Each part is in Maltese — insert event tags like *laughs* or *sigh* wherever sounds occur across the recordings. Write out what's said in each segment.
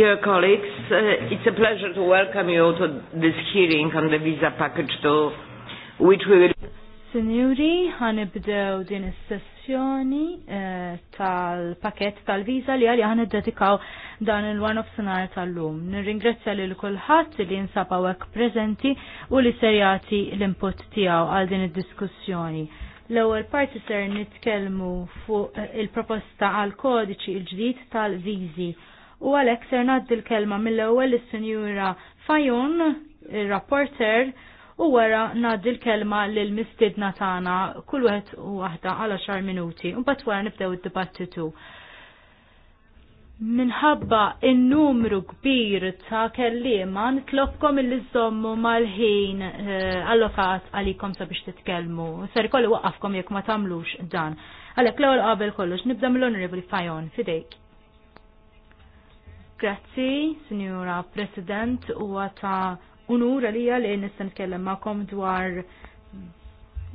Dear colleagues, uh, it's a pleasure to welcome you to this hearing on the visa package to which we will... Signori, għanibdew din is-sessjoni uh, tal-pakett tal viża li għalli ħaniddetikaw dan il-one of senar tal-lum. Nirringrazzja li l-kulħadd li nsab hawnhekk preżenti u li serjati l-input tiegħu għal din id-diskussjoni. L-ewwel parti ser nitkellmu fuq il-proposta għal kodiċi l-ġdid tal-viżi u għalek ser naddi l-kelma mill-ewwel il sinjura Fajon, ir-rapporter, u wara naddi l-kelma l mistidna tagħna kull wieħed u waħda għal xar minuti. bat wara nibdew id-dibattitu. Minħabba in-numru kbir ta' kellima nitlobkom illi żommu mal-ħin eh, allokat għalikom sabiex titkellmu. Ser ikolli waqafkom jekk ma tagħmlux dan. Għalhekk l-ewwel qabel kollox nibda mill onribli Fajon fidejk. Grazzi, Signora President, u għata unur għalija li nistan kellem magħkom dwar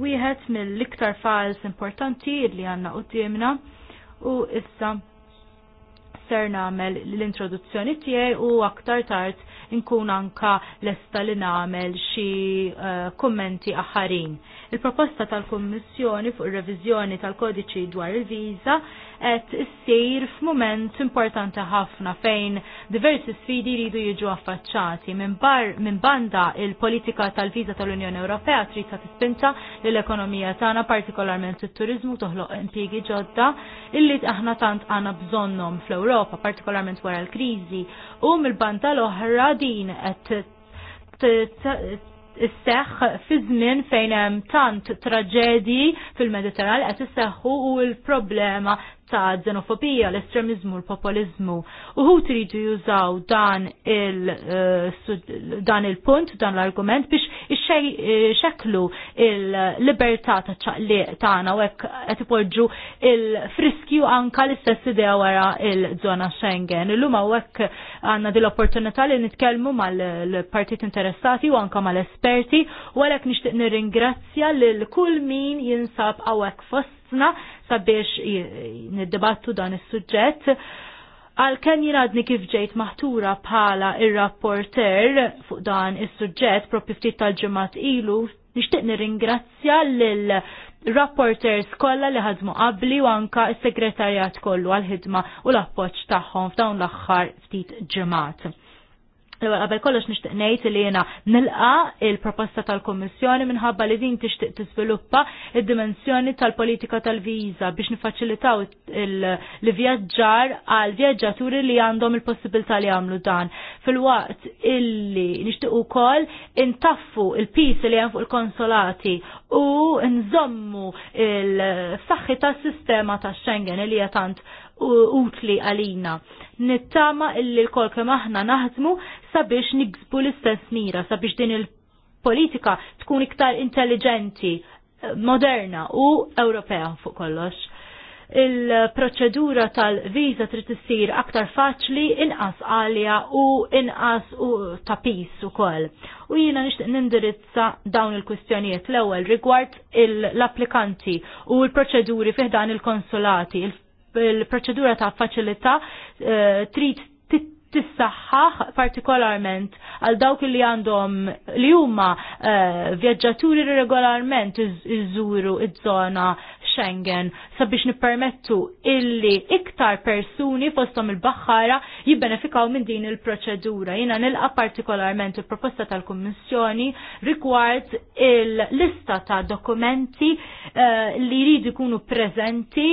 wieħed mill-iktar files importanti li għandna qudiemna u issa ser nagħmel l-introduzzjoni tiegħi u aktar tard inkun anka lesta li nagħmel xi eh, kummenti aħħarin. Il-proposta tal-Kommissjoni fuq ir-reviżjoni tal-kodiċi dwar il-viża qed issir f'mument importanti ħafna fejn diversi sfidi jridu jiġu affaċċati. Minn banda il-politika tal-viża tal-Unjoni Ewropea trid ta' tispinta l-ekonomija tagħna partikolarment it-turiżmu toħloq impjiegi ġodda illi aħna tant għandna bżonnhom fl-Ewropa, partikolarment wara l-kriżi, u mill-banda l-oħra din qed isseħħ fi żmien fejn hemm tant traġedji fil-Mediterran qed isseħħu u l-problema ta' xenofobija, l-estremizmu, l-populizmu. Uħu tridu jużaw eh, dan il-punt, dan l-argument biex eh, xeklu il-libertà ta' ċaqliq tagħna u hekk qed ipoġġu il-friskju anka l-istess idea wara il-żona Schengen. Illum u għandna din l-opportunità li nitkellmu mal-partit interessati u anka mal-esperti u għalhekk nixtieq nirringrazzja lil kull min jinsab għawek fost ħafna sabiex niddibattu dan is-suġġett. Għal ken jiradni kif ġejt maħtura bħala ir-rapporter fuq dan is-suġġett propri ftit tal-ġimgħat ilu, nixtieq nirringrazzja lil rapporters kollha li ħadmu qabli u anka s-segretarjat kollu għal-ħidma u l-appoġġ tagħhom f'dawn l-aħħar ftit ġimgħat għabel kollox nixtieq ngħid li jena nilqa il-proposta tal-Kummissjoni minħabba li din tixtieq tiżviluppa il dimensjoni tal-politika tal-viża biex nifacilitaw l-vjaġġar għal vjaġġaturi li għandhom il-possibilità li jagħmlu dan. Fil-waqt illi u koll intaffu il-pis li hemm fuq il-konsolati u nżommu il saxħi tas-sistema tax-Schengen li hija tant utli għalina. Nittama illi l-kol kem aħna naħdmu sabiex niksbu l-istess mira, sabiex din il-politika tkun iktar intelligenti, moderna u Ewropea fuq kollox. Il-proċedura tal-viza trid issir aktar faċli, inqas għalja u inqas u tapis u koll. U jiena nixtieq nindirizza dawn il-kwistjonijiet l-ewwel rigward l-applikanti u l-proċeduri fih dan il-konsolati. il konsulati il il-proċedura ta' faċilità eh, trid tissaħħaħ partikolarment għal dawk li għandhom li huma eh, vjaġġaturi regolarment iżżuru iż-żona Schengen sabiex nippermettu illi iktar persuni fostom il-baħħara jibbenefikaw minn din il-proċedura. Jina nilqa partikolarment il-proposta tal-Kommissjoni rigward il-lista ta' dokumenti uh, li jridu jkunu prezenti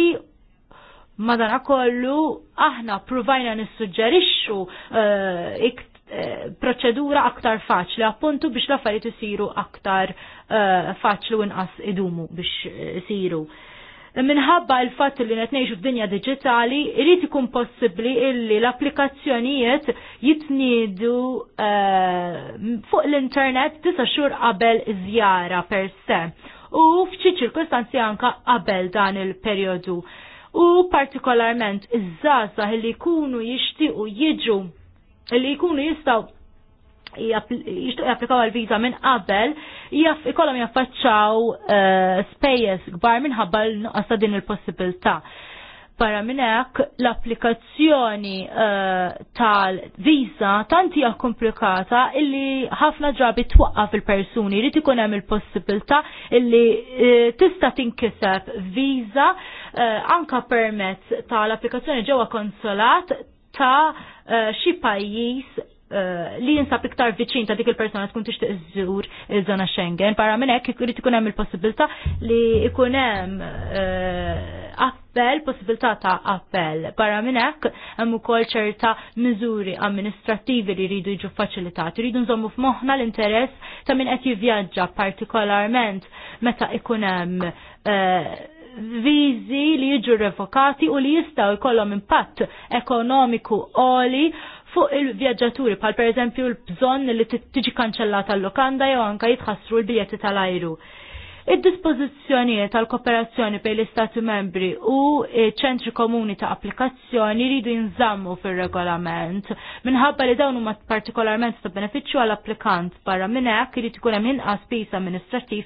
Madana kollu aħna provajna nissuġġerixxu uh, proċedura aktar faċli, appuntu biex l-affarijiet isiru aktar uh, faċli u inqas idumu biex isiru. Minħabba l fatt li netnejxu f'dinja digitali, irrid ikun possibbli illi l-applikazzjonijiet jitniedu uh, fuq l-internet tisa' xhur qabel żjara per se u f'ċi ċirkostanzi anka qabel dan il-perjodu u partikolarment iż-żasa li jkunu jixtiequ jiġu li jkunu jistgħu jishtuq japplikaw għal-viza minn qabel, jaff ikollhom jaffaċċaw eh, spejjeż kbar minħabba l din il-possibilità. Barra minn hekk l-applikazzjoni uh, eh, tal visa tanti hija komplikata illi ħafna drabi twaqqaf fil persuni jrid ikun hemm il-possibilità illi uh, tista' tinkiseb visa uh, anka permezz tal-applikazzjoni ġewwa konsolat ta' xi pajjiż Eh, li jinsab iktar viċin ta' dik il-persona tkun tixtieq iżżur iż-żona Schengen. para minn hekk irid ikun hemm il-possibilità li ikun hemm eh, appell, possibilità ta' appell. Para minn hekk hemm ukoll ċerta miżuri amministrativi li jridu jiġu faċilitati. Jridu nżommu f'moħħna l-interess ta' min qed jivvjaġġa partikolarment meta ikun hemm eh, viżi li jiġu revokati u li jistaw jkollhom impatt ekonomiku għoli fuq il-vjaġġaturi pal per eżempju l-bżonn li tiġi kanċellata l-lokanda jew anka jitħassru l-biljetti tal-ajru. Id-dispożizzjonijiet tal-kooperazzjoni bejn l-Istati membri u ċentri komuni ta' applikazzjoni jridu jinżammu fir-regolament minħabba li dawn huma partikolarment ta' benefiċċju għall-applikant barra minn hekk irid ikun hemm inqas pis amministrattiv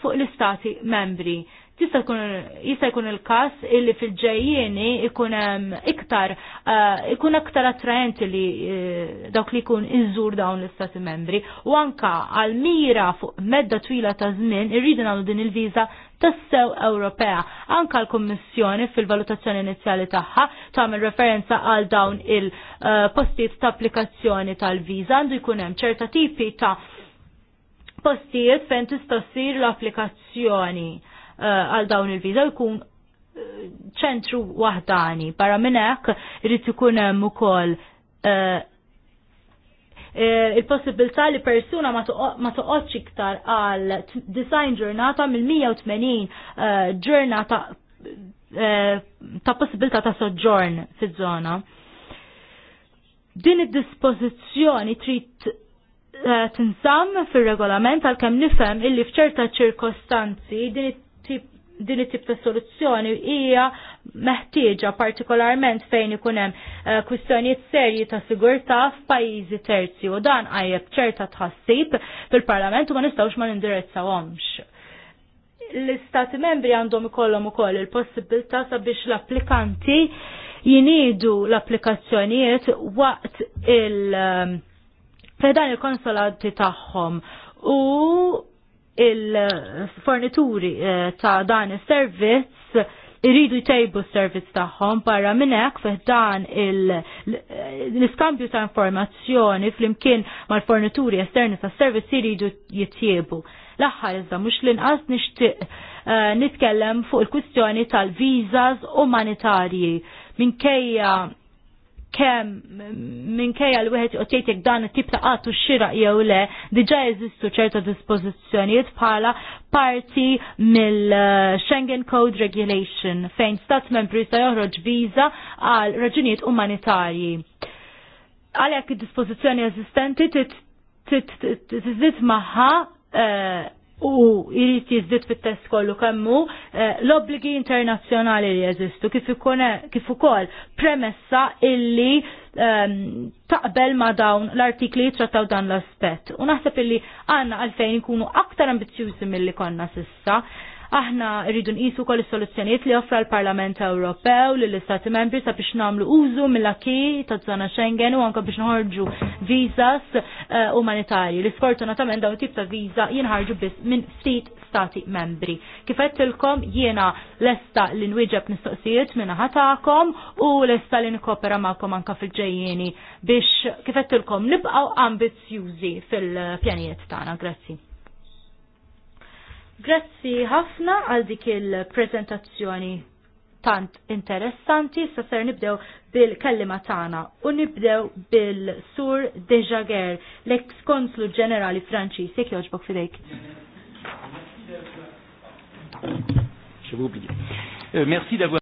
fuq l-Istati membri jista' jkun il-każ illi fil-ġejjieni ikun hemm iktar eh, ikun aktar attraenti li eh, dawk li jkun iżżur dawn l-istati membri u anka għal mira fuq medda twila ta' żmien irridu nagħmlu din il-viża tas-sew Ewropea. Anka l-Kommissjoni fil-valutazzjoni inizjali tagħha tagħmel referenza għal dawn il-postijiet eh, ta' applikazzjoni tal-viża għandu jkun hemm ċerta tipi ta' postijiet fejn tista' ssir l-applikazzjoni Eh, għal dawn il-viza jkun eh, ċentru wahdani. Barra minn hekk irid ikun hemm ukoll eh, il-possibilità li persuna ma toqgħodx iktar għal design ġurnata mill-180 ġurnata ta' possibilità ta' soġġorn fiż-żona. Din id-dispożizzjoni trid tinsam fir regolament għal nifhem illi fċerta ċirkostanzi din din it-tip ta' soluzzjoni hija meħtieġa partikolarment fejn ikun hemm eh, kwistjonijiet serji ta' sigurtà f'pajjiżi terzi u dan għajjeb ċerta tħassib fil-Parlament u ma nistgħux ma nindirizzawhomx. L-Istati membri għandhom ikollhom ukoll il-possibilità sabiex l-applikanti jinidu l-applikazzjonijiet waqt il- eh, fedan il-konsolati tagħhom u il-fornituri eh, ta' dan is-servizz iridu jtejbu s-servizz tagħhom barra minn hekk fih dan l-iskambju ta' informazzjoni flimkien mal-fornituri esterni tas servizz iridu jitjiebu. L-aħħar iżda mhux l-inqas nixtieq eh, nitkellem fuq il-kwistjoni tal vizas umanitarji minkejja kem minn kajja l-wihet jgħotietek dan it-tip ta' għatu xira jew le, diġa jeżistu ċerta dispozizjoniet bħala parti mill-Schengen Code Regulation fejn stat membri sa' joħroġ viza għal raġunijiet umanitarji. Għalek id-dispozizjoni eżistenti tiżid maħħa u jrid jizdit fit-test kollu kemmu eh, l-obbligi internazzjonali li jeżistu kif ukoll premessa illi ehm, taqbel ma dawn l-artikli jitrattaw dan l-aspett. U naħseb illi għanna għalfejn ikunu aktar mill milli konna sissa Aħna rridu nqisu kol is-soluzzjonijiet li offra l-Parlament Ewropew lill istati membri sabiex nagħmlu użu mill-akki taż-żona Schengen u anke biex nħorġu visas eh, umanitarji. L-isfortunatament dawn tip ta' viża jinħarġu biss minn ftit stati membri. Kif ilkom jiena lesta li nwieġeb mistoqsijiet minn ħatakom u lesta li nikopera magħkom anke fil ġejjieni biex kif ilkom nibqgħu ambizjużi fil-pjanijiet tagħna. Grazzi. Grazzi ħafna għal dik il-prezentazzjoni tant interessanti, sa ser nibdew bil-kellima tagħna u nibdew bil-Sur Dejager, l-ex-Konslu Ġenerali Franċis, jekk jogħġbok fidejk. Euh, merci d'avoir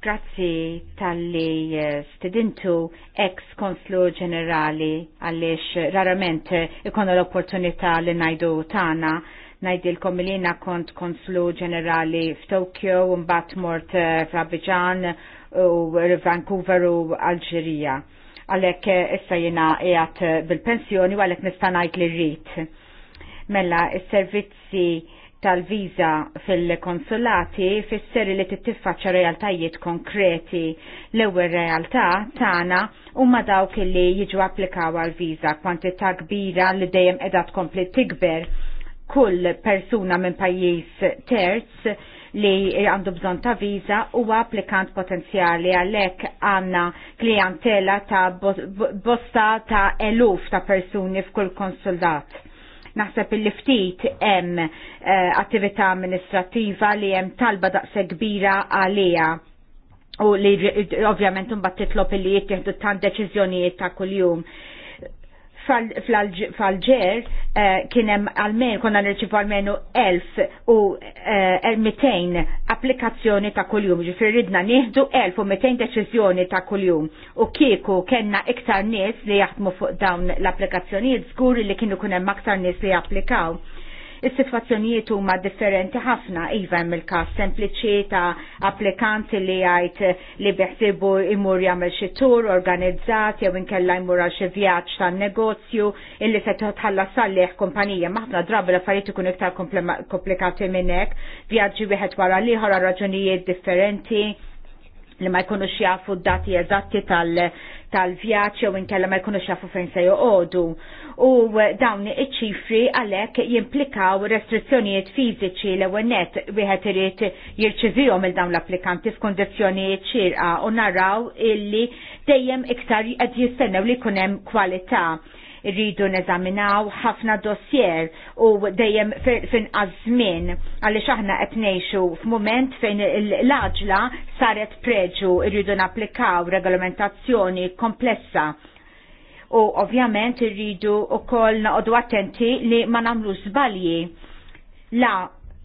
Grazzi tal-li eh, stedintu ex-konslu ġenerali għalix rarament eh, ikonu l-opportunità li najdu tana Najdilkom li kont konslu ġenerali f'Tokyo, mbagħad mort eh, f'Abidjan u Vancouver u Alġerija. Għalhekk eh, issa jiena qiegħed bil-pensjoni u għalhekk nista' ngħid li rrid. Mela s-servizzi tal-viza fil-konsulati fisser li tittiffaċċa realtajiet konkreti l-ewwel realtà tagħna huma dawk li jiġu applikaw għal viza kwantità kbira li dejjem qiegħda tkompli tikber kull persuna minn pajjiż terz li għandu bżon ta' viza u applikant potenzjali għalek għanna klientela ta' bosta ta' eluf ta' persuni f'kull konsultat. Naħseb il-liftit hemm eh, attività amministrativa li hemm talba daqse kbira għalija u li ovvjament mbagħad titlob li jittieħdu tant deċiżjonijiet ta' kuljum fl-Alġer eh, kienem għalmen, konna nirċifu għalmenu 1000 u 200 eh, applikazzjoni ta' kuljum, ġifir ridna nieħdu 1000 u 200 deċizjoni ta' kuljum u kieku kena iktar nis li jaħdmu fuq dawn l-applikazzjonijiet, zgur li kienu kunem maktar nis li japplikaw Is-sitwazzjonijiet huma differenti ħafna iva hemm il-każ sempliċi ta' applikanti li jgħid li beħsibu imur jagħmel xi tur organizzat jew inkella jmur għal xi vjaġġ tan-negozju illi se tħallas sallih kumpanija maħna drabi l-affarijiet ikun iktar komplikati minn hekk, vjaġġi wieħed wara l-ieħor raġunijiet differenti li ma jkunux jafu d-dati eżatti tal-vjaċ jew inkella ma jkunux jafu fejn se joqogħdu. U eh, dawn iċ-ċifri għalhekk jimplikaw restrizzjonijiet fiżiċi l ewwel net wieħed irid jirċivihom il dawn l-applikanti f'kundizzjonijiet xirqa' u narraw illi dejjem iktar qed jistennew li jkun hemm kwalità Irridu neżaminaw ħafna dossier u dejjem finqas żmien għaliex aħna qed ngħixu f'mument fejn l-aġla saret preġu irridu napplikaw regolamentazzjoni komplessa u ovvjament irridu u koll naqodu attenti li ma namlu zbalji la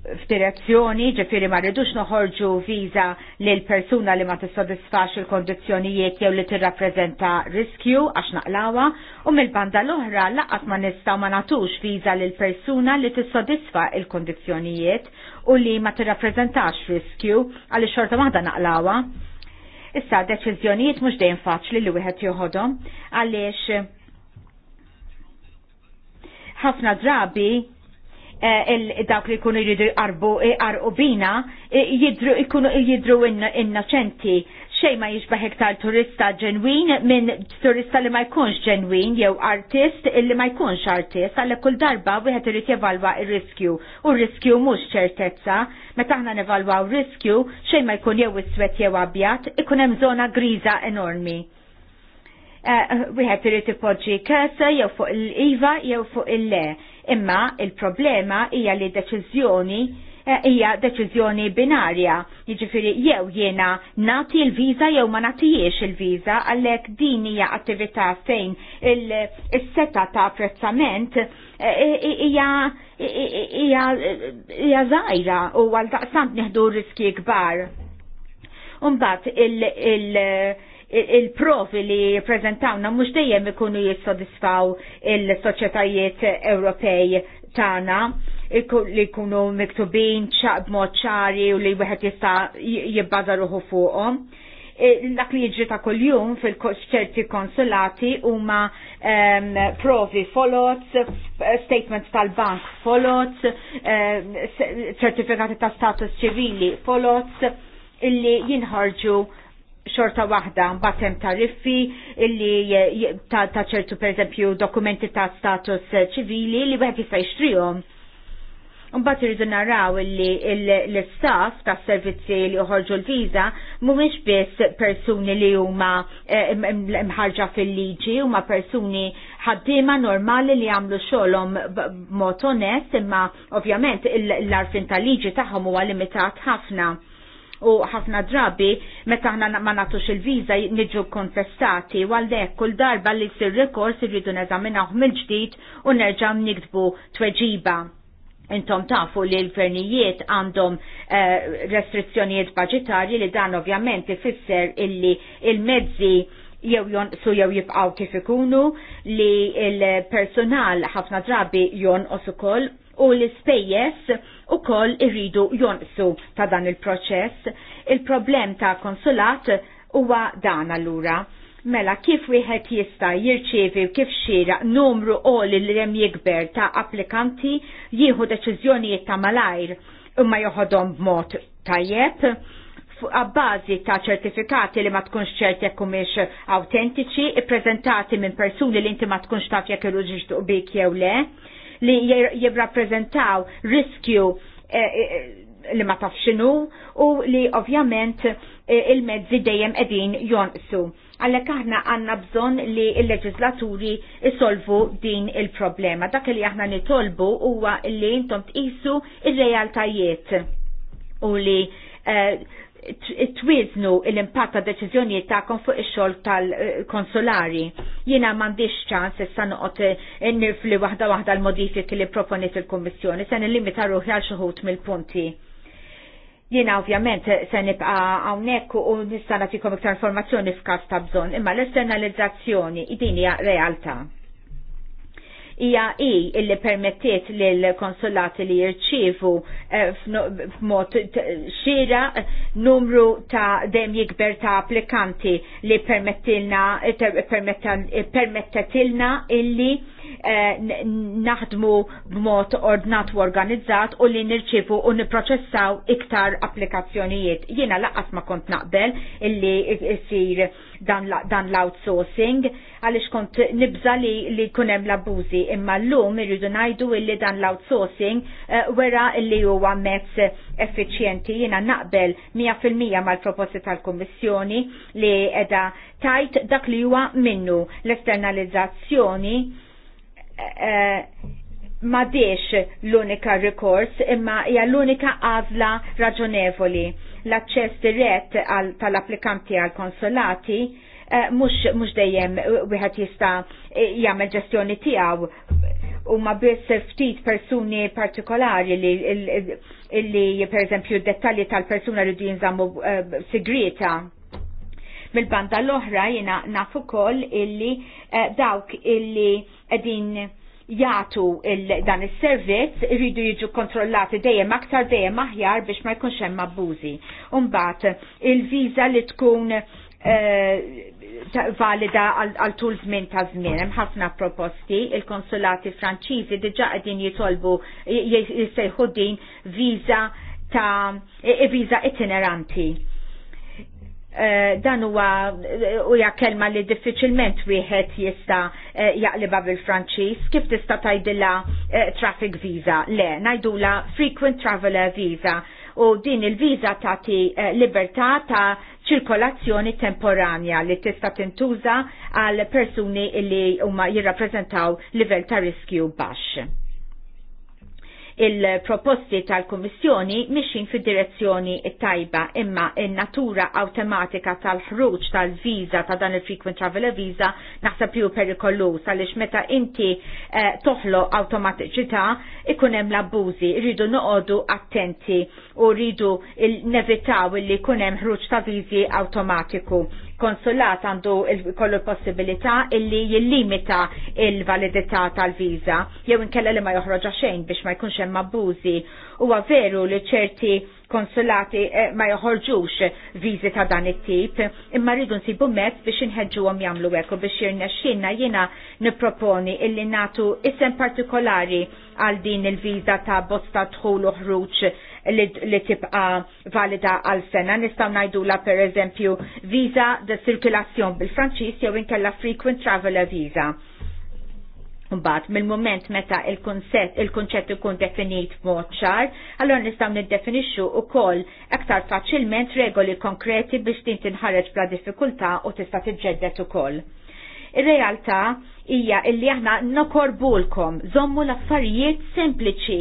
f'direzzjoni, ġifiri ma rridux noħorġu viza lil persuna li ma tissodisfax il-kondizjonijiet jew li tirrappreżenta riskju għax naqlawa, u mill-banda l-oħra laqat ma nistaw ma natux viza l persuna li tissodisfa il-kondizjonijiet u li ma tirrappreżentax riskju għalli xorta maħda naqlawa. Issa deċiżjonijiet mhux dejjem faċli li wieħed joħodhom għaliex ħafna drabi Eh, dawk li jkunu jridu jqarbu bina jkunu jidru innoċenti xej ma jiġbaħ iktar turista ġenwin minn turista li ma jkunx ġenwin jew artist illi ma jkunx artist għalli kull darba wieħed irid jevalwa ir-riskju u r-riskju mhux ċertezza meta aħna nevalwaw riskju xejn ma jkun jew iswed jew abjad ikun hemm żona griża enormi. Uh, wieħed irid ipoġġi kesa jew fuq il-iva jew fuq il-le Imma il-problema hija li deċiżjoni eh, hija deċiżjoni binarja, jiġifieri jew jiena nati l-viża jew ma natijiex il-viża għalhekk din hija attività fejn il-seta ta' apprezzament eh, hija żgħira u għal daqsant nieħdu riski kbar. Umbagħad il-, il, il il-profi li prezentawna mux dejjem ikunu jissodisfaw il-soċetajiet Ewropej tana li kunu miktubin b'mod ċari u li wieħed jista' jibbaza ruħu fuqhom. E, dak li jiġri ta' kuljum fil-ċerti konsulati huma provi folots, statements tal-bank folot, ċertifikati ta' status ċivili folots illi jinħarġu xorta wahda batem tariffi illi ta' ċertu per eżempju dokumenti ta' status ċivili li wieħed jista' jixtrihom. Mbagħad irridu naraw illi l-istaff tas servizzi li uħorġu l-viża mhumiex biss persuni li huma eh, mħarġa fil-liġi, huma persuni ħaddiema normali li jagħmlu xogħolhom b'mod onest, imma ovvjament l-arfin tal-liġi tagħhom huwa limitat ħafna u ħafna drabi meta aħna ma nagħtux il-viża niġu kontestati u għalhekk kull darba li jsir rikors irridu neżaminaw mill-ġdid u nerġa' nikdbu tweġiba intom tafu li l-gvernijiet għandhom eh, restrizzjonijiet budgetarji li dan ovvjament ifisser illi il-mezzi jew jonqsu jew jibqaw kif ikunu li l-personal ħafna drabi jonqos ukoll u l-ispejjeż u koll irridu jonqsu ta' dan il-proċess. Il-problem ta' konsulat huwa dan allura. Mela kif wieħed jista' jirċievi kif xira numru qoli li hemm jikber ta' applikanti jieħu deċiżjonijiet ta' malajr imma joħodhom b'mod tajjeb għabbażi ta' ċertifikati li ma tkunx ċert jekk mhix awtentiċi, ippreżentati minn persuni li inti ma tkunx taf jekk irruġiġ bik jew le li jirrappreżentaw riskju eh, eh, li ma tafxinu u li ovvjament eh, il-mezzi dejjem edin jonqsu. Għallek aħna għanna bżon li il-leġislaturi isolvu din il-problema. Dak li aħna nitolbu huwa li intom tqisu il-realtajiet u li twiznu l-impatt ta' deċiżjonijiet tagħkom fuq ix-xogħol tal-konsolari. Jiena m'għandix ċans issa noqgħod eh, nirfli waħda waħda l-modifiki li proponiet il-Kummissjoni se nillimita ruħi għal xi mill-punti. Jiena ovvjament se nibqa hawnhekk u nista' nagħtikom iktar informazzjoni f'każ ta' bżonn, imma l-esternalizzazzjoni din hija realtà hija e i illi permettiet lil konsulati li jirċievu eh, f'mod xira numru ta' dem jikber ta' applikanti li permettilna eh, illi Eh, naħdmu b'mod ordnat u organizzat u li nirċifu u niproċessaw iktar applikazzjonijiet. Jiena laqqas ma kont naqbel illi jisir dan l-outsourcing għaliex kont nibża li li kunem l imma l-lum irridu najdu illi dan l-outsourcing eh, wera illi huwa mezz effiċjenti jiena naqbel 100% mal-proposti tal-Kummissjoni li edha tajt dak li huwa minnu l-esternalizzazzjoni Eh, eh, ma diex l-unika rikors imma hija l-unika għażla raġonevoli. L-aċċess dirett tal-applikanti għal konsolati eh, mhux dejjem wieħed jista' jagħmel ġestjoni tiegħu u ma biss ftit persuni partikolari li li per eżempju dettalji tal-persuna li jinżammu uh, eh, sigrita Mill-banda l-oħra jina nafu kol illi eh, dawk illi qegħdin jagħtu dan is-servizz iridu jiġu kontrollati dejjem aktar dejjem aħjar biex ma jkunx hemm abbużi. Imbagħad il-viża li tkun eh, valida għal tul żmien ta' żmien. Hemm ħafna proposti, il-konsulati Franċiżi diġà qegħdin jitolbu jissejħu din viża ta' e-, e-, viża itineranti Eh, dan huwa ja eh, kelma li diffiċilment wieħed jista' eh, jaqliba bil-Franċiż, kif tista' tgħidilha traffic visa? Le, ngħidula frequent traveler visa u din il-viza tagħti libertà ta' ċirkolazzjoni temporanja li tista' tintuża għal persuni li huma jirrappreżentaw livell ta' riskju baxx il-proposti tal-Kommissjoni mixin fid direzzjoni tajba imma in-natura awtomatika tal-ħruġ tal viża ta' dan il-frequent traveler visa naħseb ju perikolus għaliex meta inti eh, toħlo awtomatiċità ikun hemm l-abbużi, rridu noqogħdu attenti u rridu il nevitaw illi jkun hemm ħruġ ta' viżi awtomatiku il-konsulat għandu kollu l-possibilità illi jillimita il-validità tal-viza jew inkella li ma joħroġa xejn biex ma jkunx hemm abbużi. Huwa veru li ċerti konsulati eh, ma joħorġux viżi ta' dan it-tip, imma rridu nsibu mezz biex inħeġġuhom jagħmlu hekk u biex jirnexxinna jiena nipproponi illi natu isem partikolari għal din il-viża ta' bosta dħul u ħruġ li tibqa valida għal sena. Nistaw la per eżempju visa de circulazzjon bil-Franċis jew inkella frequent traveler visa. Mbagħad mill mument meta il-konċett ikun definit b'mod ċar, allora nistgħu niddefinixxu wkoll aktar faċilment regoli konkreti biex din tinħareġ bla diffikultà u tista' tiġġedded ukoll. Ir-realtà hija illi aħna nokorbulkom, żommu l-affarijiet sempliċi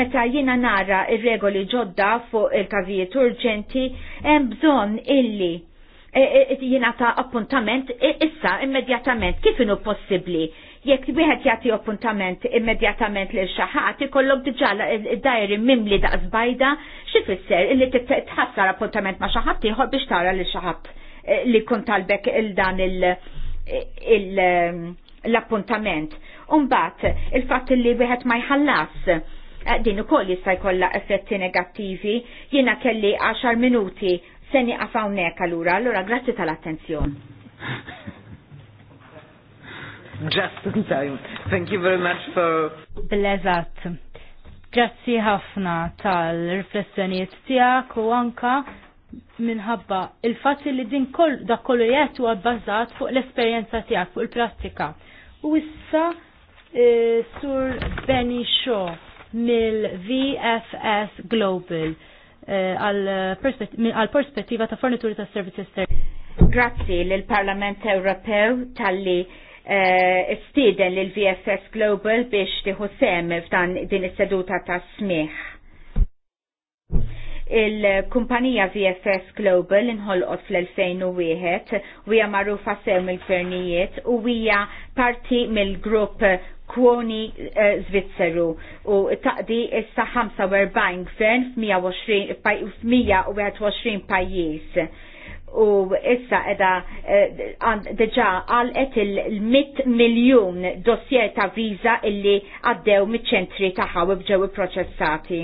meta jiena nara ir-regoli ġodda fuq il-każijiet urġenti hemm bżonn illi e, e, e, jiena ta' appuntament issa immedjatament kif inhu possibbli jekk wieħed jagħti appuntament immedjatament lil xi ħadd ikollok diġà dajri mimli daqs bajda xi fisser illi tħassar appuntament ma' xi ħadd ieħor biex tara lil xi ħadd li kun talbek il dan il- Ehm, l-appuntament. Umbat, il fat li wieħed ma jħallas eh, din ukoll jista' jkollha effetti negattivi, jiena kelli 10 minuti se nieqaf hawnhekk allura, allura grazzi tal-attenzjon. *laughs* Just in time. Thank you very much for... Bil-eżat. Grazzi ħafna tal-riflessjonijiet tijak u anka minħabba il fat li din kol da kollu jgħet huwa bbażat fuq l-esperjenza tiegħek fuq il-prattika. U issa eh, sur Benny Shaw mill-VFS Global eh, għal-perspettiva ta' fornituri ta' servizi esterni. Grazzi l-Parlament Ewropew tal-li e, eh, stiden l-VFS Global biex tiħu sem f'dan din is-seduta ta' smiħ Il-kumpanija VFS Global inħolqot fl-2001 u hija magħrufa sew mill-gvernijiet u hija parti mill-grupp Kwoni eh, Zvizzeru u taqdi issa 45 gvern f'121 pajjiż u issa edha eh, deġa għalqet il-100 miljon dossier ta' viza illi għaddew mit-ċentri taħħa u bġew proċessati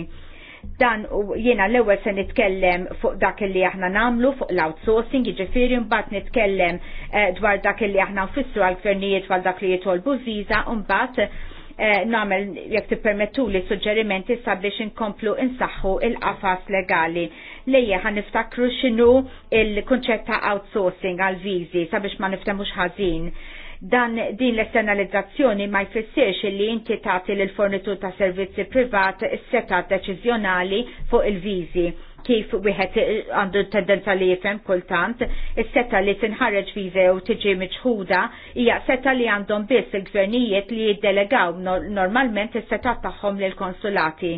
Dan jiena l-ewwel se nitkellem fuq dak li aħna namlu fuq l-outsourcing, jiġifieri mbagħad nitkellem eh, dwar dak li aħna nfissru għal gvernijiet għal dak li jitolbu viża u mbagħad eh, namel jek tippermettu li suġġerimenti sabiex inkomplu insaħħu il-qafas legali. Lejja ħan niftakru xinu il-konċett ta' outsourcing għal-vizi sabiex ma niftemux ħażin Dan din l-esternalizzazzjoni ma jfissirx li inti tagħti lil fornitur ta' servizzi privat seta deċiżjonali fuq il-viżi kif wieħed għandu tendenza li jifhem kultant, is-seta li tinħareġ viża u tiġi miċħuda hija seta li għandhom biss il-gvernijiet li jiddelegaw normalment is-seta tagħhom lil konsulati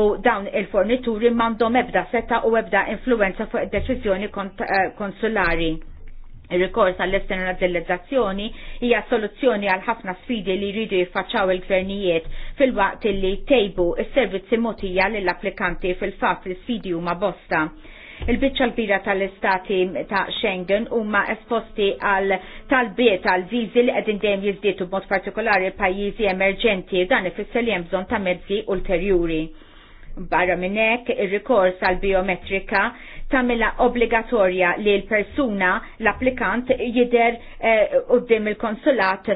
u dawn il-fornituri m'għandhom ebda seta u ebda influenza fuq id-deċiżjoni eh, konsulari. Il-rikors għall-esternalizzazzjoni hija soluzzjoni għal ħafna sfidi li jridu jiffaċċaw il-gvernijiet fil-waqt li tejbu is-servizzi motija lill-applikanti fil-fatt li sfidi huma bosta. Il-bicċa l-bira tal-istati ta' Schengen huma esposti għal talbiet għal viżi li qegħdin dejjem jiżdietu b'mod partikolari pajjiżi emerġenti dan ifisser li hemm bżonn ta' mezzi ulterjuri. Barra minnek, ir-rikors għal biometrika tamela obbligatorja li l-persuna, l-applikant, jider eh, qoddim eh, il-konsulat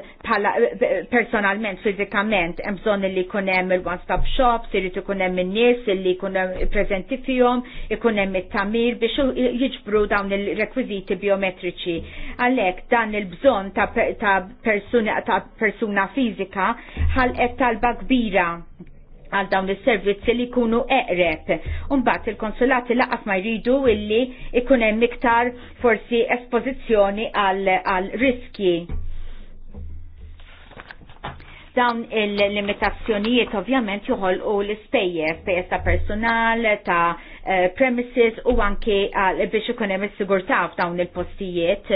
personalment, fizikament, bżon li kunem il-one-stop shop, irrit kunem il-nies, li kunem prezenti fjom, kunem il-tamir biex jiġbru dawn il-rekwiziti biometriċi. Għalek, dan il-bżon ta', ta, persuna, fizika, ħal fizika ħalqet talba kbira għal dawn is-servizzi li jkunu eqreb. Umbagħad il-konsulati laqaf ma jridu illi ikun hemm iktar forsi espożizzjoni għal riskji. Dawn il-limitazzjonijiet ovvjament joħolqu l-ispejjeż, spejjeż ta' personal, ta' Eh, premises u anke biex ikun hemm is-sigurtà f'dawn il-postijiet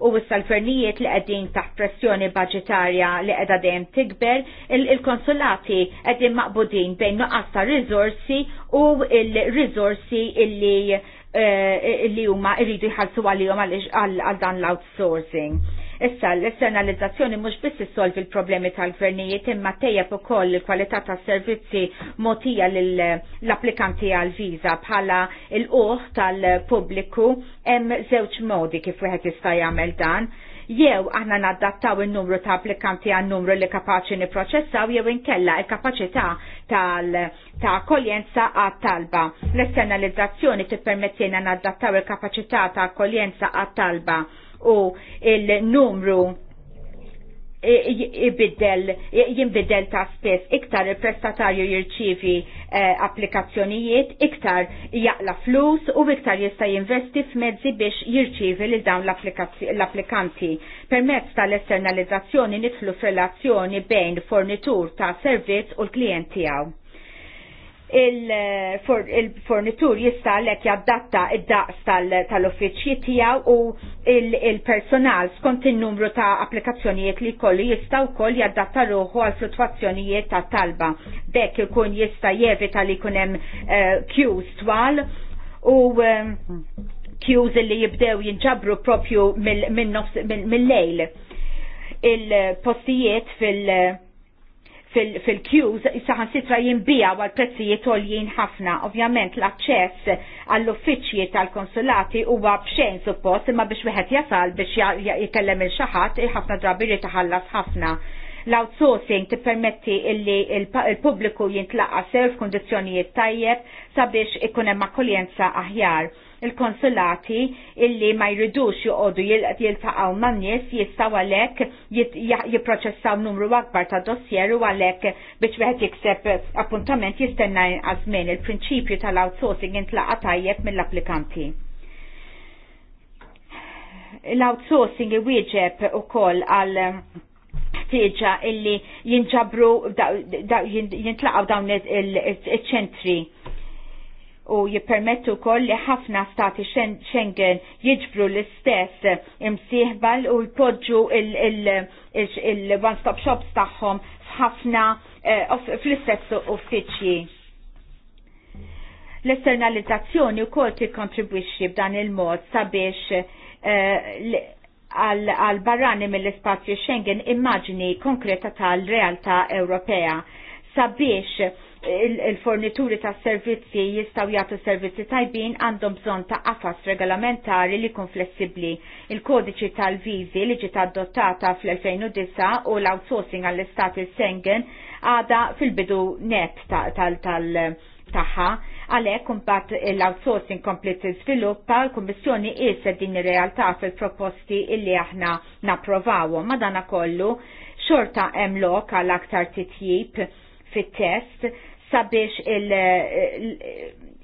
u issa l-fernijiet li qegħdin taħt pressjoni budġetarja li qiegħda dejjem tikber, il-konsulati qegħdin maqbudin bejn nuqqas ta' riżorsi u l riżorsi illi eh, li huma jridu jħallsu għalihom għal dan l-outsourcing Issa l-esternalizzazzjoni mhux biss issolvi l-problemi tal-gvernijiet imma tejjeb ukoll il-kwalità tas-servizzi motija l-applikanti għal viża bħala il uħ tal-pubbliku hemm żewġ modi kif wieħed jista' jagħmel dan jew aħna naddattaw il-numru ta' applikanti għan numru li kapaċi niproċessaw jew inkella il kapaċità ta' akkoljenza għat talba. L-esternalizzazzjoni tippermettina naddattaw il kapaċità ta' akkoljenza għat talba u il-numru jibiddel, jimbiddel ta' spess iktar il-prestatarju jirċivi eh, applikazzjonijiet, iktar jaqla flus u iktar jista' jinvesti f'mezzi biex jirċivi lil dawn l-applikanti. Permezz tal-esternalizzazzjoni nidħlu f'relazzjoni bejn fornitur ta' servizz u l-klient tiegħu il-fornitur jista' lek jaddatta id-daqs tal-uffiċċji tiegħu u il-personal skont in-numru ta' applikazzjonijiet li jkollu jista' wkoll jaddatta ruħu għal fluttwazzjonijiet ta' talba. Dek ikun jista' jevita li jkun hemm eh, queues twal u eh, queues li jibdew jinġabru propju mill-lejl. Il-postijiet fil- fil kjuż saħan sitra jimbija għal prezzijiet oljien ħafna. Ovvjament l-aċċess għall-uffiċji tal-konsulati huwa bxejn suppost imma biex wieħed jasal biex jitkellem il-xaħat ħafna drabi li taħallas ħafna l-outsourcing tippermetti illi il-pubbliku jintlaqa sew f'kundizzjonijiet tajjeb sabiex ikun hemm akkoljenza aħjar il-konsulati illi ma jridux juqodu jiltaqaw man nies jistaw għalek jiproċessaw numru akbar ta' dossier u għalek biex wieħed jikseb appuntament jistenna għazmin il-prinċipju tal-outsourcing intlaqa tajjeb mill-applikanti. L-outsourcing iwieġeb ukoll għal ħtieġa illi jinġabru jintlaqaw dawn il-ċentri u jippermettu koll li ħafna stati Schengen jiġbru l-istess imsieħbal u jpoġġu il-one-stop shops tagħhom f'ħafna eh, fl-istess uffiċċji. L-esternalizzazzjoni wkoll tikkontribwixxi b'dan il-mod sabiex eh, għal barrani mill-ispazju Schengen immaġni konkreta tal-realtà Ewropea sabiex il-fornituri ta' servizzi jistaw jagħtu servizzi tajbin għandhom bżonn ta' qafas regolamentari li jkun flessibbli. Il-kodiċi tal vizi li ġiet adottata fl-2009 u l-outsourcing għall-istati Schengen għada fil-bidu net tal-, tal taħħa, għalek kumbat l-outsourcing komplet sviluppa l-Kommissjoni ised din ir-realtà fil-proposti illi aħna naprovawu. Madana kollu, xorta hemm lok għal aktar titjib fit-test sabiex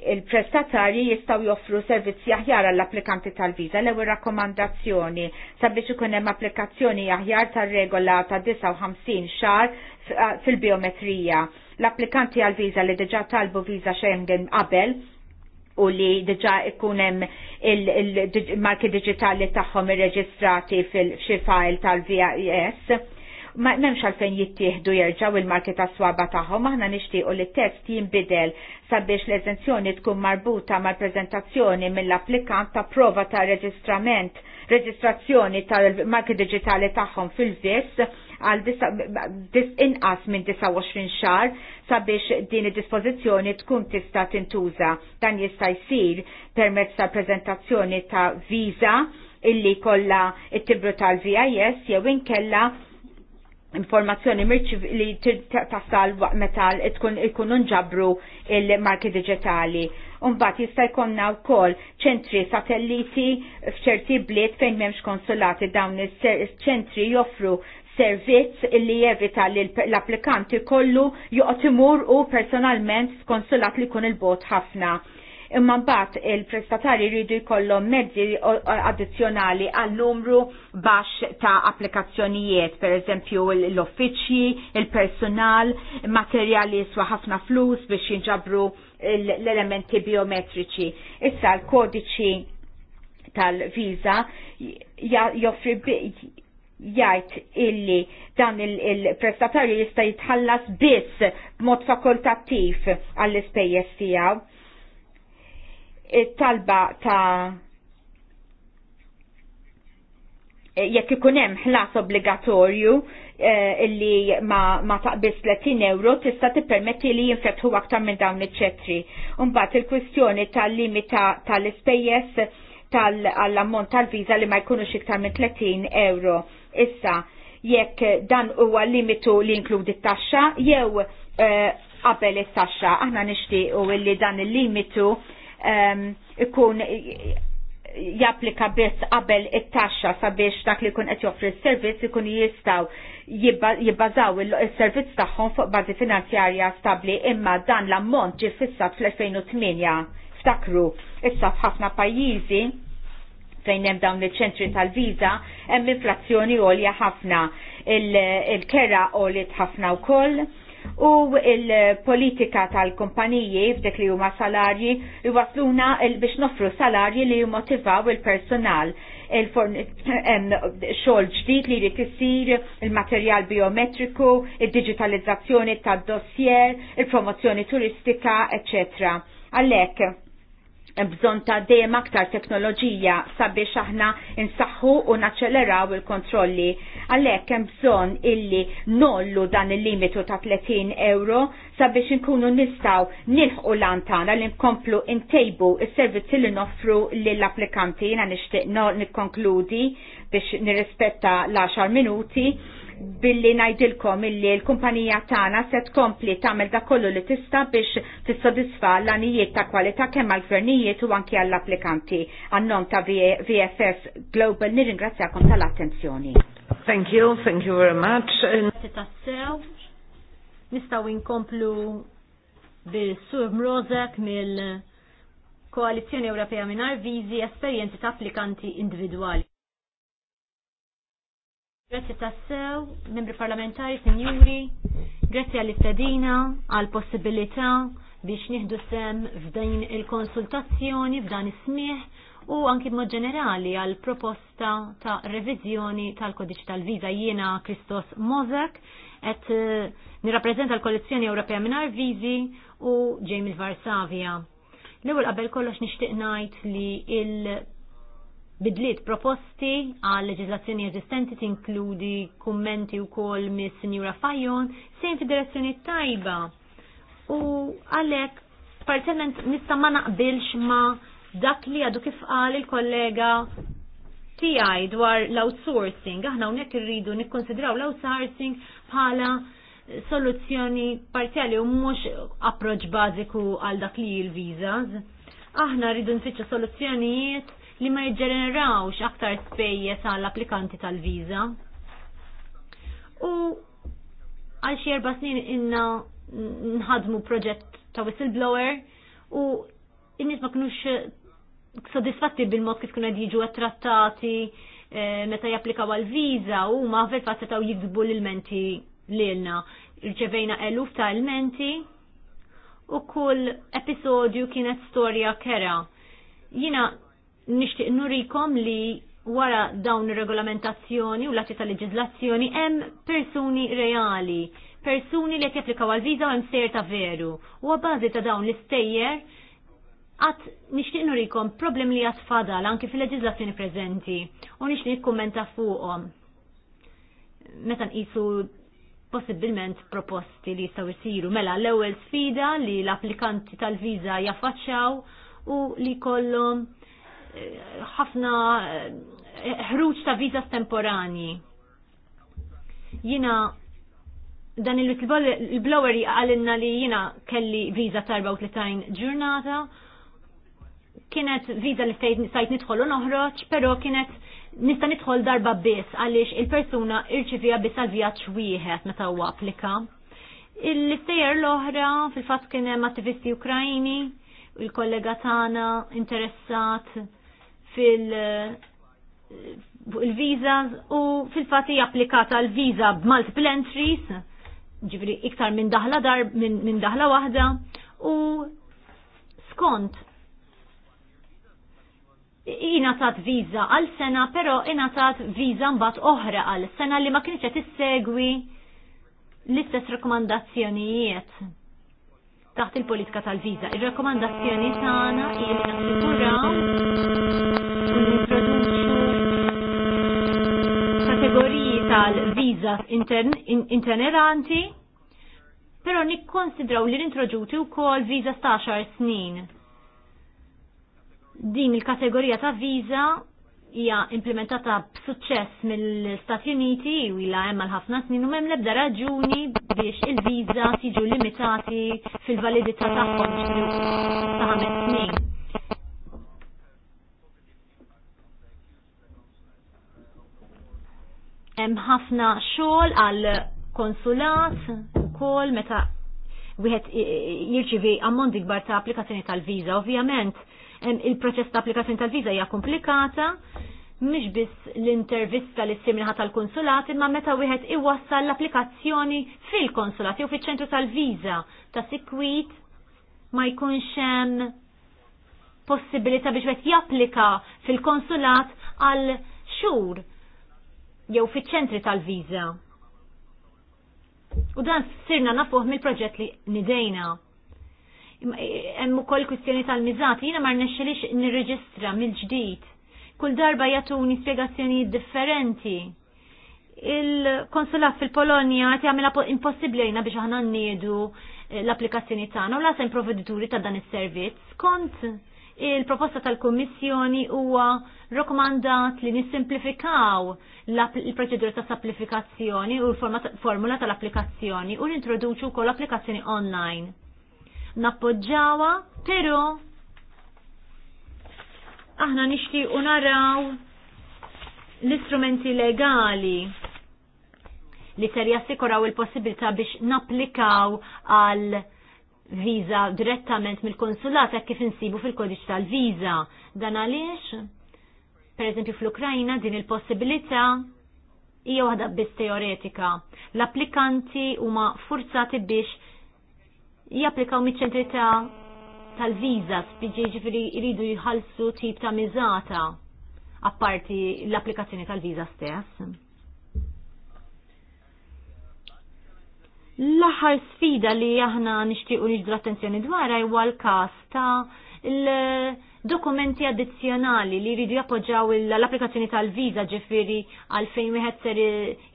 il-prestatari il, jistaw joffru servizzi aħjar għall-applikanti tal-viza. l ewwel rakkomandazzjoni sabiex ikun hemm applikazzjoni aħjar tar-regola ta' 59 xar fil-biometrija. L-applikanti għal-viza li diġa talbu viza Schengen qabel u li diġa hemm il-marki il, digitali tagħhom irreġistrati fil-xi file tal-VIS ma nemx għalfejn jittieħdu jerġaw il market ta' swaba tagħhom aħna nixtiequ li t-test jinbidel sabiex l-eżenzjoni tkun marbuta mal-preżentazzjoni mill-applikant ta' prova ta' reġistrament, reġistrazzjoni tal market digitali tagħhom fil-vis għal inqas minn 29 xar sabiex din id-dispożizzjoni tkun tista' tintuża. Dan jista' jsir permezz ta' preżentazzjoni ta' viza illi kollha it-tibru tal-VIS jew inkella informazzjoni mirċi li tasal meta tkun ikunu nġabru il-marki digitali. Unbat jista' jkollna wkoll ċentri satelliti f'ċerti bliet fejn m'hemmx konsulati dawn iċ-ċentri joffru servizz li jevita li l-applikanti kollu joqgħod imur u personalment skonsulat li jkun il-bot ħafna imma mbagħad il-prestatari jridu jkollhom mezzi addizzjonali għal numru baxx ta' applikazzjonijiet, per eżempju l-offiċji, il-personal, materjali jiswa ħafna flus biex jinġabru l-elementi biometriċi. Issa l-kodiċi tal-viza joffri jgħid illi dan il prestatari jista' jitħallas biss b'mod fakultattiv għall-ispejjeż tiegħu it-talba ta' jekk ikun hemm ħlas obbligatorju eh, illi ma, ma taqbis 30 euro tista' tippermetti li jinfetħu aktar minn dawn iċ-ċetri. Imbagħad il-kwistjoni tal-limita tal-ispejjeż tal-ammont tal-viża li ma jkunux iktar minn 30 euro. Issa jekk dan huwa limitu li inkludi t-taxxa jew eh, qabel it-taxxa aħna nixtiequ illi dan il-limitu il limitu ikun japplika biss qabel it-taxxa sabiex dak li jkun qed joffri s-servizz ikun jistgħu jibbażaw il-servizz tagħhom fuq bażi finanzjarja stabbli imma dan l-ammont ġie fissat fl-2008 ftakru issa f'ħafna pajjiżi fejn hemm dawn iċ-ċentri tal-viża hemm inflazzjoni għolja ħafna il-kera għolit ħafna wkoll u il-politika tal-kumpaniji f'dek li huma salarji iwasluna biex nofru salarji li jimmotivaw il-personal il-xogħol ġdid li jrid isir il-materjal biometriku, id-digitalizzazzjoni tad-dossier, il-promozzjoni turistika, eċċetera. Għalhekk, bżon ta' dejjem aktar teknoloġija sabiex aħna insaħħu u naċċeleraw il-kontrolli. Għalhekk hemm bżonn illi nollu dan il-limitu ta' 30 euro sabiex inkunu nistgħu nilħqu l-antana li nkomplu intejbu is-servizzi li noffru lill-applikanti jiena nixtieq nikkonkludi biex nirrispetta l-10 minuti billi najdilkom illi l-kumpanija tagħna se tkompli tagħmel da kollu li tista' biex tissodisfa l-anijiet ta' kwalità kemm għall-gvernijiet u anki għall-applikanti. Għannom ta' VFS Global nirringrazzjakom tal-attenzjoni. Thank you, thank you very much. Titassew, nistaw inkomplu bil-Sur Mrozek mill-Koalizjoni Ewropea minar Viżi esperjenzi ta' applikanti individwali. Grazie tassew, membri parlamentari, senjuri, grazie għall-istadina, għall-possibilità biex nieħdu sem f'din il-konsultazzjoni, f'dan is-smieħ u anki b'mod ġenerali għal proposta ta' revizjoni tal-kodiċ tal-viza jiena Kristos Mozak, et eh, nirrapprezenta l-kollezzjoni Ewropea minar vizi u Jamil Varsavia. L-ewwel qabel kollox nixtieq ngħid li bidliet proposti għal leġislazzjoni eżistenti tinkludi kummenti u kol mis Sinjura Fajon sejn federazzjoni direzzjoni tajba. U għalek parzialment nista ma naqbilx ma dak li għadu kif qal il-kollega tiegħi dwar l-outsourcing. Aħna hawnhekk irridu nikkonsidraw l-outsourcing bħala soluzzjoni parzjali u mhux approċ bażiku għal dak li l-visas. Aħna rridu nfittxu soluzzjonijiet li ma jġenerawx aktar spejjeż għall applikanti tal-viża. U għal xi erba' snin inna nħadmu proġett ta' whistleblower u in-nies ma kinux sodisfatti bil-mod kif kienu jiġu attrattati eh, meta japplikaw għal-viża u ma fil fatta setgħu jiksbu l-menti lilna. Irċevejna eluf ta' elementi u kull episodju kienet storja kera. Jina nixtieq nurikom li wara dawn ir-regolamentazzjoni u l-atti tal leġislazzjoni hemm persuni reali, persuni li qed japplikaw għal-viża u hemm sejr ta' veru. U bażi ta' dawn l-istejjer għat nixtieq nurikom problem li għatfadal anki fil-leġiżlazzjoni preżenti u nixtieq kummenta fuqhom. Meta nqisu possibilment proposti li jistgħu jsiru mela l-ewwel sfida li l-applikanti tal-viża jaffaċċjaw u li kollom ħafna eh, ħruġ ta' vizas temporani. Jina dan il-blower għalinna li jina kelli viza ta' 34 ġurnata, kienet viza li sajt nidħol u noħroġ, pero kienet nista nidħol darba biss għaliex il-persuna irċivija biss għal vjaġġ wieħed meta huwa applika. Il-sejjer l-oħra fil-fatt kien hemm attivisti Ukrajini, il-kollega tagħna interessat fil- il-visas u fil-fat hija applikata l-visa b'multiple entries, ġivri iktar minn daħla dar minn min daħla waħda u skont inatat viza għal sena, pero inatat viza mbagħad oħra għal sena li ma kienx qed issegwi l-istess rekomandazzjonijiet taħt il-politika tal-viza. Ir-rekomandazzjoni tagħna hija li nassiguraw tal-viza interneranti, pero nikkonsidraw li nintroduti u kol viza staxar snin. Din il-kategorija ta' viza hija implementata b'suċċess mill-Stati Uniti u ila hemm għal ħafna snin u hemm l-ebda raġuni biex il-viża tiġu limitati fil-validità tagħhom ta' ħames snin Hemm ħafna xogħol għal konsulat ukoll meta wieħed jirċivi ammont ikbar ta' applikazzjoni tal-viża. Ovvjament il-proċess ta' applikazzjoni tal-viża hija komplikata, mhix biss l-intervista li ssir tal-konsulat, imma meta wieħed iwassal l-applikazzjoni fil-konsulat jew fiċ-ċentru tal-viża ta' sikwit ma jkunx hemm possibilità biex wieħed japplika fil-konsulat għal xhur jew fiċ-ċentri tal-viża. U dan sirna nafuħ mill-proġett li nidejna. E, hemm ukoll kwistjoni tal-miżati, jiena ma rnexxilix nirreġistra mill-ġdid. Kull darba jagħtuni spjegazzjonijiet differenti. Il-konsulat fil-Polonja qed jagħmel impossibbli lejna biex aħna nniedu eh, l-applikazzjoni tagħna u lasem provvedituri ta' dan is-servizz kont il-proposta tal-Kummissjoni huwa rekomandat li nissimplifikaw il-proċedura ta' sapplifikazzjoni u l-formula tal-applikazzjoni u nintroduċu kol applikazzjoni online. Nappoġġawa, pero aħna nixti unaraw l-istrumenti legali li ser jassikuraw il-possibilità biex napplikaw għal viża direttament mill-konsulat hekk kif insibu fil-kodiċ tal-viża. Dan għaliex? Per eżempju fl-Ukrajna din il-possibilità hija waħda biss teoretika. L-applikanti huma forzati biex japplikaw miċ-ċentri ta' tal viza spiġi ġifieri jridu jħallsu tip ta' miżata apparti l-applikazzjoni tal-viża stess. L-aħħar sfida li aħna nixtiequ niġdu attenzjoni dwarha huwa l-każ ta' l-dokumenti addizzjonali li jridu jappoġġaw l-applikazzjoni tal-viża ġifieri għalfejn wieħed ser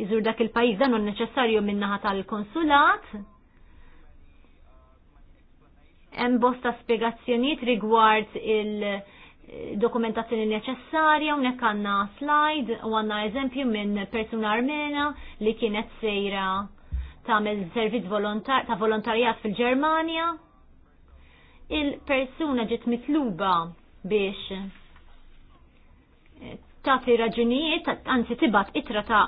iżur dak il-pajjiż dan neċessarju min-naħa tal-konsulat. Hemm bosta spjegazzjonijiet rigward il- dokumentazzjoni neċessarja, unek għanna slide u għanna eżempju minn persuna armena li kienet sejra tagħmel servizz volontar ta' volontarjat fil-Ġermanja. Il-persuna ġiet mitluba biex eh, tagħti raġunijiet, anzi tibgħat itra ta'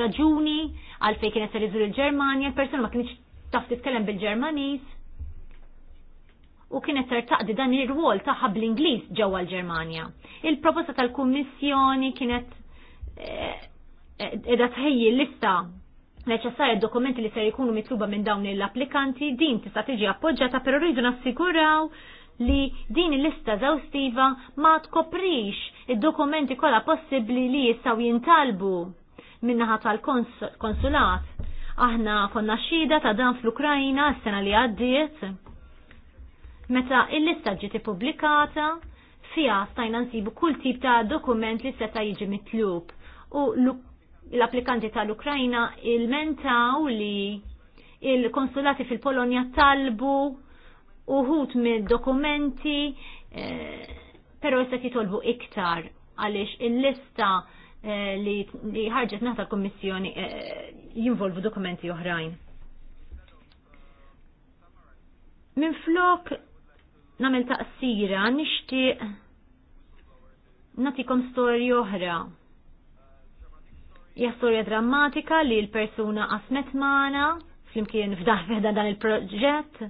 raġuni għalfejn kienet se il-Ġermanja, il-persuna ma kienx taf titkellem bil-Ġermaniż u kienet ser taqdi dan ir-rwol tagħha bl-Ingliż ġewwa l-Ġermanja. Il-proposta tal-Kummissjoni kienet qiegħda eh, eh, tħejji lista neċessarja dokumenti li ser jkunu mitluba minn dawn l-applikanti din tista' tiġi appoġġata, però rridu nassiguraw li din il-lista żewstiva ma tkoprix id-dokumenti kollha possibbli li jistgħu jintalbu minnaħa tal-konsulat. Aħna konna xida ta' dan fl-Ukrajna s-sena li għaddiet. Meta il-lista ġiet ippubblikata, fija stajna nsibu kull tip ta' dokument li seta' jiġi mitlub u l-applikanti tal-Ukrajna il-mentaw li il-konsulati fil-Polonja talbu uħut mid-dokumenti eh, pero jistat jitolbu iktar għalix il-lista eh, li, ħarġet naħta l-Kommissjoni eh, jinvolvu dokumenti oħrajn. Min flok namel taqsira nishtiq natikom storju oħra hija storja drammatika li l-persuna qasmet magħna flimkien f'daħ *laughs* f'da dan il-proġett.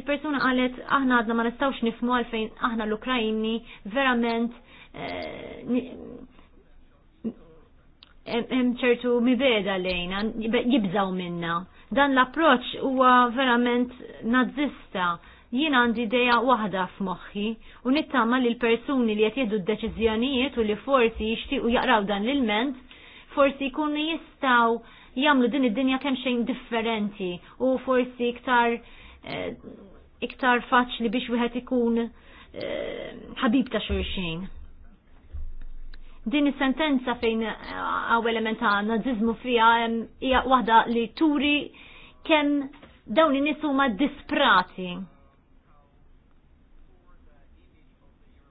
Il-persuna qalet aħna għadna ma nistgħux nifmu għalfejn aħna l-Ukrajni verament hemm eh, ċertu mibeda lejna, jibżaw minna. Dan l-approċ huwa verament nazzista jien għandi ideja waħda f'moħħi u nittama li l-persuni li qed jieħdu d-deċiżjonijiet u li forsi jixtiequ jaqraw dan l-ilment forsi jkunu jistaw jamlu din id-dinja kemm xejn differenti u forsi iktar eh, iktar faċli biex wieħed ikun eh, ħabib ta' xulxin. Din is-sentenza fejn eh, għaw element ta' nazizmu fija hija waħda li turi kemm dawn in-nies huma disprati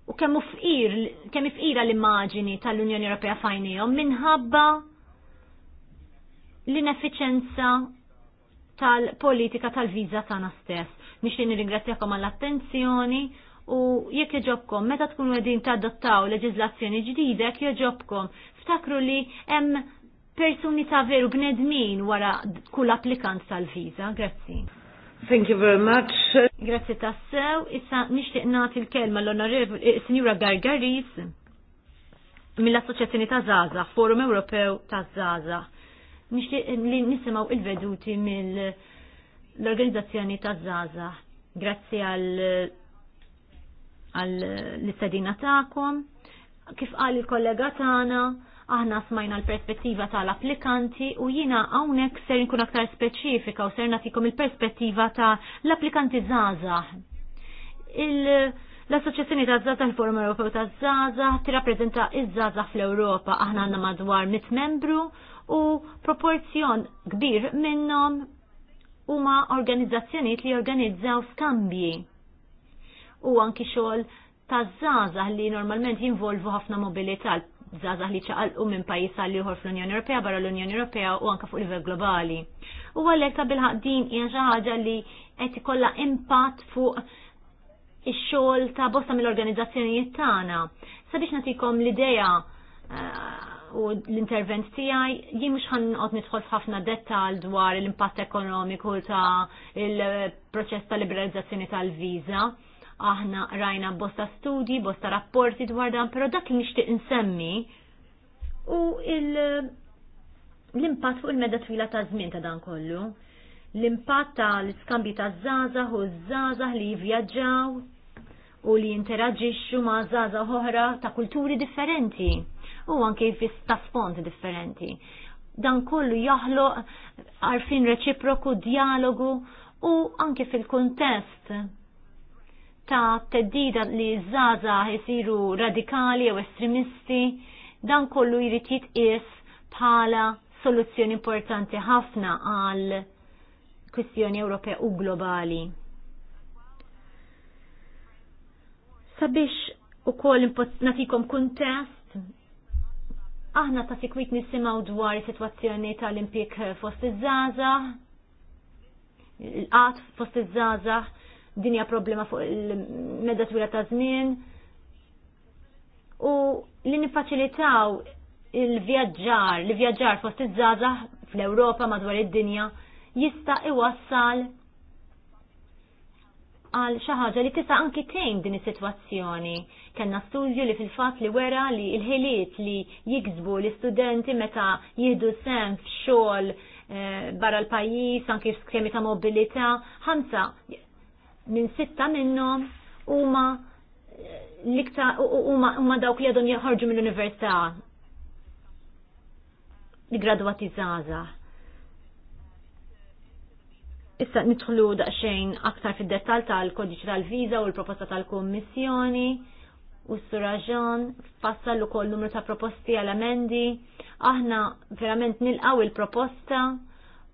u kemm fqir, kemm fqira l-immaġini tal-Unjoni Ewropea fajnijhom minħabba l-ineffiċenza tal-politika tal-viża tagħna stess. Nixtieq nirringrazzjakom għall-attenzjoni u jekk joġobkom meta tkun qegħdin tadottaw leġiżlazzjoni ġdida jekk joġobkom ftakru li hemm persuni ta' veru bnedmin wara kull applikant tal-viża. Grazzi. Thank you very much. Grazie tassew. Issa nixtieq nagħti l-kelma l-Onorevoli eh, Sinjura Gargaris mill associazzjoni ta' Zaza, Forum Ewropew ta' Zaza. Nishtiq eh, li nisimgħu il-veduti mill-organizzazzjoni ta' Zaza. Grazzi għal għal l-istadina ta'kom. Kif qal il-kollega tagħna, aħna smajna l-perspettiva tal-applikanti u jina hawnhekk ser nkun aktar speċifika u ser natikom il-perspettiva tal-applikanti Zaza. L-Assoċjazzjoni ta' Zaza l-Forum Ewropew ta' Zaza tirrappreżenta iż-Zaza fl-Ewropa. Aħna għandna madwar mit membru u proporzjon kbir minnhom huma organizzazzjonijiet li organizzaw skambji u anki xogħol ta' zaza li normalment jinvolvu ħafna mobilità zazah li ċaqalqu minn pajjiż għal uħor fl-Unjoni Ewropea barra l-Unjoni Ewropea u anke fuq livell globali. U għalhekk ta' bil din hija xi ħaġa li qed ikollha impatt fuq ix-xogħol ta' bosta mill-organizzazzjonijiet tagħna. Sabiex nagħtikom l-idea eh, u l-intervent tijaj, jien mhux ħan nidħol f'ħafna dettal dwar l-impatt ekonomiku ta' il-proċess ta' liberalizzazzjoni tal-viza aħna rajna bosta studi, bosta rapporti dwar dan, pero dak li nixtieq insemmi u l-impatt fuq il-meda twila ta' żmien ta' dan kollu. L-impatt ta' l-iskambji ta' żgħażagħ u żgħażagħ li jivvjaġġaw u li jinteraġixxu ma' żgħażagħ oħra ta' kulturi differenti u anke ta' sfond differenti. Dan kollu jaħloq għarfin reċiproku, dialogu u anke fil-kontest ta' teddida li zaza jisiru radikali jew estremisti, dan kollu jrid jitqies bħala soluzzjoni importanti ħafna għal kwistjoni Ewropea u globali. Sabiex u koll natikom kuntest, aħna ta' sikwit nisimaw dwar situazzjoni tal impik fost iż-żaza, l-qat fost iż-żaza, dinja problema fuq il-medda twila ta' żmien. U li nifaċilitaw il-vjaġġar, li vjaġġar fost iż-żgħażagħ fl-Ewropa madwar id-dinja jista' iwassal għal xi ħaġa li tista' anki tgħin din is-sitwazzjoni. Kenna studju li fil-fatt li wera li l-ħiliet li jiksbu l-istudenti meta jieħdu sem f'xogħol eh, barra l-pajjiż anki f'skemi ta' mobilità, ħamsa minn sitta minnhom huma eh, l-iktar huma dawk li għadhom jaħorġu mill-università li gradwati żgħażagħ. Issa nidħlu daqsxejn aktar fid-dettall tal-kodiċ tal-viża u l-proposta tal-kummissjoni u s-suraġan fassal ukoll numru ta' proposti għal amendi. Aħna verament nilqaw il-proposta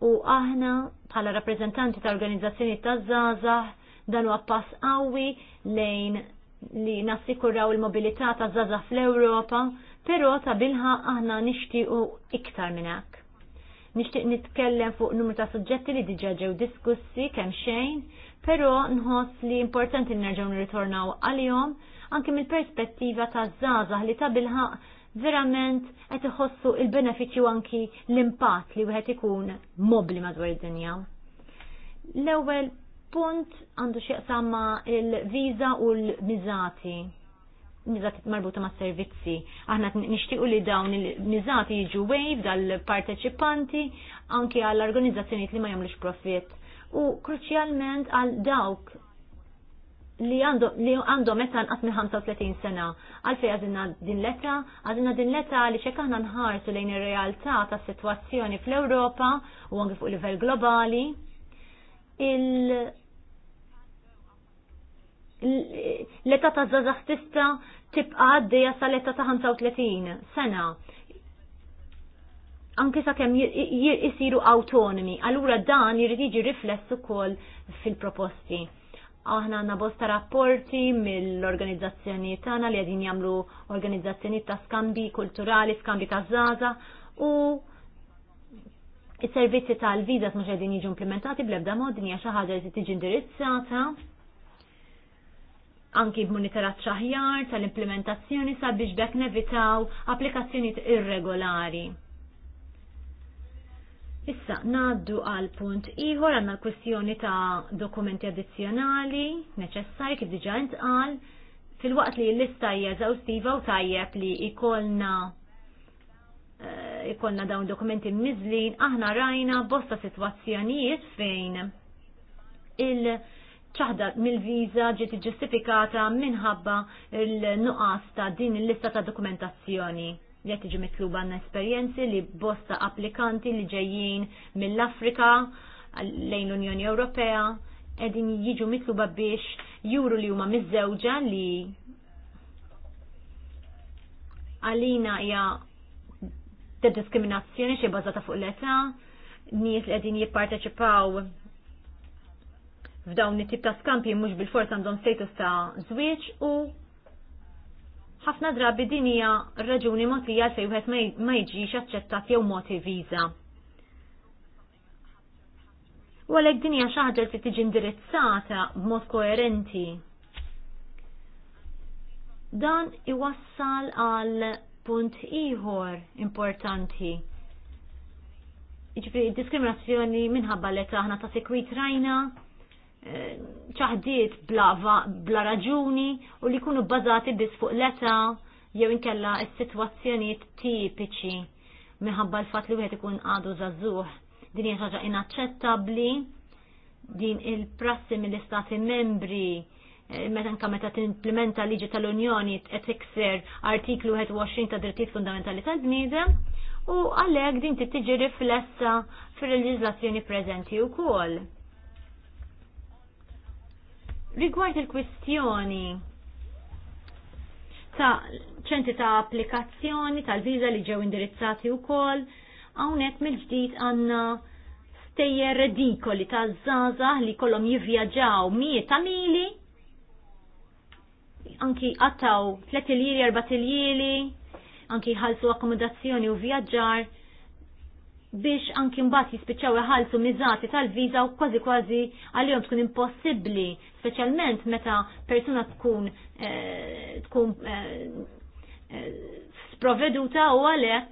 u aħna bħala rappreżentanti ta' organizzazzjoni ta' zazah Dan huwa pass qawwi lejn li nassikuraw il-mobilità ta' zaza fl-Ewropa, però ta' bilħa aħna nixtiequ iktar minn hekk. Nixtieq nitkellem fuq numru ta' suġġetti li diġà ġew diskussi kemm xejn, però nħoss li importanti nerġgħu nirritornaw għalihom anke mill-perspettiva ta' żgħażagħ li ta' bilħaq verament qed iħossu il-benefiċċju anki l-impatt li wieħed ikun mobli madwar id-dinja. L-ewwel punt għandu xieqsam ma' il-viza u l-mizati mizati marbuta ma' servizzi. Aħna nixtiequ li dawn il-mizati jiġu wave dal-parteċipanti anki għall organizzazzjoni li ma jagħmlux profit. U kruċjalment għal dawk li għandhom meta nqas minn 35 sena. Għalfej għadinna din letta, għadinna din letta li xek aħna nħarsu lejn ir-realtà ta' situazzjoni fl-Ewropa u anki fuq livell globali il- l-età ta' zazax tista tibqa għaddeja sa' l-età ta' 35 sena. Anke sa' kem jisiru autonomi, allura dan jirrid jiġi rifless ukoll fil-proposti. Aħna għanna bosta rapporti mill-organizzazzjoni tagħna li għadin jagħmlu organizzazzjoni ta' skambi kulturali, skambi ta' zaza u Is-servizzi tal-vizas mhux qegħdin jiġu implementati bl-ebda mod din hija xi ħaġa li tiġi indirizzata anki b'monitorat ċaħjar tal-implementazzjoni sabiex bekk nevitaw applikazzjonijiet irregolari. Issa, naddu għal punt ieħor għandna l-kwestjoni ta' dokumenti addizzjonali neċessari kif diġà intqal fil-waqt li l-lista hija eżawstiva u tajjeb li ikolna Eh, ikonna dawn dokumenti mizlin, aħna rajna bosta situazzjonijiet fejn il-ċaħda mill-viza ġiet ġustifikata minħabba il-nuqas ta' din il-lista ta' dokumentazzjoni li qed tiġi mitluba għanna esperienzi li bosta applikanti li ġejjin mill-Afrika lejn l-Unjoni Ewropea edin jiġu mitluba biex juru li huma miż-żewġa li għalina hija ta' diskriminazzjoni xi bażata fuq l-età, nies li qegħdin jipparteċipaw f'dawn it-tip ta' skampi mhux bil-forz għandhom status ta' żwieġ u ħafna drabi din hija raġuni motija se wieħed ma jiġix aċċettat jew moti viża. U għalhekk din hija xi ħaġa li tiġi indirizzata b'mod koerenti. Dan iwassal għal punt ieħor importanti. Iġbri, jiġifieri diskriminazzjoni minħabba li taħna ta' sekwit rajna, eh, ċaħdiet bla raġuni u li kunu bazati bis fuq l-età jew inkella s-sitwazzjonijiet tipiċi minħabba l-fat li wieħed ikun għadu żagħżugħ. Din hija ħaġa inaċċettabbli din il-prassi mill-istati membri Eh, meta anka meta implementa liġi tal-Unjoni qed tikser artiklu 21 ta' drittijiet fundamentali tal-bniedem u għalhekk din tiġi riflessa fil leġiżlazzjoni preżenti wkoll. Rigward il-kwistjoni ta' ċenti ta' applikazzjoni tal-viża li ġew indirizzati wkoll, hawnhekk mill-ġdid għandna stejjer redikoli ta' żgħażagħ li kolom jivvjaġġaw mijiet ta' mili anki għattaw 3 lili, anki ħalsu akkomodazzjoni u vjaġġar biex anki mbagħad jispiċċaw iħallsu miżati tal-viża u kważi kważi għalihom tkun impossibbli, speċjalment meta persuna tkun eh, tkun eh, eh, sproveduta u għalhekk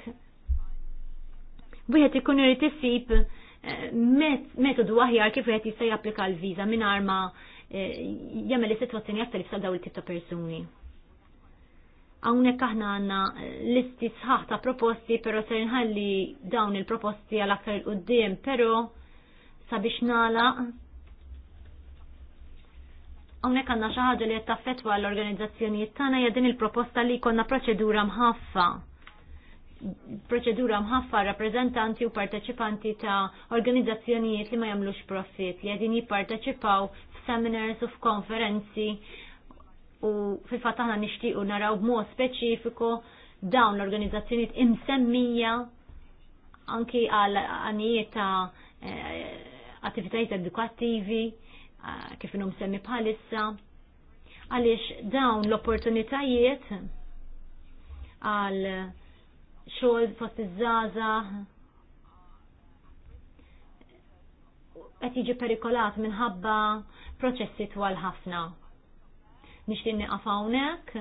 wieħed ikun irid isib metodu aħjar kif wieħed jista' japplika l-viża mingħajr ma' Eh, jemmel is-sitwazzjoni aktar jifsal daw il-tip personi. persuni. Hawnhekk aħna għandna eh, listi sħaħ ta' proposti, però se nħalli dawn il-proposti għal aktar il qoddim però sabiex nagħlaq Hawnhekk għandna xi ħaġa li qed taffetwa l-organizzazzjonijiet tagħna hija din il-proposta li jkollna proċedura mħaffa proċedura mħaffa rappresentanti u parteċipanti ta' organizzazzjonijiet li ma jamlux profit li għedin jipparteċipaw seminars u f'konferenzi u fil-fatt aħna nixtiequ naraw b'mod speċifiku dawn l-organizzazzjonijiet imsemmija anki għal għanijiet ta' eh, attivitajiet edukattivi eh, kif inhom semmi bħalissa għaliex dawn l-opportunitajiet għal xogħol fost iż-żgħażagħ qed jiġi perikolat minħabba proċessi twal ħafna. Nixtin niqaf hawnhekk,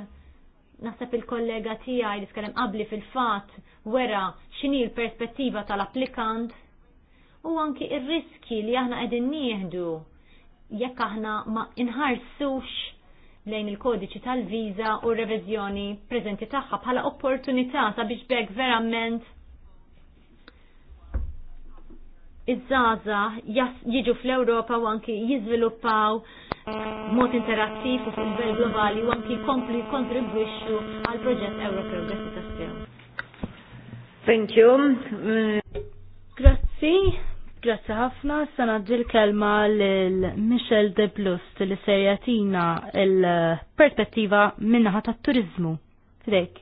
naħseb il-kollega tiegħi li tkellem qabli fil-fatt wera x'inhi l-perspettiva tal-applikant u anki r riski li aħna qegħdin nieħdu jekk aħna ma inħarsux lejn il-kodiċi tal-viża u r-reviżjoni preżenti tagħha bħala opportunità sabiex bek verament iż-żaza jiġu fl-Ewropa u anki jiżviluppaw eh, mod interattiv u fil-bel globali u anki komplu kontribwixxu għal proġett Ewropew. Grazzi Thank you. Grazzi. Grazzi ħafna, sanadġi kelma l-Michel De Plus li serjatina l perspettiva minnaħa tat turizmu. Fidejk.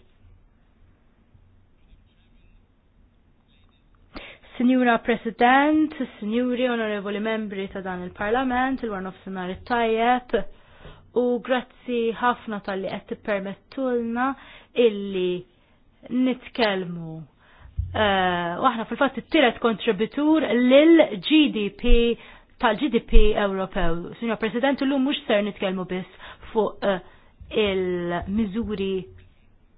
Signora President, signori Onorevoli Membri ta' dan il-Parlament, il-Warn of Senar tajjeb u grazzi ħafna tal-li qed tippermettulna illi nitkellmu. Uh, aħna fil-fatt it tiret kontributur l gdp tal-GDP Ewropew. Signora President, l-lum mux ser nitkelmu bis fuq uh, eh, il-mizuri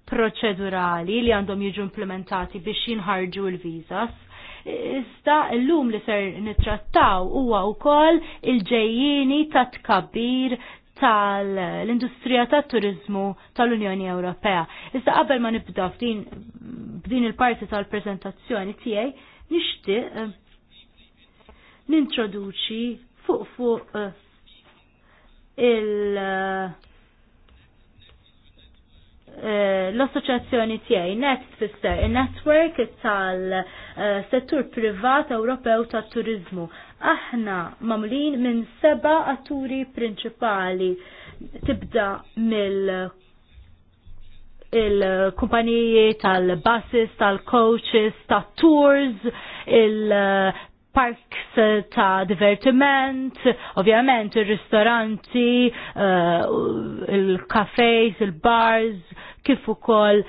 proċedurali li għandhom jiġu implementati biex jinħarġu l-vizas. Iżda l-lum li ser nitrattaw huwa wkoll il-ġejjini ta' tkabbir tal-industrija tat turizmu tal-Unjoni Ewropea. Iżda qabel ma nibda f'din b'din il-parti tal-preżentazzjoni tiegħi nixtieq eh, nintroduċi fuq fuq eh, il- eh, l-assoċjazzjoni tiegħi net tfisser in network tal Eh, settur privat Ewropew ta' turizmu. Aħna mamlin minn seba atturi prinċipali tibda mill il-kumpaniji tal-buses, tal-coaches, tal-tours, il-parks ta' divertiment, ovvjament il-ristoranti, eh, il cafés il-bars, kif ukoll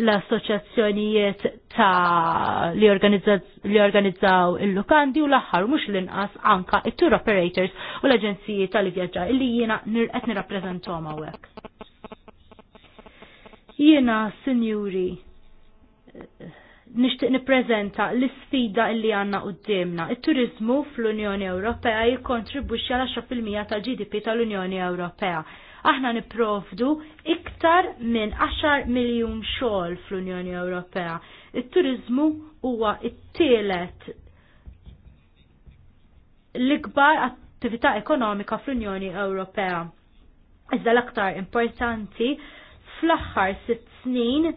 l-assoċjazzjonijiet ta' li, organizzaw il-lukandi u l-aħħar mhux l-inqas anka il tour operators u l-aġenziji tal-vjaġġar li jiena qed nirrappreżentom hawnhekk. Jiena, sinjuri, nixtieq nippreżenta l-isfida li għandna demna It-turizmu fl-Unjoni Ewropea jikkontribwixxi għal 10% tal-GDP tal-Unjoni Ewropea Aħna niprofdu iktar minn 10 miljun xogħol fl-Unjoni Ewropea. It-turizmu huwa it-tielet l-ikbar attività ekonomika fl-Unjoni Ewropea. Iżda l-aktar importanti fl-aħħar sitt snin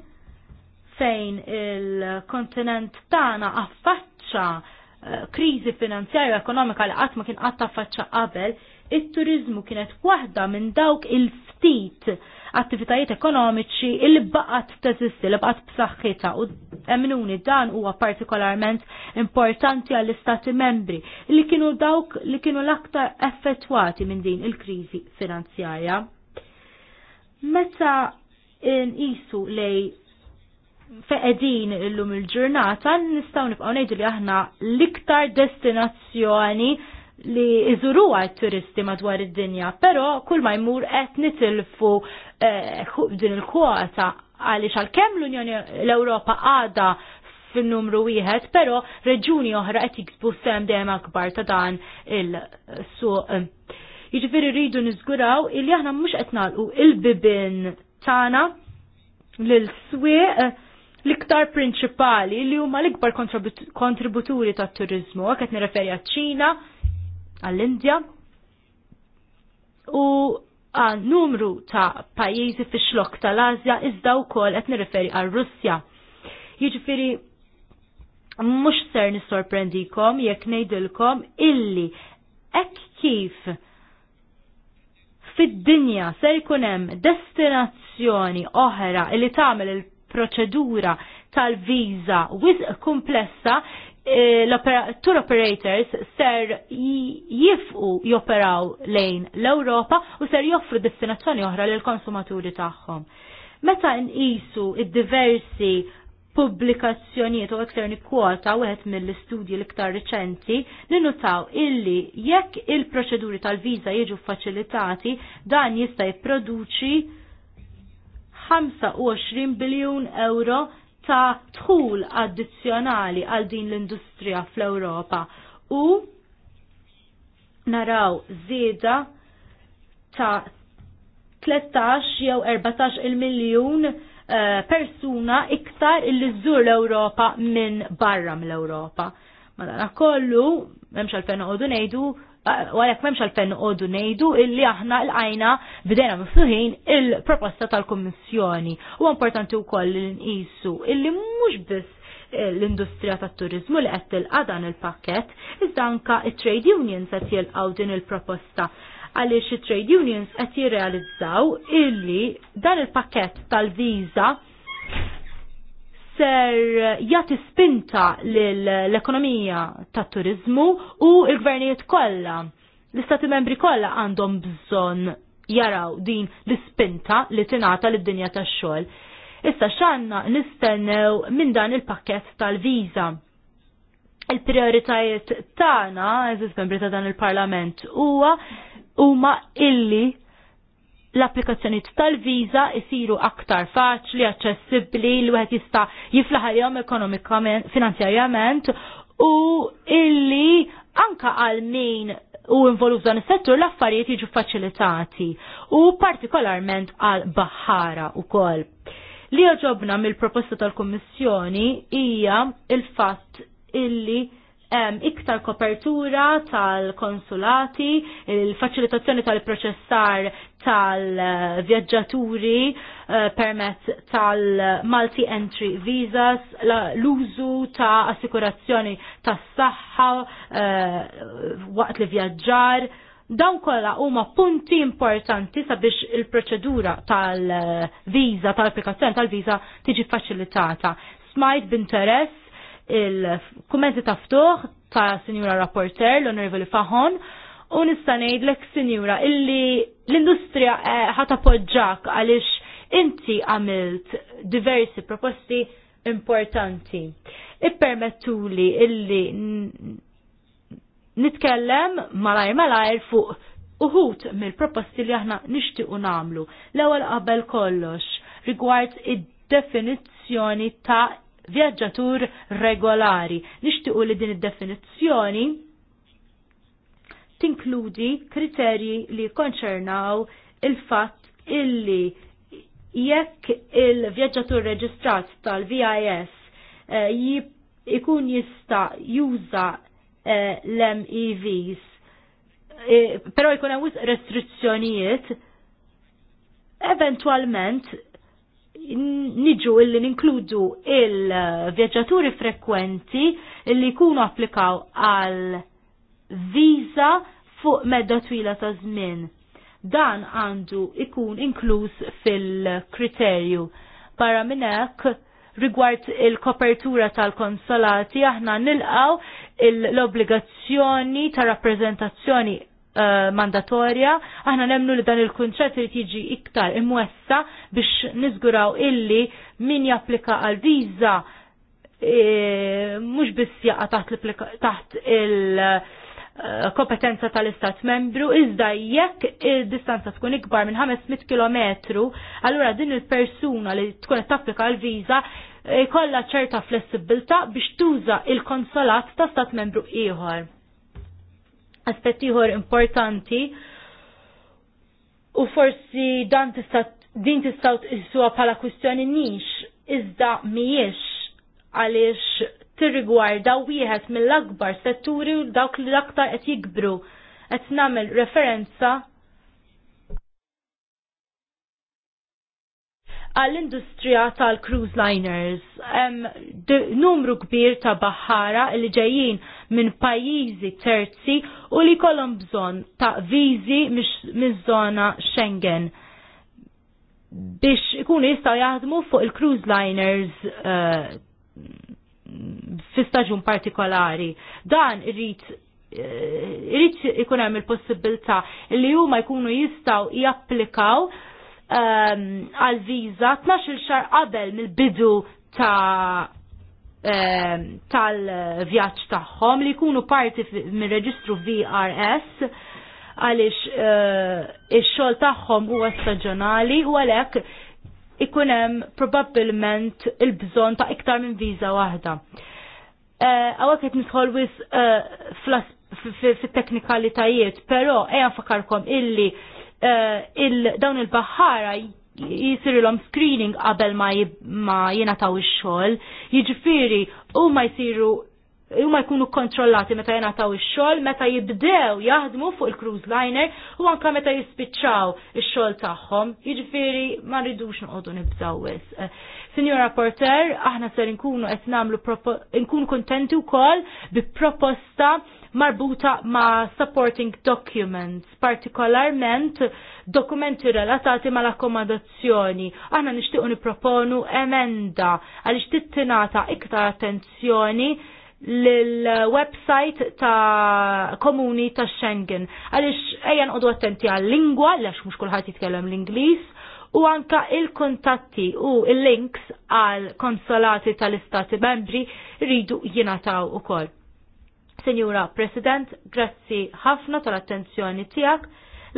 fejn il-kontinent tagħna affaċċa eh, kriżi finanzjarja ekonomika li qatt ma kien qatt affaċċa qabel, it-turizmu kienet waħda minn dawk il-ftit attivitajiet ekonomiċi il baqat teżisti, li baqat b'saħħitha u emnuni dan huwa partikolarment importanti għall istati membri li kienu dawk li kienu l-aktar effettwati minn din il-kriżi finanzjarja. Meta nqisu lej feqedin illum il-ġurnata nistaw nibqaw ngħidu li aħna l-iktar destinazzjoni li iżuru t-turisti madwar id-dinja, però kull ma jmur qed nitilfu eh, din il-kwota għaliex għalkemm l-Unjoni l-Ewropa għada fin-numru wieħed, pero reġuni oħra qed jiksbu sem dejjem akbar ta' dan il-suq. Jiġifieri rridu niżguraw illi aħna mhux qed nagħlqu il-bibin tagħna lil-swieq l-iktar prinċipali li huma l-ikbar kontributuri tat-turizmu, għak qed nirreferi għaċ-Ċina, għall-Indja u a numru ta' pajjiżi fi xlok tal-Azja iżda wkoll qed nirriferi għal-Russja. Jiġifieri mhux ser nissorprendikom jekk ngħidilkom illi hekk kif fid-dinja ser jkun hemm destinazzjoni oħra li tagħmel il-proċedura tal-viża wisq komplessa Eh, l-tour operators ser jifqu joperaw lejn l-Europa u ser joffru destinazzjoni oħra lil konsumaturi tagħhom. Meta nqisu id-diversi pubblikazzjonijiet u eksterni kwota wieħed mill-istudji l-iktar riċenti, ninnutaw illi jekk il-proċeduri tal-viża jiġu faċilitati dan jista' jipproduċi 25 biljun euro ta' tħul addizzjonali għal din l-industrija fl-Ewropa u naraw zieda ta' 13 jew 14 il-miljun eh, persuna iktar illi żżur l-Ewropa minn barra mill-Ewropa. Madana kollu, memx għalfejn għodu nejdu, għalek memx pennu għodu nejdu illi aħna l-għajna bdejna mifluħin il-proposta tal-Kommissjoni. U importanti u koll l-nqisu illi mux biss eh, l-industrija tat turizmu li qed tilqa' dan il-pakket, iżda il trade unions qed jilqgħu din il-proposta għaliex it-trade unions qed jirrealizzaw illi dan il-pakket tal visa ser jati spinta l-ekonomija ta' turizmu u il-gvernijiet kollha. L-istati membri kollha għandhom bżonn jaraw din l-spinta li tinata lid-dinja tax-xogħol. Issa xanna nistennew minn dan il-pakket tal-viza. Il-prioritajiet tagħna, eżis membri ta' dan il-Parlament, huwa huma illi l applikazzjoni tal-viza jisiru aktar faċli, aċċessibbli, l wieħed jista' jiflaħarjom ekonomikament, finanzjarjament u illi anka għal min u involut dan is-settur l-affarijiet jiġu faċilitati u partikolarment għal baħara wkoll. Li oġobna mill-proposta tal-Kummissjoni hija il-fatt illi iktar kopertura tal-konsulati, il-facilitazzjoni tal-proċessar tal-vjaġġaturi eh, permezz tal-multi entry visas, l-użu ta' assikurazzjoni tas-saħħa eh, waqt li vjaġġar. Dawn kollha huma punti importanti sabiex il-proċedura tal-viża, tal-applikazzjoni tal-viża tiġi faċilitata. Smajt b'interess il-kummenti ta' ftuħ ta' Sinjura Rapporter, l-Onorevoli Fahon, u nista' ngħidlek Sinjura illi l-industrija eh, ħat appoġġak għaliex inti għamilt diversi proposti importanti. Ippermettuli illi nitkellem malajr malajr fuq uħut mill-proposti li aħna nixtiequ nagħmlu. L-ewwel qabel kollox rigward id-definizzjoni ta' vjaġġatur regolari. Nixtiequ li din id-definizzjoni tinkludi kriterji li konċernaw il-fatt illi jekk il-vjaġġatur reġistrat tal-VIS eh, ikun jista juża eh, l-MEVs eh, però jkun hemm restrizzjonijiet eventualment niġu illi ninkludu il-vjaġġaturi frekwenti illi jkunu applikaw għal viza fuq medda twila ta' żmien. Dan għandu ikun inkluż fil-kriterju. Barra minn hekk rigward il-kopertura tal-konsolati aħna nilqaw l-obbligazzjoni ta' rappreżentazzjoni Eh, mandatorja, aħna nemnu li dan il-kunċett irid jiġi iktar imwessa biex niżguraw illi min japplika għal viża eh, mhux biss jaqa' taħt il- eh, kompetenza tal-istat membru, iżda jekk il-distanza tkun ikbar minn 500 km, allura din il-persuna li tkun qed għal viza viża jkollha ċerta flessibilità biex tuża il-konsolat ta' stat membru ieħor. Aspetti ieħor importanti u forsi dan tista' din tistgħu tqisuha bħala kwistjoni nix iżda mhijiex għaliex tirrigwarda wieħed mill-akbar setturi u dawk li l-aktar qed jikbru qed nagħmel referenza għall-industrija tal-cruise liners. Um, numru kbir ta' baħħara li ġejjin minn pajjiżi terzi u li kolom bżonn ta' viżi miż-żona Schengen biex ikunu jistaw jaħdmu fuq il-cruise liners uh, fi staġun partikolari. Dan irrit eh, irrit ikun hemm il-possibilità li huma jkunu jistgħu japplikaw Um, għal viza 12 xar qabel mill-bidu ta' um, tal-vjaċ tagħhom li jkunu parti mir-reġistru VRS għaliex uh, ix-xogħol tagħhom huwa staġjonali u għalhekk ikun hemm probabbilment il-bżonn ta' iktar minn viża waħda. Uh, Għawak qed nisħol wis uh, fit-teknikalitajiet, però eja fakarkom illi Eh, dawn il-bahara jisirilom screening qabel ma il-xol, ix-xogħol, jiġifieri huma jsiru huma jkunu kontrollati meta taw il xogħol meta jibdew jaħdmu fuq il-cruise liner u anka meta jispiċċaw ix-xogħol tagħhom. Jiġifieri ma rridux noqogħdu nibdaw wis. Eh, Signora Rapporter, aħna ser nkunu qed nagħmlu nkunu kontentu wkoll bi proposta marbuta ma' supporting documents, partikolarment dokumenti relatati ma' l-akkomodazzjoni. Aħna nixtiequ niproponu emenda għaliex tittinata iktar attenzjoni l-website ta' komuni ta' Schengen. Għalix ejjan qodu attenti għal-lingwa, għaliex mux kullħat jitkellem l-Inglis, u anka il-kontatti u il-links għal konsolati tal-istati membri rridu jinataw u koll. Senjura President, grazzi ħafna tal-attenzjoni tijak.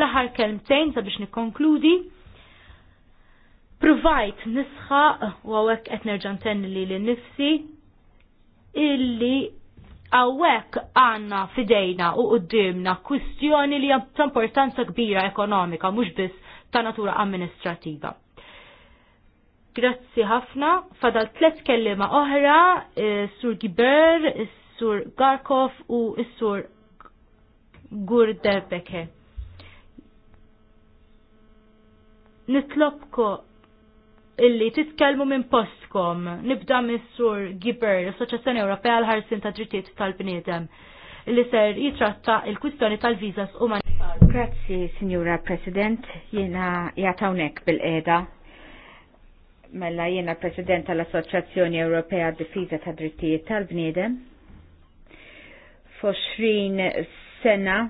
Laħar kelmtejn sabiex nikonkludi. Provajt nisħa u għawek etnerġanten li l-nifsi illi għawek għanna fidejna u għoddimna kwistjoni li ta' importanza kbira ekonomika, mux biss ta' natura amministrativa. Grazzi ħafna, fadal tlet kellima oħra, eh, Sur Giber, sur Garkov u s-sur Gurdebeke. Nitlobko illi titkellmu minn postkom, nibda mis-sur Giber, l-Assoċjazzjoni Ewropea l-ħarsin ta' drittijiet tal-bniedem, illi ser jitratta il-kwistjoni tal-vizas u Grazzi, Signora President, jena jatawnek bil-eda. Mella jena President tal-Assoċjazzjoni Ewropea Difiża ta' Drittijiet tal-Bniedem, 29 sena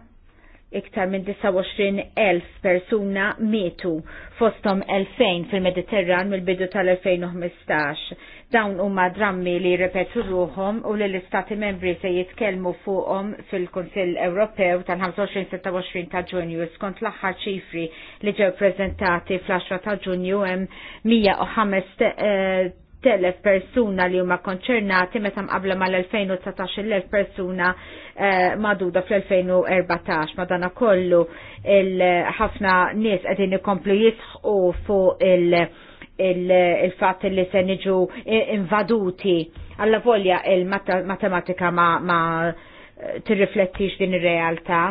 iktar minn 29.000 persuna mietu fostom 2000 fil-Mediterran mill-bidu tal-2015. Dawn huma drammi li ripetu ruhom u li l-Istati membri se jitkellmu fuqhom fil-Kunsill Ewropew tal-25-26 ta' Ġunju skont l-aħħar ċifri li ġew prezentati fl-10 ta' Ġunju hemm 105 telef persuna li huma konċernati meta mqabla mal-2019 l-1000 persuna eh, maduda fl-2014 madana kollu il-ħafna nies qegħdin ikomplu jisħu fuq il- il-fat il li se niġu invaduti alla volja il-matematika ma, ma eh, tirriflettix din ir-realtà.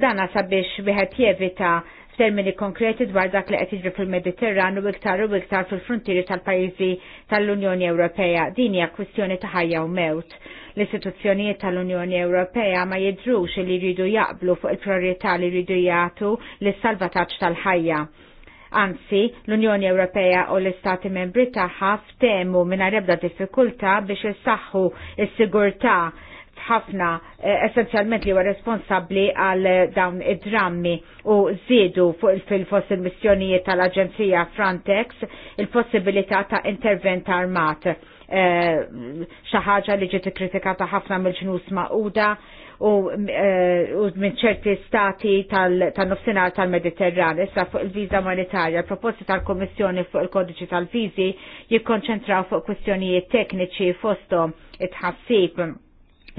Dana sabiex wieħed jevita Termini konkreti dwar dak li qed jiġri fil-Mediterran u iktar u iktar fil-frontieri tal-pajjiżi tal-Unjoni Ewropea. Din hija kwistjoni ta' ħajja u mewt. L-istituzzjonijiet tal-Unjoni Ewropea ma jidrux li jridu jaqblu fuq il-priorità li jridu jagħtu lis-salvataġġ tal-ħajja. Anzi, l-Unjoni Ewropea u l-Istati Membri tagħha ftemu mingħajr ebda diffikultà biex isaħħu s-sigurtà ħafna eh, essenzjalment li huwa responsabbli għal dawn id-drammi u żiedu fil-fost il-missjonijiet tal-Aġenzija Frontex il-possibilità ta' intervent armat. Eh, xi ħaġa li ġiet kritikata ħafna mill-ġnus maquda eh, u minn ċerti stati tal-nofsinhar tal-Mediterran. Issa fuq il-viża monetarja, proposti tal-Kommissjoni fuq il-kodiċi tal-viżi jikkonċentraw fuq kwistjonijiet tekniċi fosthom it-ħassib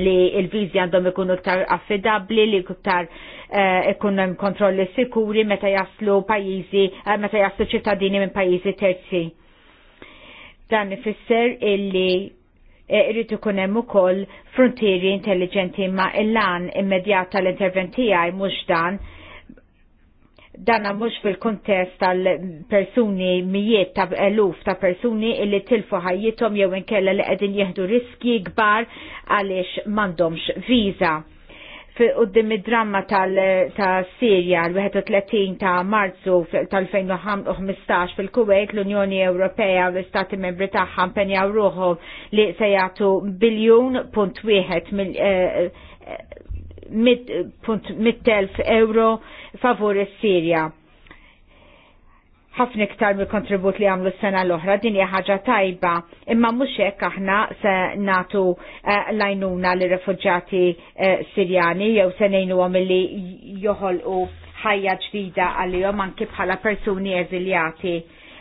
li il-viżi għandhom ikunu ktar affidabli, li ktar eh, ikun hemm kontrolli sikuri meta jaslu uh, meta jaslu ċittadini minn pajjiżi terzi. Dan ifisser illi eh, irrid ikun hemm ukoll frontieri intelligenti ma' il-lan immedjat tal-intervent tiegħi mhux dan danna mux fil-kontest tal-persuni mijiet ta' eluf ta' persuni illi tilfu ħajjitom jew inkella li qegħdin jieħdu riski kbar għaliex m'għandhomx viża. Qudiem id-dramma ta' Sirja l-31 ta' Marzu tal-2015 fil-Kuwait l-Unjoni Ewropea u l-Istati Membri tagħha mpenjaw ruħhom li se jagħtu biljun punt wieħed eh, eh, punt mittelf euro favur is-Sirja ħafna iktar mill-kontribut li għamlu s-sena l-oħra, din hija ħaġa tajba, imma mhux hekk aħna se nagħtu eh, lajnuna l refuġjati eh, Sirjani jew se ngħinuhom li joħolqu ħajja ġdida għalihom anki bħala persuni eżiljati.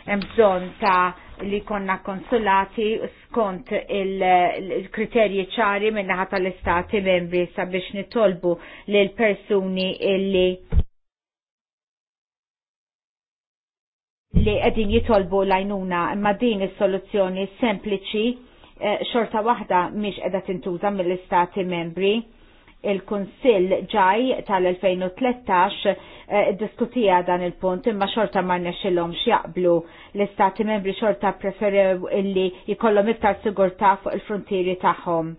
Hemm bżonn ta' li konna konsulati skont il-kriterji ċari minnaħa tal-istati membri sabiex nitolbu lil persuni illi li qegħdin jitolbu lajnuna imma din is-soluzzjoni sempliċi eh, xorta waħda mhix qiegħda tintuża mill-istati membri il-Kunsill ġaj tal-2013 eh, diskutija dan il-punt imma xorta ma nexilhom x'jaqblu l-istati membri xorta preferew illi jkollhom iktar sigurtà fuq il-frontieri tagħhom.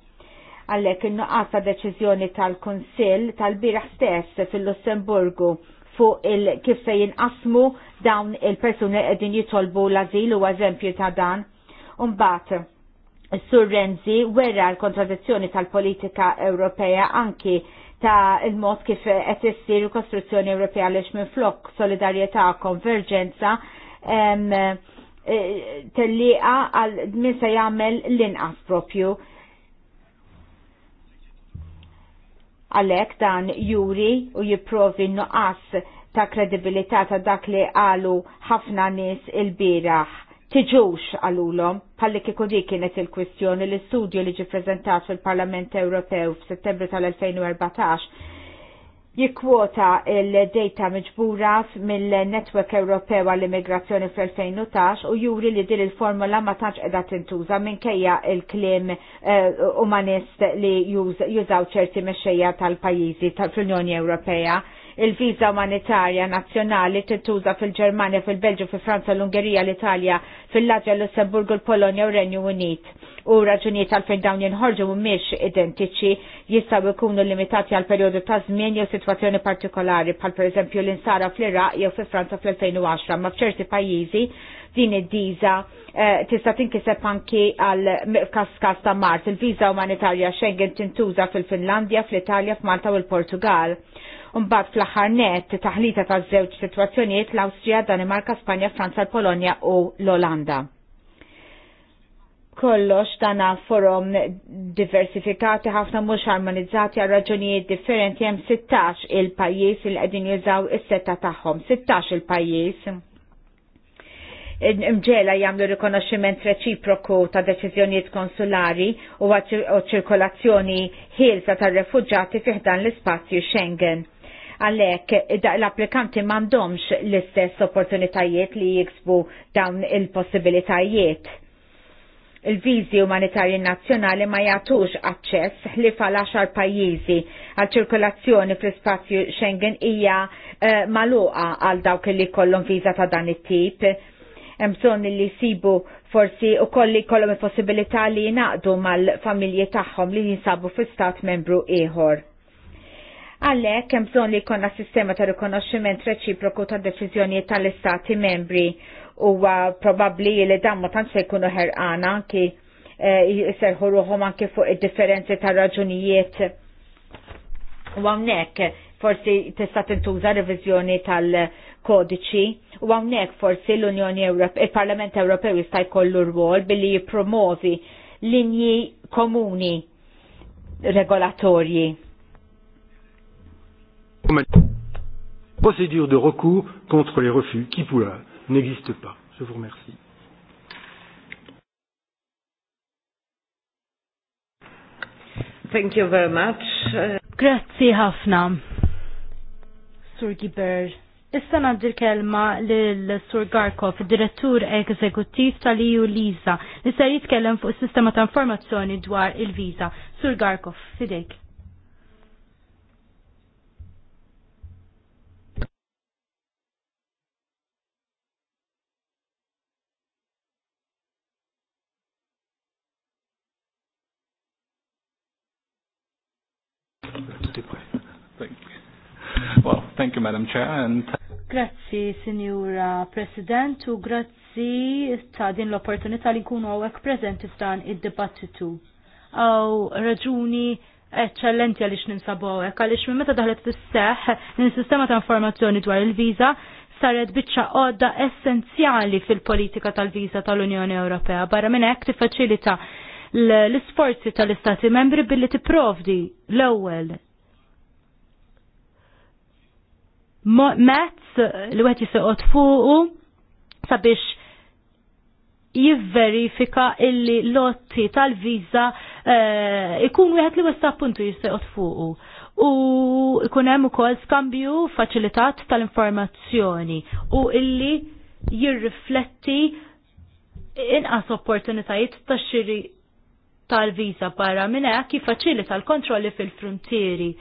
Għallek in-nuqqas deċiżjoni tal-Kunsill tal birax stess fil-Lussemburgu fuq il kif se jinqasmu dawn il-persuni qegħdin jitolbu l-azil u eżempju ta' dan. Umbagħad Sur Renzi wera l-kontradizzjoni tal-politika Ewropea anki ta' il-mod kif qed issir kostruzzjoni Ewropea lex minn flok solidarjetà konverġenza eh, tellieqa għal min se jagħmel l-inqas propju Għalek dan juri u jiprovi nuqqas ta' kredibilità ta' dak li għalu ħafna nis il-biraħ. Tiġux għalulom, palli kiku di kienet il-kwistjoni l-istudju li ġi prezentat fil-Parlament Ewropew f'Settembru tal-2014 jikwota il-data miġbura mill-Network Ewropew għall-Immigrazzjoni fl-2012 u juri li din il-formula ma tantx qiegħda tintuża minkejja il-klim eh, umanist li jużaw ċerti mexxejja tal-pajjiżi tal-Unjoni Ewropea il-viza umanitarja nazzjonali tintuża fil-Ġermanja, fil-Belġu, fil-Franza, l-Ungerija, l-Italja, fil-Laġja, l-Lussemburgu, l-Polonja u Renju Unit u raġunijiet għal fejn dawn jinħorġu mhumiex identiċi jistgħu jkunu limitati għal perjodu ta' żmien jew sitwazzjoni partikolari bħal pereżempju l-insara fl-Iraq jew fi Franza fl-2010 ma f'ċerti pajjiżi din id-diża eh, tista' tinkiseb anki għal kaskas ta' Mart. Il-viża umanitarja Schengen tintuża fil-Finlandja, fl-Italja, f'Malta u l-Portugal. Umbat fl-aħħar net taħlita ta' żewġ sitwazzjonijiet l-Awstrija, Danimarka, Spanja, Franza, l-Polonja u l-Olanda kollox dana forum diversifikati ħafna mhux armonizzati għal raġunijiet differenti hemm 16 il-pajjiż il qegħdin jużaw is-setta tagħhom, 16 il-pajjiż. Mġela jagħmlu rikonoxximent reċiproku ta' deċiżjonijiet konsulari u ċirkolazzjoni ħielsa tar-refuġġati fiħdan l-ispazju Schengen. Għalhekk l-applikanti m'għandhomx l-istess opportunitajiet li jiksbu dawn il-possibilitajiet il-viżi umanitarji nazzjonali ma jagħtux aċċess li għal għaxar pajjiżi għal ċirkolazzjoni fl-ispazju Schengen hija eh, maluqa għal dawk li kollhom viża ta' dan it-tip. Hemm bżonn li jsibu forsi wkoll li jkollhom il-possibilità li jingħaqdu mal-familji tagħhom li jinsabu fl-Istat membru ieħor. Għalhekk hemm bżonn li jkollna sistema ta' rikonoxximent reċiproku ta' deċiżjonijiet tal-istati membri huwa probabbli li dan ma tantx se jkunu ħerqana anki e, jiserħu anke anki fuq id-differenzi ta' raġunijiet. U hawnhekk forsi tista' tintuża reviżjoni tal-kodiċi u hawnhekk forsi l-Unjoni Ewropea, il-Parlament Ewropew jista' jkollu rwol billi jippromovi linji komuni regolatorji. Procédure de recours contre les refus qui pourraient n'existe pas. Je vous remercie. Thank you very much. Grazzi ħafna. Sur Giber. Issa naddir kelma l-Sur Garkov, direttur eżekuttiv tal-EU Lisa, li se jitkellem fuq sistema ta' informazzjoni dwar il-viza. Sur Garkov, fidejk. you, Madam Chair. And... Grazzi, Signora President, u grazzi ta' din l-opportunità li nkunu għawek prezenti f'dan id-dibattitu. Għaw raġuni eccellenti għalix ninsabu għawek, għalix minn meta daħlet fis-seħ, n-sistema ta' informazzjoni dwar il-viza, saret biċċa għodda essenzjali fil-politika tal-viza tal-Unjoni Ewropea. Barra minn hekk tiffaċilita l-isforzi tal-Istati membri billi tipprovdi l-ewwel mezz li għet jisoqgħod fuqu sabiex jivverifika illi lotti tal-viża eh, ikun wieħed li għesta appuntu jisoqgħod fuqu. U ikun hemm ukoll skambju faċilitat tal-informazzjoni u illi jirrifletti inqas opportunitajiet tax-xiri tal-viża barra minn hekk jiffaċilita l-kontrolli fil-frontieri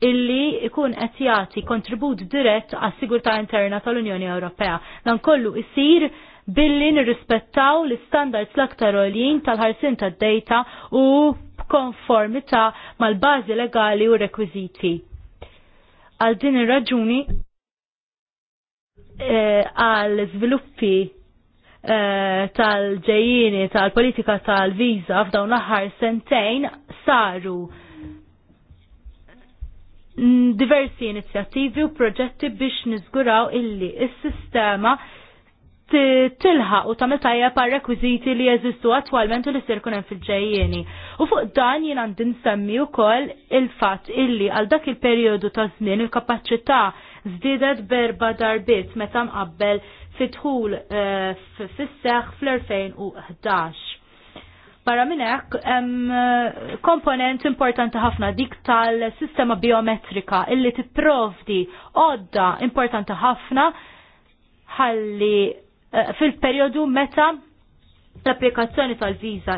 illi ikun qed jagħti kontribut dirett għas-sigurtà interna tal-Unjoni Ewropea. Dan kollu isir billi nirrispettaw l-standards l-aktar olin tal-ħarsin tad-data u konformita mal-bażi legali u rekwiziti. Għal din ir-raġuni eh, għal żviluppi eh, tal-ġejjini tal-politika tal-viża f'dawn l-aħħar sentejn saru Mm, diversi inizjattivi u proġetti biex niżguraw illi il sistema tilħaq u tamil tajja par rekwiżiti li jeżistu attwalment u li sirkun hemm fil-ġejjieni. U fuq dan jien għandi nsemmi wkoll il-fatt illi għal dak il-perjodu ta' żmien il-kapaċità żdiedet berba darbiet meta mqabbel fitħul eh, fis-seħħ fl-2011 Barra minn hekk hemm eh, komponent importanti ħafna dik tal-sistema biometrika illi tipprovdi odda importanti ħafna ħalli eh, fil-perjodu meta l-applikazzjoni tal-viza,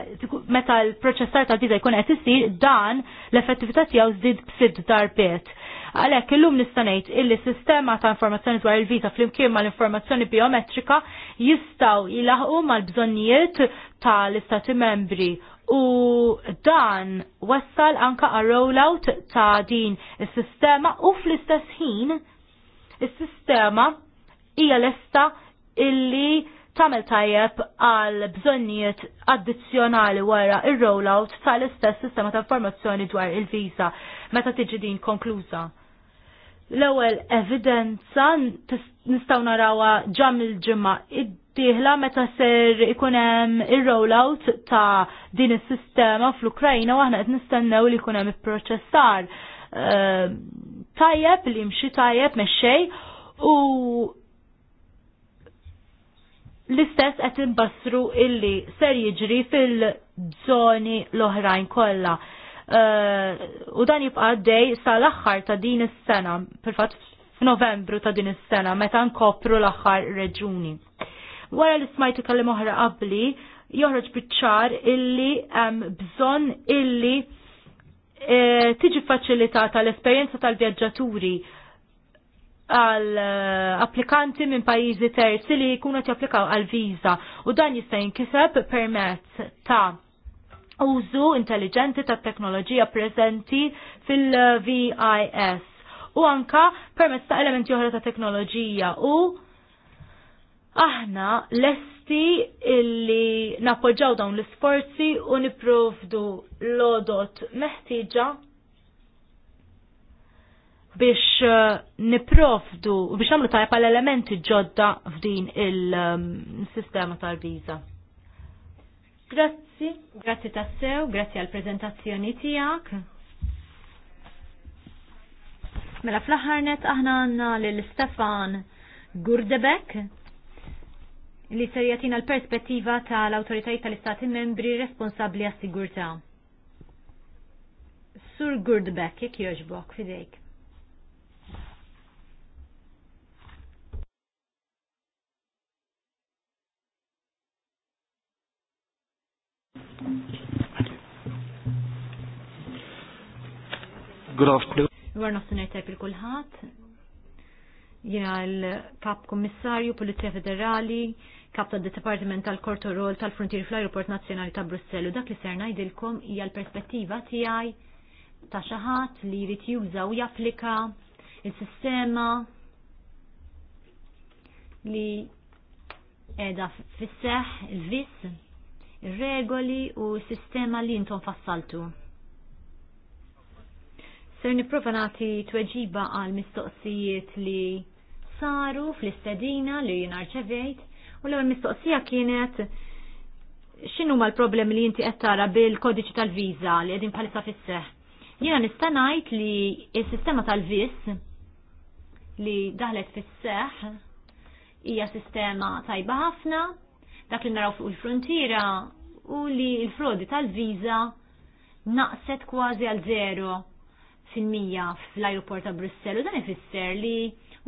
meta l-proċessar tal-viza jkun qed dan l-effettività tiegħu żdied bsid darbiet. Għalhekk illum nista' ngħid illi sistema ta' informazzjoni dwar il-visa flimkien mal-informazzjoni biometrika jistgħu jilaħqu mal-bżonnijiet tal-istati membri u dan wassal anka għal rollout ta' din is-sistema u fl-istess ħin is-sistema hija l-esta illi tamel tajjeb għal bżonnijiet addizzjonali wara il-rollout tal-istess sistema ta' informazzjoni dwar il-visa meta tiġi din konkluża l-ewwel evidenza nistgħu narawa ġam il-ġimgħa id-dieħla meta ser ikun hemm ir-rollout ta' din is-sistema fl-Ukrajna u qed nistennew li jkun hemm ipproċessar ehm, tajjeb li jimxi tajjeb mexxej u l-istess qed imbassru illi ser jiġri fil-żoni l-oħrajn kollha Eh, u dan jibqa' għaddej sal-aħħar ta' din is-sena, fil-fatt f'Novembru ta' din is-sena meta nkopru l-aħħar reġuni. Wara li smajtu kellem oħra qabli, joħroġ biċ-ċar illi hemm bżonn illi eh, tiġi faċilitata l-esperjenza tal-vjaġġaturi għal eh, applikanti minn pajjiżi terzi li jkunu qed japplikaw għal viża u dan jista' jinkiseb permezz ta' użu intelligenti tat-teknoloġija preżenti fil-VIS u anka permezz ta' elementi oħra ta' teknoloġija u aħna lesti illi nappoġġaw dawn l-isforzi u niprovdu l-odot meħtieġa biex uh, niprofdu, biex għamlu tajpa l-elementi ġodda f'din il-sistema um, tal-viza. Grazzi, grazzi tassew, grazzi għal prezentazzjoni tijak. Mela fl-ħarnet aħna għanna l-Stefan Gurdebek li ser jatina l-perspettiva tal-autoritajiet tal-istati membri responsabli għas-sigurta. Sur Gurdebek, jek joġbok fidejk. Good afternoon. Għar nafsunar il-kulħat. Jena l-Kap Kommissarju, Polizija Federali, Kap ta' Departiment tal-Kortorol tal-Frontier fl-Aeroport Nazzjonali ta' Brussellu. Dak li serna ngħidilkom hija l-perspettiva tiegħi ta' xi ħadd li jrid juża u japplika il-sistema li qiegħda fis-seħħ il-viss regoli u sistema li intom fassaltu. Ser niprofa nagħti tweġiba għal mistoqsijiet li saru fl-istedina li jien u l-ewwel mistoqsija kienet xinu ma l-problemi li inti qed tara bil-kodiċi tal-viża li qegħdin bħalissa fisseħ. seħ Jiena nista' ngħid li s-sistema tal vis li daħlet fis-seħ hija sistema tajba ħafna dak li naraw fuq il-frontiera u li l-frodi tal-viża naqset kważi għal zero fil-mija fl-aeroport ta' Brussel u dan ifisser li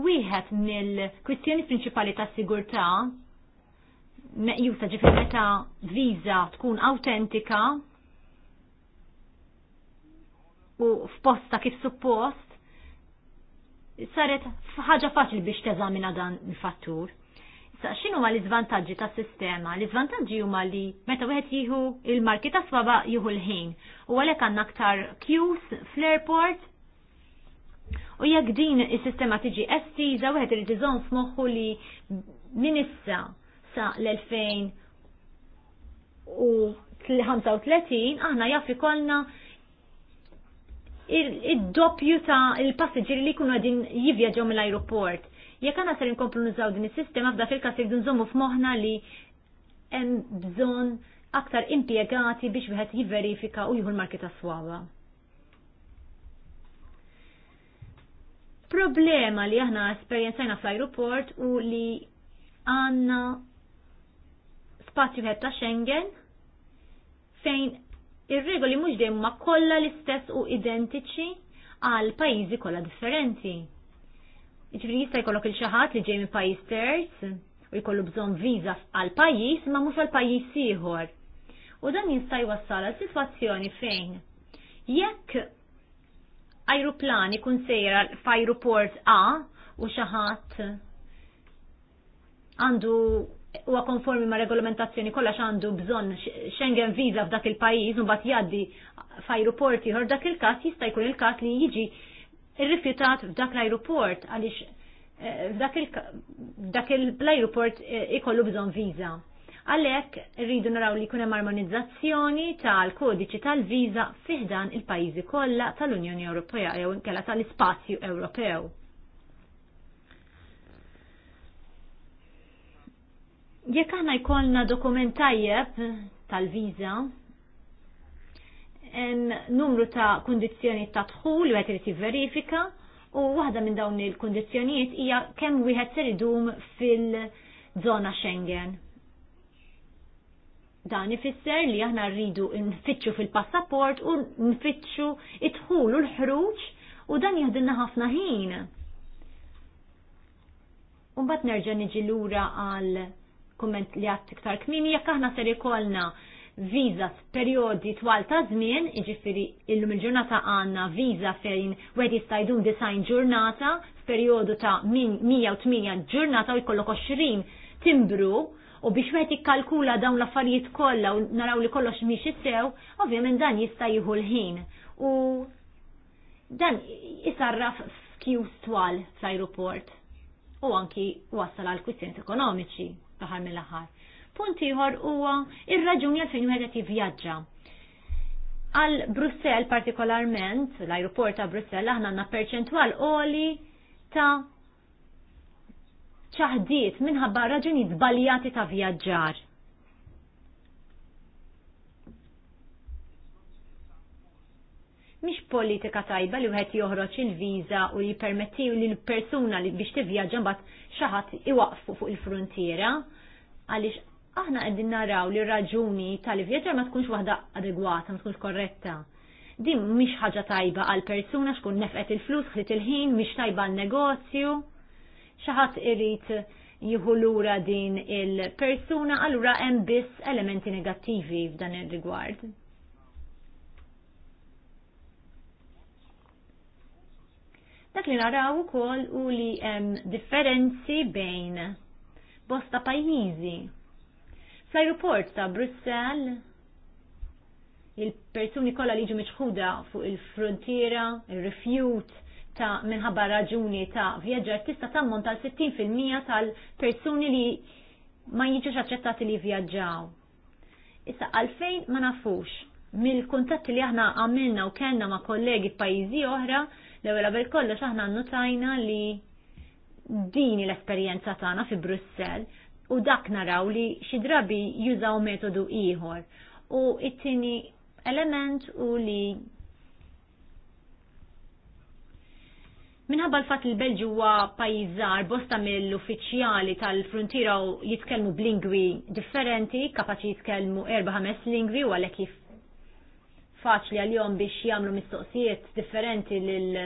wieħed mill-kwistjoni prinċipali ta' sigurtà meqjusa ġifir meta viża tkun autentika u f'posta kif suppost saret ħaġa faċli biex teżamina dan il-fattur xinu ma l-izvantagġi ta' sistema? L-izvantagġi huma li meta wieħed jieħu il-marki ta' swaba jieħu l-ħin. U għalhekk għandna aktar queues fl-airport. U jekk din is-sistema tiġi estiża wieħed irid iżomm f'moħħu li min issa sa l-2000 u 35 aħna jaf ikolna id-doppju ta' il-passiġġieri li jkunu għadin jivjaġġaw mill-ajruport Jekk għanna ser inkomplu nużaw din is-sistema f'da fil-każ irdu nżommu f'moħħna li hemm bżonn aktar impjegati biex wieħed jivverifika u jieħu l-marki ta' Problema li aħna esperjenzajna fl-aeroport u li għanna spazju wieħed ta' Schengen fejn ir-regoli mhux dejjem ma kollha l-istess u identiċi għal pajjiżi kollha differenti. Ġifri jista' jkollok il-xaħat li ġej minn pajjiż terz u jkollu bżonn viża għal pajjiż ma mhux għal pajjiż ieħor. U dan jista' jwassal sitwazzjoni fejn jekk ajruplan ikun sejra f'ajruport A u ħadd għandu huwa konformi ma' regolamentazzjoni kollha għandu bżonn Schengen viża f'dak il-pajjiż u mbagħad jgħaddi f'ajruport ieħor dak il-każ jista' jkun il-każ li jiġi irrifjutat f'dak l-ajruport għaliex eh, f'dak l-ajruport eh, ikollu bżon viza. Għalek rridu naraw li kunem armonizzazzjoni tal-kodiċi tal-viza fiħdan il-pajizi kollha tal-Unjoni Ewropea jew kella tal-Ispazju Ewropew. Jekk aħna jkollna dokument tajjeb tal-viża, hemm numru ta' kundizzjoni ta' dħul li qed irid verifika u waħda minn dawn il-kundizzjonijiet hija kemm wieħed ser idum fil-żona Schengen. Dan ifisser li aħna rridu nfittxu fil-passaport u nfittxu t-dħul u l-ħruġ u dan jaħdilna ħafna ħin. Umbat nerġa' niġi lura għal komment li għat iktar kmini jekk aħna ser ikollna viza periodi twal ta' żmien, iġifiri illum il-ġurnata għandna viza fejn wieħed jista' jdum design ġurnata f'perjodu ta' 108 ġurnata u jkollok 20 timbru u biex wieħed jikkalkula dawn l-affarijiet kollha u naraw li kollox miex sew, ovvjament dan jista' jieħu l-ħin. U dan jisarraf skju twal fl-ajruport u anki wassal għal kwistjoni ekonomiċi taħar mill-aħħar. Punt ieħor huwa ir-raġuni għal fejn wieħed jivvjaġġa. Għal Brussell partikolarment, l-ajruport ta' Brussell aħna għandna perċentwal qoli ta' ċaħdiet minħabba raġuni zbaljati ta' vjaġġar. Mhix politika tajba li wieħed joħroġ il-viża u jippermettiju l persuna li biex tivvjaġġa mbagħad xi ħadd iwaqfu fuq il frontiera għaliex aħna qegħdin naraw li raġuni tal-ivvjaġġar ma tkunx waħda adegwata, ma tkunx korretta. Din mhix ħaġa tajba għal persuna xkun nefqet il-flus, ħlit il-ħin, mhix tajba għal negozju. Xi ħadd irid jieħu lura din il-persuna allura hemm biss elementi negattivi f'dan ir-rigward. Dak li naraw ukoll u li hemm differenzi bejn bosta pajjiżi. Fl-aeroport ta' Brussel, il-persuni kollha liġu miċħuda fuq il-frontiera, il-refjut ta' minħabba raġuni ta' vjaġġar tista' tammont tal 60% tal-persuni li ma jiġux aċċettati li vjaġġaw. Issa għalfejn ma nafux mill-kuntatti li aħna għamilna u kellna ma' kollegi f'pajjiżi oħra, l-ewwel qabel kollox aħna nnutajna li din l-esperjenza tagħna fi Brussell u dak naraw li xi drabi jużaw metodu ieħor. U it-tieni element u li Minħabba l-fat il-Belġu huwa pajjiżar bosta mill-uffiċjali tal-frontiera u jitkellmu b'lingwi differenti, kapaċi jitkellmu erba' ħames lingwi u għalhekk faċli għal-jom biex jagħmlu mistoqsijiet differenti lil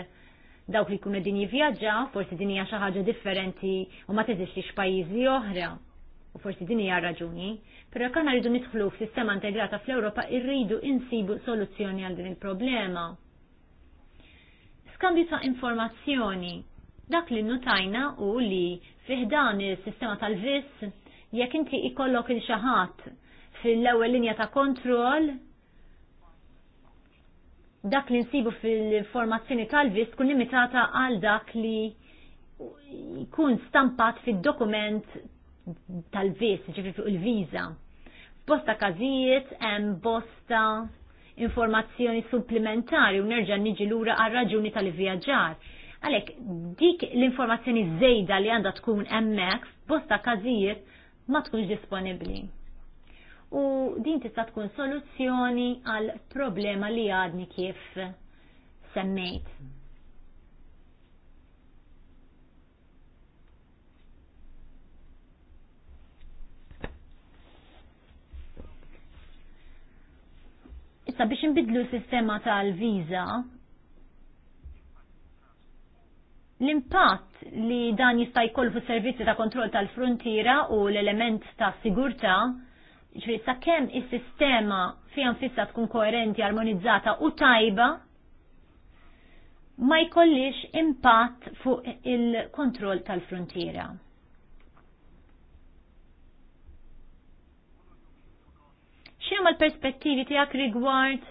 dawk li jkunu din jivvjaġġa, forsi din hija xi ħaġa differenti u ma teżistix pajjiżi oħra. U forsi din hija raġuni, però kan rridu nidħlu f'sistema integrata fl-Ewropa irridu insibu soluzzjoni għal din il-problema. Skambju ta' informazzjoni. Dak li notajna u li fiħdan il-sistema tal-vis jekk inti ikollok il-xaħat fil-ewwel linja ta' kontroll dak li nsibu fil-formazzjoni tal-vis tkun limitata għal dak li jkun stampat fil-dokument tal-vis, ġifri fuq il-viza. Bosta kazijiet, hemm bosta informazzjoni supplementari u nerġa' niġi lura għal raġuni tal vijagġar Għalek, dik l-informazzjoni zejda li għanda tkun emmek, bosta kazijiet ma tkunx disponibli u din tista' tkun soluzzjoni għal problema li għadni kif semmejt. Issa biex nbidlu sistema tal-viza, l-impatt li dan jista' jkollu fis-servizzi ta' kontroll tal-frontiera u l-element ta' sigurtà ġifiri sa' kem il-sistema fijan fissa tkun koerenti, armonizzata u tajba, ma jkollix impatt fuq il-kontroll tal-frontiera. ċema l-perspettivi tijak rigward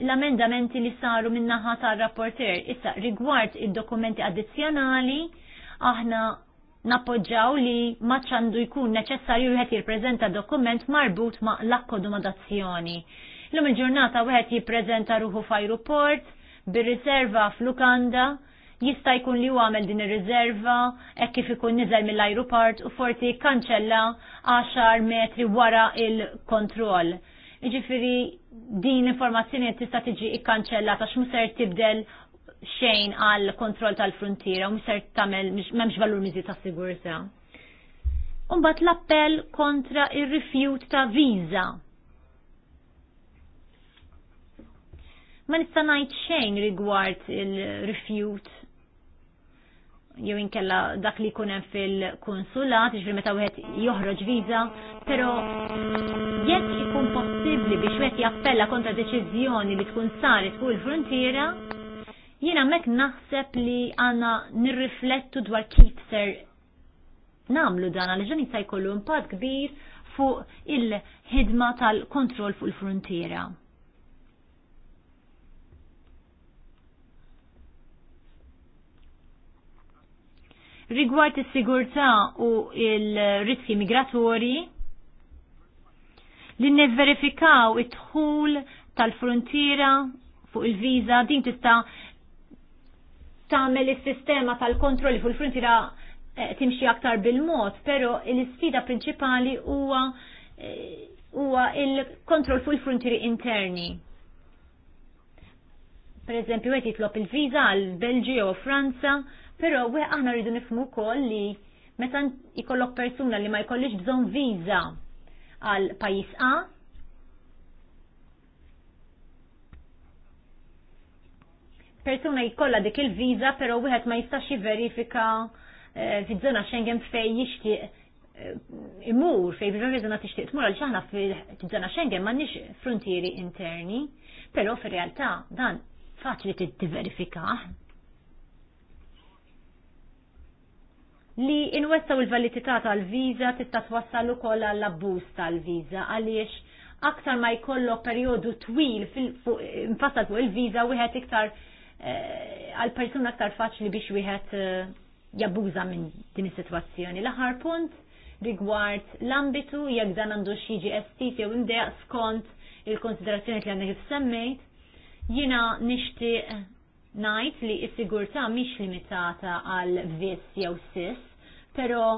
l-amendamenti li saru minnaħa tal rapporter Issa, rigward il-dokumenti addizjonali, aħna nappoġġaw li ċandu jkun neċessarju wieħed jippreżenta dokument marbut ma' l-akkomodazzjoni. Lum il-ġurnata wieħed jippreżenta ruħu f'ajruport, bir-riserva f'Lukanda, jista' jkun li għamel din ir-riserva hekk kif ikun niżel mill-ajruport u forti kanċella 10 metri wara il-kontroll. Iġifiri din informazzjoni tista' tiġi ikkanċellata muser tibdel xejn għal kontroll tal-frontiera u mister tamel memx valur mizi ta' sigurta. Umbat l-appell kontra il-rifjut ta' viza. Ma nista' ngħid xejn rigward il refjut jew inkella dak li jkun hemm fil-konsulat, ġifri meta wieħed joħroġ viża, però jekk ikun possibbli biex wieħed jappella kontra deċiżjoni li tkun saret fuq il-frontiera, jina mek naħseb li għana nirriflettu dwar kif ser namlu dan għal ġan jista' jkollu impatt kbir fuq il-ħidma tal-kontroll fuq il-frontiera. Rigward is-sigurtà u il-riski migratori. li nivverifikaw it-tħul tal-frontiera fuq il-viza din tista' tagħmel is-sistema tal-kontrolli fuq il-frontiera eh, timxi aktar bil-mod, però l isfida prinċipali huwa eh, huwa il-kontroll fuq il-frontieri interni. Per eżempju, qed jitlob il viża għal Belġija u Franza, però we aħna rridu nifhmu wkoll li meta jkollok persuna li ma jkollix bżonn viża għal pajjiż A, persuna jkollha dik il-viża però wieħed ma jistax jiverifika eh, fiż-żona Schengen fej jixtieq eh, imur fej bil-żona tixtieq tmur għal xaħna fiż-żona Schengen m'għandniex frontieri interni, però fir-realtà dan faċli tiddiverifika. Li inwessaw il-validità tal-viża tista' twassal ukoll għall-abbuż tal-viża għaliex aktar ma jkollok perjodu twil fil-fuq fuq il-viża wieħed iktar Eh, għal persuna aktar faċli biex wieħed eh, jabbuża minn din is-sitwazzjoni. L-aħħar punt rigward l-ambitu jekk dan għandu xi estis jew imdejaq skont il-konsiderazzjoni li għandek semmejt, jiena nixtieq ngħid li s-sigurtà mhix limitata għal viss jew sis, però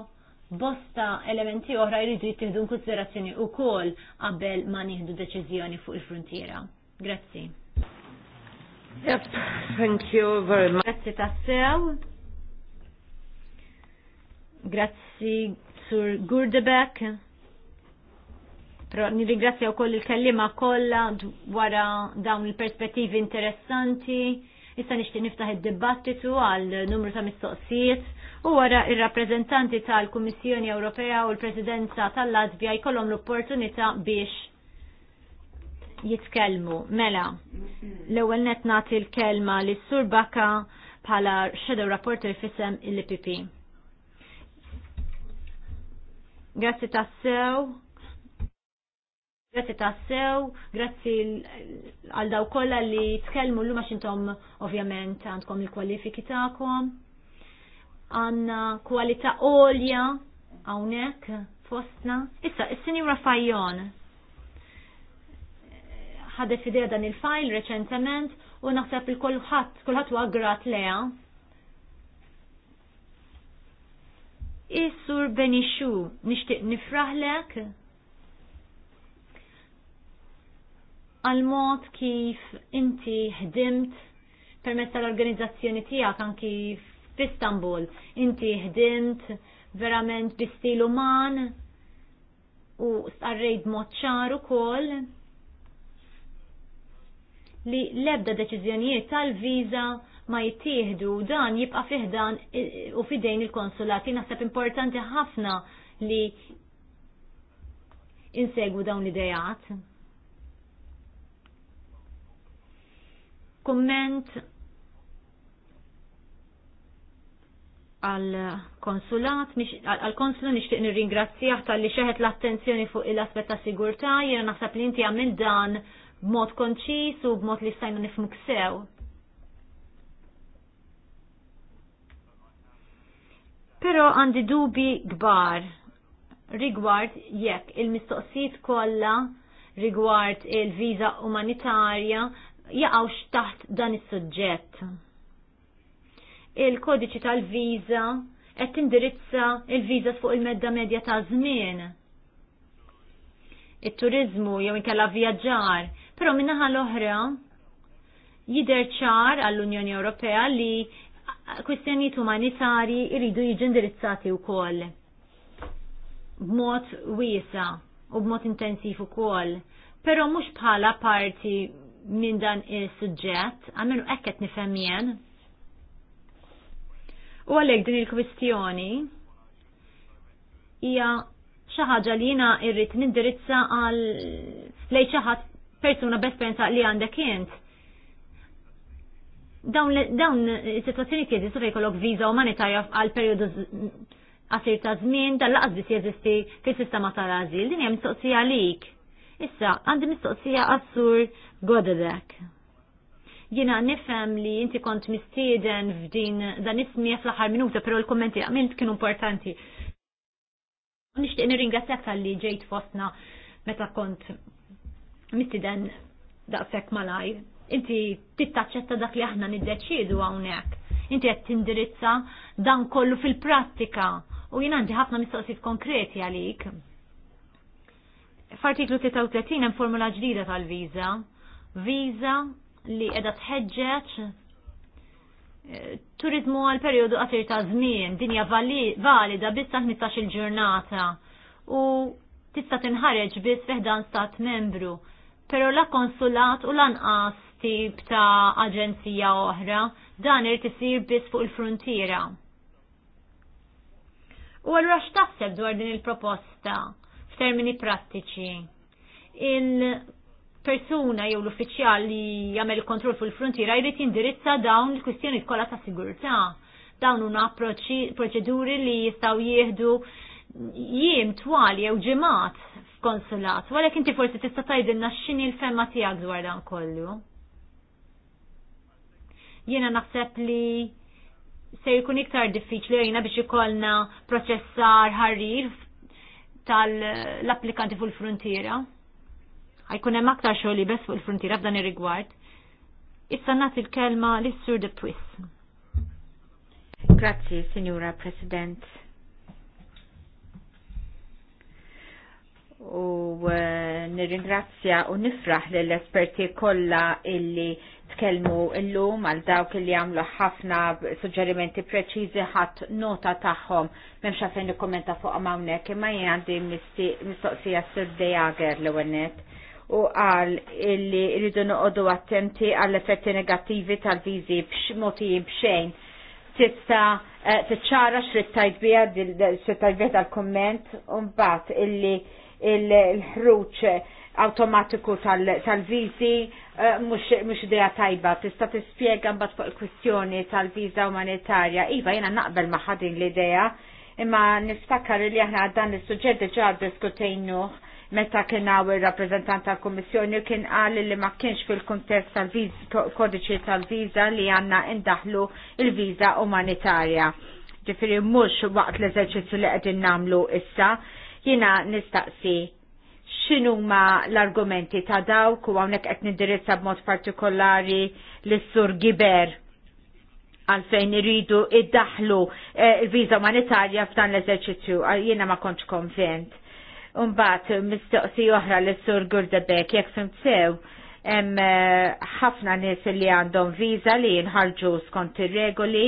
bosta elementi oħra jridu jittieħdu konsiderazzjoni wkoll qabel ma nieħdu deċiżjoni fuq il-frontiera. Grazzi. Yep, thank you very much. Grazie tassew. Grazzi Sur Gurdebek. Pro nirringrazzja u koll il-kellima kolla wara dawn il-perspettivi interessanti. Issa nixti niftaħ id-dibattitu għal numru ta' mistoqsijiet u wara il-rappresentanti tal-Kummissjoni Ewropea u l-Presidenza tal-Latvija jkollhom l-opportunità biex jitkellmu. Mela, l-ewwel net nagħti l-kelma lis sur Baka bħala Shadow Rapporter fissem il-PP. Grazzi tassew. Grazzi tassew, grazzi għal daw kolla li tkellmu l-lum għax ovvjament għandkom il-kwalifiki ta'kom. Għanna kwalità olja għawnek fostna. Issa, is-sinjura Fajon, ħadet fidea dan il-fajl reċentement u naħseb il kulħadd kolħat u għagrat leja. Is-sur Benixxu nixtieq nifraħlek għal-mod kif inti ħdimt permezz tal-organizzazzjoni tiegħek anki f Istanbul Inti ħdimt verament bi stil uman u starrejt mod ċar ukoll li l-ebda deċiżjonijiet tal viza ma jittieħdu dan jibqa' fiħdan e, e, u fidejn il-konsulati naħseb importanti ħafna li insegwu dawn l-idejat. Komment għal-konsulat, għal konsul nishtiq nir-ringrazzjaħ tal-li xeħet l-attenzjoni fuq il aspetta ta' sigurta, jena naħseb li inti għamil dan b'mod konċis u b'mod li stajna nifmu ksew. Pero għandi dubi gbar rigward jekk il-mistoqsijiet kollha rigward il-viża umanitarja jaqgħux taħt dan is-suġġett. Il-kodiċi tal-viża qed tindirizza il viża fuq il-medda medja ta' żmien. It-turizmu jew inkella vjaġġar Però minnaħa l-oħra jider ċar għall-Unjoni Ewropea li kwistjonijiet umanitari jridu jiġu indirizzati wkoll b'mod wiesa u b'mod intensiv ukoll, però mhux bħala parti minn dan is-suġġett, għamilu qed nifhem jien. U għalhekk din il-kwistjoni hija xi ħaġa li jiena rrid nindirizza għal lejn xi ħadd persuna b'esperjenza li għandek jent. Dawn is-sitwazzjoni eh, kieżi su jkollok viża umanitarja għal perjodu għasir ta' żmien dal-laqas biss jeżisti fis-sistema tal-ażil. Din jem mistoqsija għalik. Issa, għandi mistoqsija għassur Godedek. Jina nifhem li inti kont mistieden f'din dan ismi fl-aħħar minuta, pero l-kommenti għamilt kienu importanti. Nixtieq nirringrazzjak tal-li ġejt fostna meta kont mittiden daqshekk malaj. Inti tittaċċetta dak li aħna niddeċidu hawnhekk. Inti qed tindirizza dan kollu fil-prattika u jien għandi ħafna mistoqsijiet konkreti għalik. F'artiklu 33 hemm formula ġdida tal-viża. Viża li qiegħda tħeġġeġ eh, turizmu għal periodu qatir ta' żmien, dinja valida biss 15-il ġurnata u tista' tinħareġ biss dan stat membru pero la konsulat u lanqas tip ta' aġenzija oħra dan irid isir biss fuq il-frontiera. U allura x'taħseb dwar din il-proposta f'termini prattiċi? Il-persuna jew l-uffiċjal li jagħmel kontroll fuq il-frontiera jrid jindirizza dawn il-kwistjoni kollha ta' sigurtà. Dawn huma proċeduri li jistgħu jieħdu jiem twali jew ġimgħat konsulat. Walek inti forsi tista' tgħidilna x'inhi l-femma tiegħek dwar dan kollu. Jiena naħseb li se jkun iktar diffiċli għajna biex ikollna proċessar ħarir tal-applikanti fuq il-frontiera. Għajkun hemm aktar xogħol bes fuq il-frontiera f'dan ir-rigward. Issa nagħti l-kelma lis sur de Pwis. Grazzi, Signora President. u eh, nirringrazzja u nifraħ l-esperti kolla illi tkellmu illum għal dawk illi għamlu ħafna suġġerimenti preċiżi ħadd nota tagħhom m'hemmx għalfejn nikkommenta fuq hawnhekk imma jien għandi mistoqsija Sir Dejager l net u qal illi rridu noqogħdu attenti għall effetti negattivi tal-viżi b'xmotijin b'xejn. Tista' eh, tiċċara x'rid tajt biha x'rid tajt tal-kumment u mbagħad illi il-ħruċ automatiku tal-vizi eh, mux ideja tajba. Tista tispiega mbatt fuq il-kwistjoni tal-viza umanitarja. Iva, jena naqbel maħadin l-ideja, imma niftakar li aħna għaddan l-sujġed ġa diskutejnu meta kien għaw il-rappresentant tal-Kommissjoni kien għal li ma kienx fil-kontest tal-kodiċi tal-viza li għanna indaħlu il-viza umanitarja. Ġifiri mux waqt l-eżerċizzju li għedin namlu issa, Jina nistaqsi xinu ma l-argumenti ta' dawk u għawnek għet nindirizza b'mod partikolari l-sur Giber għalfejn iridu id-daħlu eh, il-viza umanitarja f'dan l-eżerċizzju, ah, jiena ma konċ konvent. Umbat, mistoqsi oħra l-sur Gurdebek, jek fimt sew, hemm eh, ħafna nies li għandhom viża li jinħarġu skont ir-regoli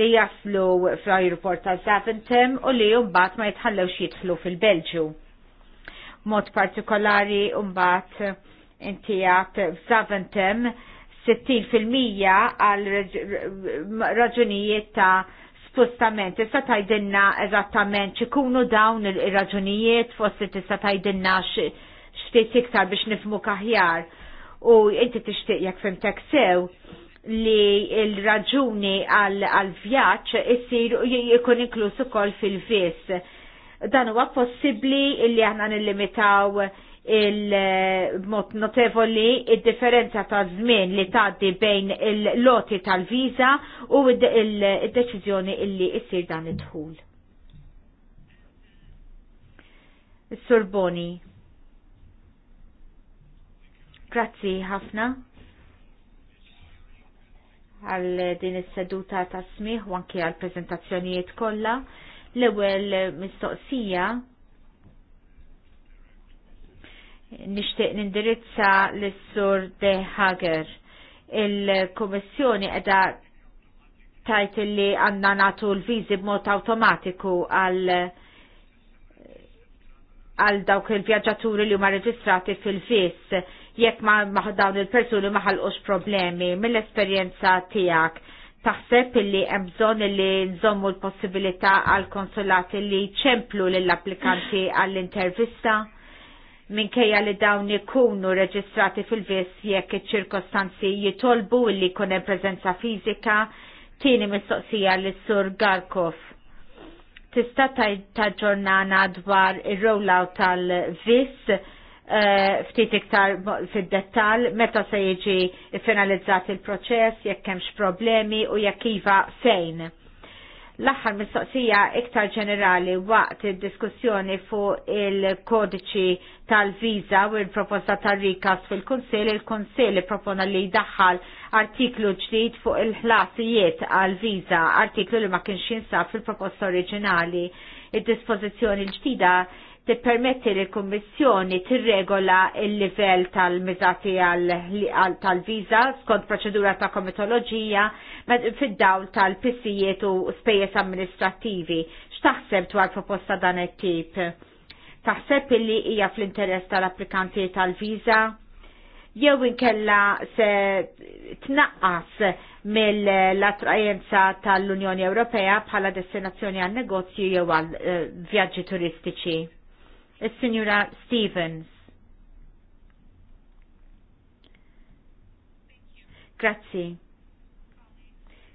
li jaslu fl-ajruport ta' Zaventem u li mbagħad ma jitħallewx jidħlu fil-Belġju. Mod partikolari mbagħad inti għat f'Zaventem 60% għal raġunijiet ta' spostament. Issa tajdinna eżattament ċikunu dawn il-raġunijiet fossi tista tajdinna xftit iktar biex nifmu kaħjar u inti tixtieq jekk fimtek sew li l-raġuni għal vjaġġ issir jkun inkluż ukoll fil-vis. Dan huwa possibbli li aħna nillimitaw il-mod notevoli id-differenza ta' żmien li tgħaddi bejn il-loti tal-viża u id-deċiżjoni illi jsir dan id-dħul. Sorboni. Grazzi ħafna għal din is-seduta ta' smih u anke għal prezentazzjonijiet kollha. L-ewwel mistoqsija nixtieq nindirizza lis-Sur De Hager. Il-Kummissjoni qiegħda tajt li għandna nagħtu l-viżi b'mod awtomatiku għal għal dawk il-vjaġġaturi li huma reġistrati fil-vis jekk ma, maħdawn dawn il-persuni ma ħalqux problemi mill-esperjenza tiegħek taħseb illi hemm bżonn li nżommu l-possibilità għal konsulati li ċemplu lill-applikanti għall-intervista minkejja li dawn ikunu reġistrati fil-vis jekk iċ-ċirkostanzi jitolbu illi jkun hemm preżenza fiżika tieni mistoqsija lis sur Garkov. Tista' taġġornana dwar ir-rollout tal-vis Eh, ftit iktar fid-dettal meta se jiġi finalizzat il-proċess, jekk hemmx problemi u jekk iva fejn. L-aħħar mistoqsija iktar ġenerali waqt id-diskussjoni fuq il-kodiċi tal-viża u l-proposta tar-rikas fil-Kunsill, il-Kunsill propona li jdaħħal artiklu ġdid fuq il-ħlasijiet għal-viża, artiklu li ma kienx jinsab fil-proposta oriġinali id-dispożizzjoni l-ġdida tippermetti li l-Kummissjoni tirregola il-livell tal-miżati tal-viża skont proċedura ta' komitoloġija fid-dawl tal-pissijiet u spejjeż amministrattivi. X'taħseb dwar proposta dan it-tip? Taħseb illi hija fl-interess tal-applikanti tal-viża? Jew inkella se tnaqqas mill-attrajenza tal-Unjoni Ewropea bħala destinazzjoni għal negozju jew għal eh, vjaġġi turistiċi? il-Sinjura Stevens. Grazzi.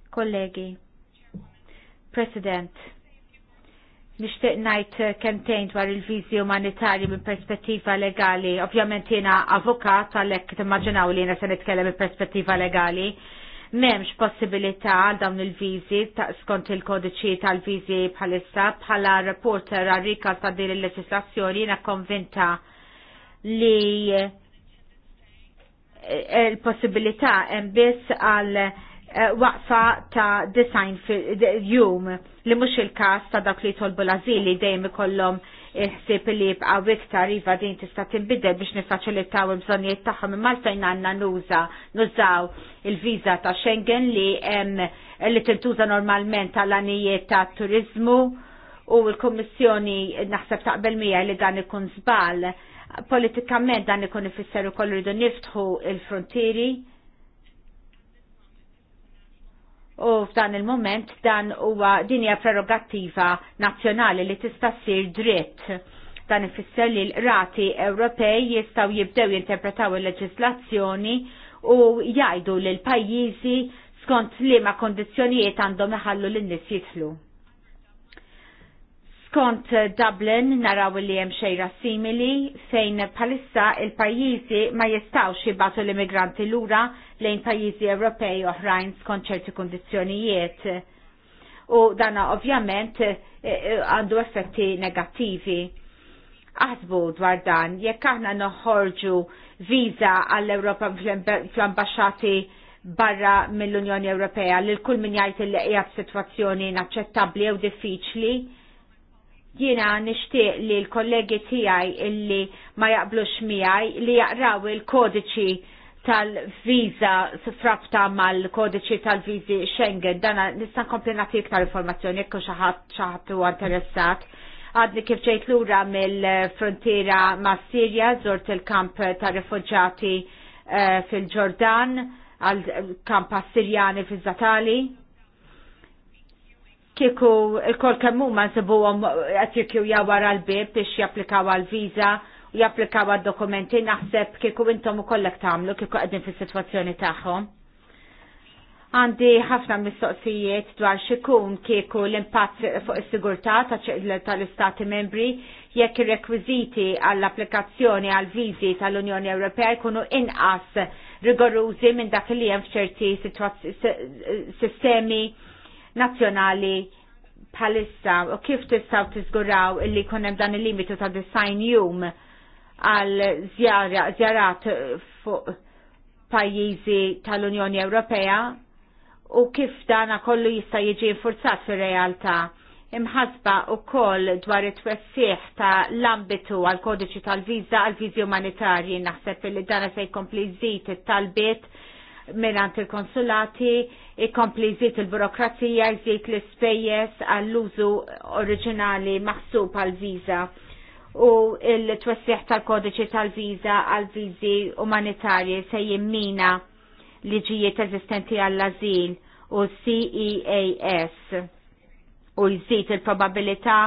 Kollegi. President. Nishtiq najt eh, kentejn dwar il-vizi umanitarji minn perspettiva legali. Ovvjament jena avukat għalek immaġinaw li jena se nitkellem minn perspettiva legali memx possibilità dawn il-viżi skont il-kodiċi tal-viżi bħalissa bħala reporter għarrika ta' din il-leġislazzjoni jiena konvinta li il-possibilità eh, eh, hemm biss għal eh, waqfa ta' design jum li mhux il-każ ta' dak li tolbu l-azili dejjem ikollhom ħsib li jibqa' wiktar iva din tista' tinbidel biex nifaċilitaw il-bżonnijiet tagħhom imma fejn għandna nuża nużaw il-viża ta' Schengen li hemm li tintuża normalment għal anijiet ta' turizmu u l-Kummissjoni naħseb taqbel mija li dan ikun żbal politikament dan ikun ifisser ukoll rridu niftħu il-frontieri u f'dan il-moment dan huwa dinja prerogattiva nazzjonali li tista' ssir dritt dan ifisser li l-rati Ewropej jistgħu jibdew jinterpretaw il-leġislazzjoni u jgħidu lil pajjiżi skont li ma kondizzjonijiet għandhom iħallu lin-nies jidħlu. Skont eh, Dublin naraw li hemm xejra simili fejn palissa il-pajjiżi ma jistgħux jibgħatu l-immigranti lura lejn pajjiżi Ewropej oħrajn skont ċerti kundizzjonijiet. U dana ovvjament eh, eh, għandu effetti negattivi. Aħsbu dwar dan, jekk aħna noħorġu viża għall-Ewropa fl-ambasċati barra mill-Unjoni Ewropea lil kull min jgħid li hija f'sitwazzjoni inaċċettabbli jew diffiċli, jiena nishtiq li l-kollegi tijaj illi ma jaqblux miħaj li jaqraw il-kodiċi tal-viza frabta mal-kodiċi tal-vizi Schengen. Dana nistan komplenati iktar informazzjoni jekk xaħat xaħat u interessat. Għadni kif ġejt lura mill-frontiera ma' Sirja, zort il-kamp ta' rifugġati eh, fil-ġordan, għal-kamp Sirjani fil-Zatali kieku il-kol kemmu ma nsibuhom qed jirkju wara l-bib biex japplikaw għal-viża u japplikaw għal dokumenti naħseb kieku intom u kollek tagħmlu kieku qegħdin fis-sitwazzjoni tagħhom. Għandi ħafna mistoqsijiet dwar xikun kieku l-impatt fuq is-sigurtà tal-Istati membri jekk ir-rekwiżiti għall-applikazzjoni għal viżi tal-Unjoni Ewropea jkunu inqas rigorużi minn dak li hemm f'ċerti sistemi nazzjonali bħalissa u kif tistaw tiżguraw illi konem dan il-limitu ta' design jum għal zjarat fuq pajjiżi tal-Unjoni Ewropea u kif dana kollu jista' jiġi forzat fir-realtà imħasba u koll dwar it-twessieħ ta' l-ambitu għal kodiċi tal-viza għal viżi umanitarji naħseb li dana se jkompli zid it-talbiet minant il-konsulati ikompli jżid il-burokrazija, jżid l-ispejjeż għall-użu oriġinali maħsub għal-viża u il twessiħ tal-kodiċi tal viza għal-viżi umanitarji se jimmina liġijiet eżistenti għall-azil u CEAS u jżid il-probabilità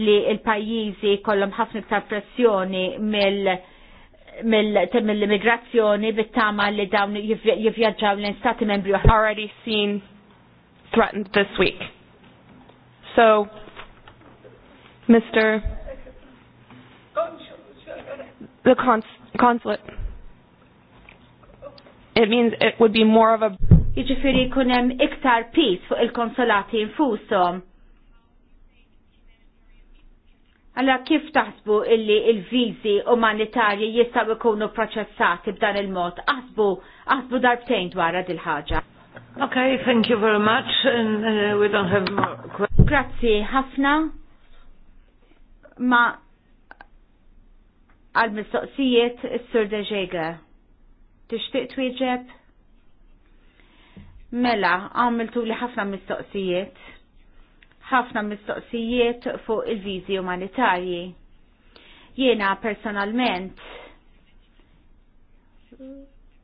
li il-pajjiżi kollhom ħafna iktar pressjoni mill- mill-immigrazzjoni bit-tama li dawn jivjaġġaw l stati membri already seen threatened this week. So, Mr. The cons consulate. It means it would be more of a. Jiġifieri jkun hemm iktar peace fuq il-konsolati infushom Alla kif taħsbu illi il-vizi umanitarji jistaw ikunu proċessati b'dan il-mod? Aħsbu, aħsbu darbtejn dwarra dil-ħagġa. Okay, thank you very much and uh, we don't have more questions. Grazzi ħafna. Ma għal-mistoqsijiet is-Sur de Tishtiq Tixtieq twieġeb? Mela, għamiltu li ħafna mistoqsijiet ħafna mistoqsijiet fuq il-viżi umanitarji. Jiena personalment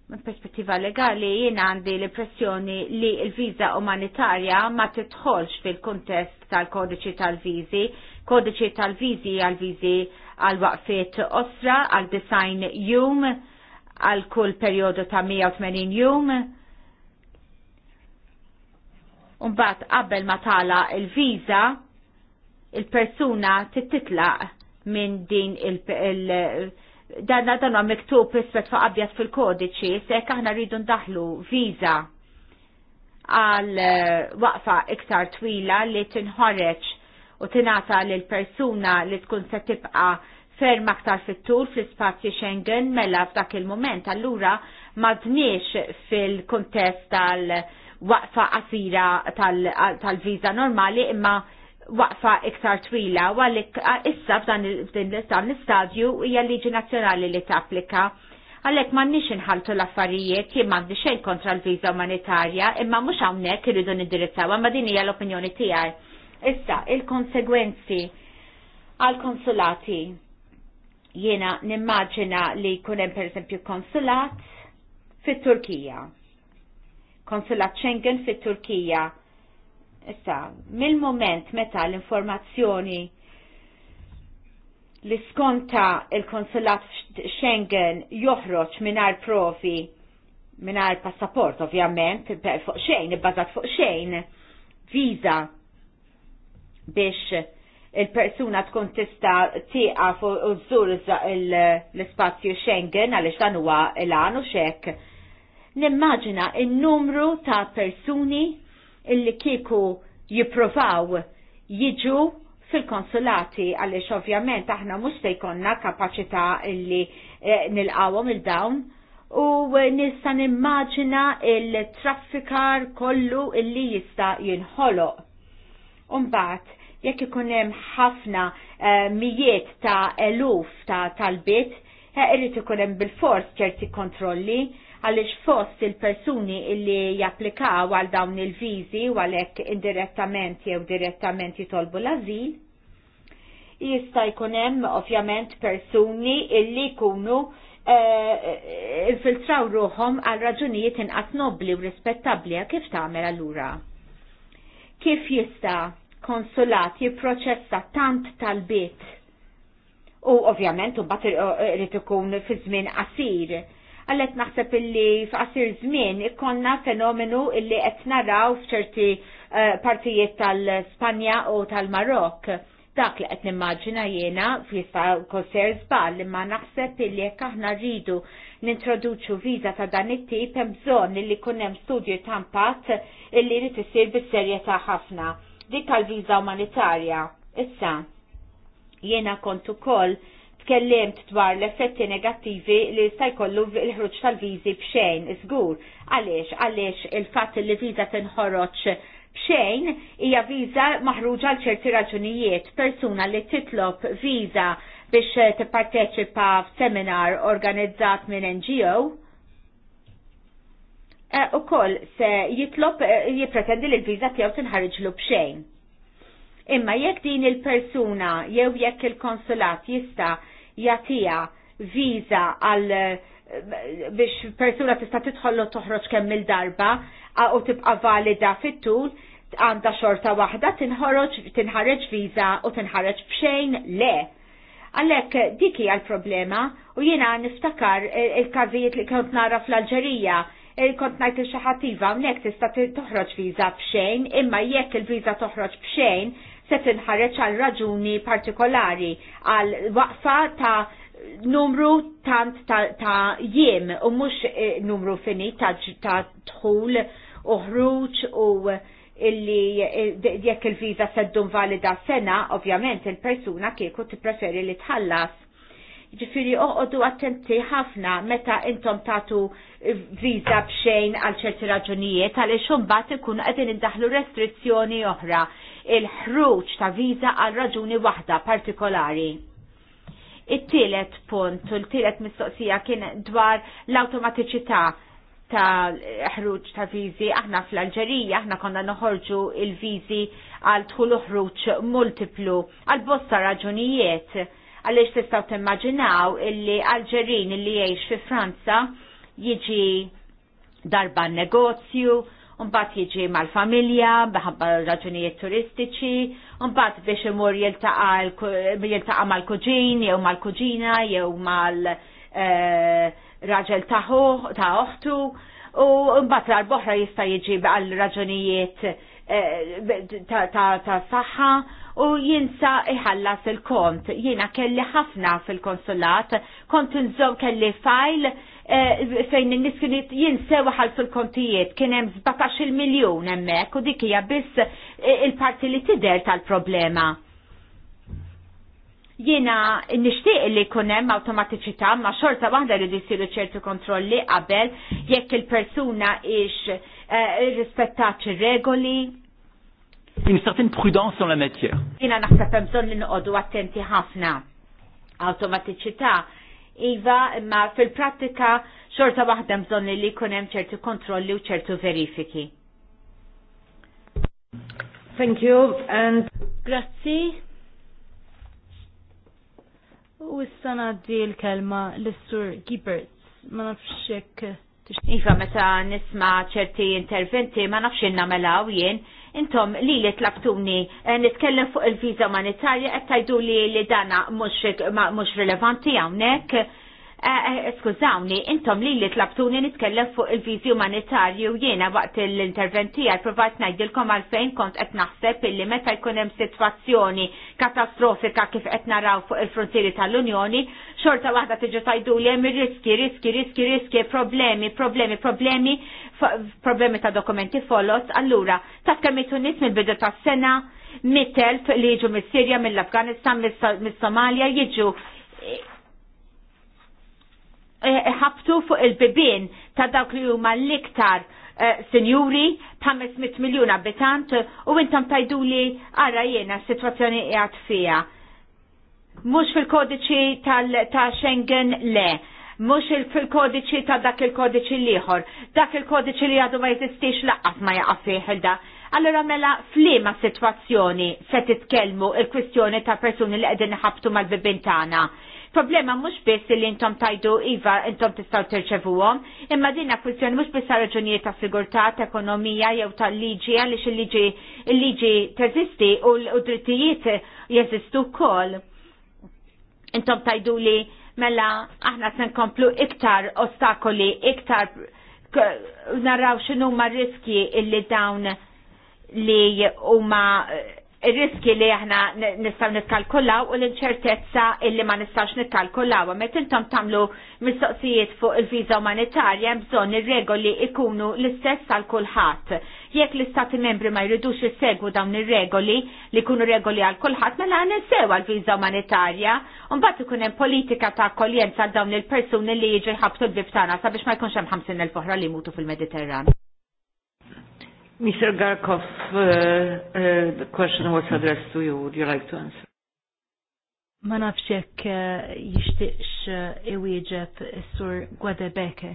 minn perspettiva legali jiena għandi l-impressjoni li l-viża umanitarja ma titħolx fil-kontest tal-kodiċi tal-viżi. Kodiċi tal-viżi għal-viżi għal-waqfiet osra, għal-design jum, għal kull periodu ta' 180 jum, Umbat qabel ma tala il viza il-persuna titlaq minn din il- danna danna miktub rispet fa' abjad fil-kodiċi, sekk aħna rridu ndaħlu viza għal eh, waqfa iktar twila li tinħoreġ u tinata lil persuna li tkun se tibqa' ferm aktar fit-tul fl-ispazju Schengen mela f'dak il-moment. Allura madniex fil-kontest tal- waqfa qasira tal-viża normali imma waqfa iktar twila u għalhekk issa f'dan l-istadju hija liġi nazzjonali li tapplika għalek ma nix l-affarijiet jien mandi xejn kontra l-viza umanitarja imma mhux hawnhekk irridu nindirizzaw imma din hija l-opinjoni tiegħi. Issa il-konsegwenzi għal konsulati jiena nimmaġina li jkun hemm pereżempju konsulat fit-Turkija konsulat Schengen fit turkija Issa, mill-moment meta l-informazzjoni li skonta il-konsulat Schengen joħroġ minar provi minar passaport ovvjament, fuq xejn, ibbażat fuq xejn, viza biex il-persuna tkun tista tieqa fuq użżur l-ispazju Schengen għaliex dan huwa l-għan u xek nimmaġina il-numru ta' persuni illi kieku jiprofaw jiġu fil-konsulati għalli ovvjament aħna mux jkollna kapacita illi eh, nilqawhom il-dawn u nista nimmaġina il-traffikar kollu illi jista jinħoloq. Umbat, jekk ikun hemm ħafna eh, mijiet ta' eluf ta' talbiet, eh, irrid ikun hemm bil-fors ċerti kontrolli, għaliex fost il-persuni illi japplikaw għal dawn il-viżi għalek għalhekk indirettament jew direttament jitolbu l-azil. Jista' jkun hemm ovvjament persuni illi jkunu eh, infiltraw ruħom għal raġunijiet inqas nobli u rispettabli kif tagħmel allura. Kif jista' konsulat jipproċessa tant tal-bit u ovvjament u bat irrid ikun fi żmien qasir Għallet naħseb illi f'qasir żmien ikkonna fenomenu illi qed naraw f'ċerti eh, partijiet tal-Spanja u tal-Marok. Dak li qed nimmaġina jiena f'jista' kosser żball imma naħseb illi jekk aħna rridu nintroduċu viża ta' dan it-tip hemm bżonn illi jkun hemm studju ta' impatt illi jrid isir bis-serjetà ħafna. Dik tal-viża umanitarja. Issa, jiena kont ukoll tkellimt dwar l-effetti negattivi li sta jkollu l-ħruġ tal-viżi bxejn, żgur, Għaliex, għaliex il-fatt li viża tinħoroġ bxejn hija viża maħruġa għal ċerti raġunijiet. Persuna li titlob viża biex tipparteċipa f'seminar organizzat minn NGO, eh, u koll se jitlob eh, jipretendi li l-viża tiegħu tinħarġlu bxejn. Imma jekk din il-persuna jew jekk il-konsulat jista' jatija viza għal eh, biex persuna tista' titħollu toħroġ kemm il-darba u tibqa' valida fit-tul għandha xorta waħda tinħoroġ tinħareġ viża u tinħareġ b'xejn le. Għalhekk dik hija l-problema u jiena niftakar eh, il-każijiet li kont nara fl-Alġerija eh, kont ngħid il xi ħadd iva hawnhekk tista' toħroġ viża b'xejn imma jekk il-viża toħroġ b'xejn se tinħareċ għal raġuni partikolari għal waqfa ta' numru tant ta', ta jiem u mux e, numru fini ta', ta tħul u ħruċ u illi e, jekk il-viza seddum valida sena, ovvjament il-persuna kieku tippreferi li tħallas. Ġifiri uqodu attenti ħafna meta intom tatu viza bxejn għal ċerti raġunijiet għal bat ikun għedin indaħlu restrizzjoni oħra il-ħruġ ta' viża għal raġuni waħda partikolari. It-tielet punt, u l-tielet mistoqsija kien dwar l-automatiċità ta' ħruġ ta' viżi, aħna fl-Alġerija, aħna konna noħorġu il-viżi għal tħul ħruġ multiplu, għal bosta raġunijiet, għalix tistaw timmaġinaw illi Alġerin illi jgħix fi Franza jiġi darba negozju, mbagħad jiġi mal-familja, bħabba raġunijiet turistiċi, mbagħad biex imur jiltaqa' mal-kuġin, jew mal-kuġina, jew mal eh, raġel ta' oħtu, u mbagħad l-arboħra jista' jiġi għal raġunijiet eh, ta' saħħa u jinsa iħallas il-kont. Jiena kelli ħafna fil-konsulat, kont nżom kelli fajl Eh, fejn in-nies kien jinsew ħalsu l-kontijiet kien hemm 17 miljon hemmhekk u dik hija biss eh, il-parti li tidher tal-problema. Jiena nixtieq li jkun hemm awtomatiċità ma xorta waħda li jsiru ċertu kontrolli qabel jekk il-persuna ix eh, irrispettax ir-regoli. Une certaine prudence dans la matière. Jiena naħseb bżonn li noqogħdu attenti ħafna. Awtomatiċità Iva, imma fil-prattika xorta waħda bżon li jkun hemm ċertu kontrolli u ċertu verifiki. Thank you and grazzi. U issa ngħaddi l-kelma l-Sur Gibbert. Ma nafxek. Iva, meta nisma ċerti interventi, ma nafx innamela u jien, intom li li tlabtuni eh, nitkellem fuq il-viza umanitarja qed tajdu li li dana mhux rilevanti hawnhekk Eh, eh, skużawni, intom li li tlabtuni nitkellem fuq il-viżi umanitarju jiena waqt l-interventi għal provajt najdilkom għalfejn kont qed naħseb illi meta jkun hemm sitwazzjoni katastrofika kif qed naraw fuq il-frontieri tal-Unjoni, xorta waħda tiġi tajdu li hemm riski, riski, riski, riski, problemi, problemi, problemi, problemi ta' dokumenti folot, allura ta' kemmitu nis mill-bidu tas-sena, mitelf li jiġu mis-Sirja, mill-Afganistan, mis-Somalia jiġu Eh, eh, ħabtu fuq il-bibin ta' dawk li huma l-iktar eh, sinjuri ta' 500 miljun abitant u intom tajdu li għarra jena situazzjoni jgħat fija. Mux fil-kodiċi ta' Schengen le, mux fil-kodiċi ta' dak il-kodiċi liħor, dak il-kodiċi li għadu ma jesistix laqqas ma jaqaf fiħilda. Allora mela flima situazzjoni se titkellmu il-kwistjoni ta' persuni li qegħdin ħabtu mal-bibin tagħna Problema mhux biss li intom tajdu iva intom tistgħu terċevuhom, imma dinna mux mhux biss raġunijiet ta' sigurta, ta' ekonomija jew tal-liġi għaliex il-liġi teżisti u l-drittijiet jeżistu wkoll. Intom tajdu li mela aħna se nkomplu iktar ostakoli, iktar naraw x'inhuma riski illi dawn li huma il-riski li aħna nistaw nitkalkullaw u l-inċertezza illi ma nistax nitkalkullaw. Met intom tamlu mistoqsijiet fuq il-viza umanitarja bżon ir-regoli ikunu l-istess għal kulħadd. Jekk l-istati membri ma jridux jissegwu dawn ir-regoli li kunu regoli għal kulħadd mela nisew għal viza umanitarja. Mbagħad ikun hemm politika ta' akkoljenza għal dawn il-persuni li jiġu jħabtu l-biftana sabiex ma jkunx hemm 50,000 oħra li jmutu fil-Mediterran. Mr. Garkov, uh, uh, the question was addressed to you. Would you like to answer? Ma nafxek uh, jishtiqx uh, iwieġeb s-sur Gwadebeke.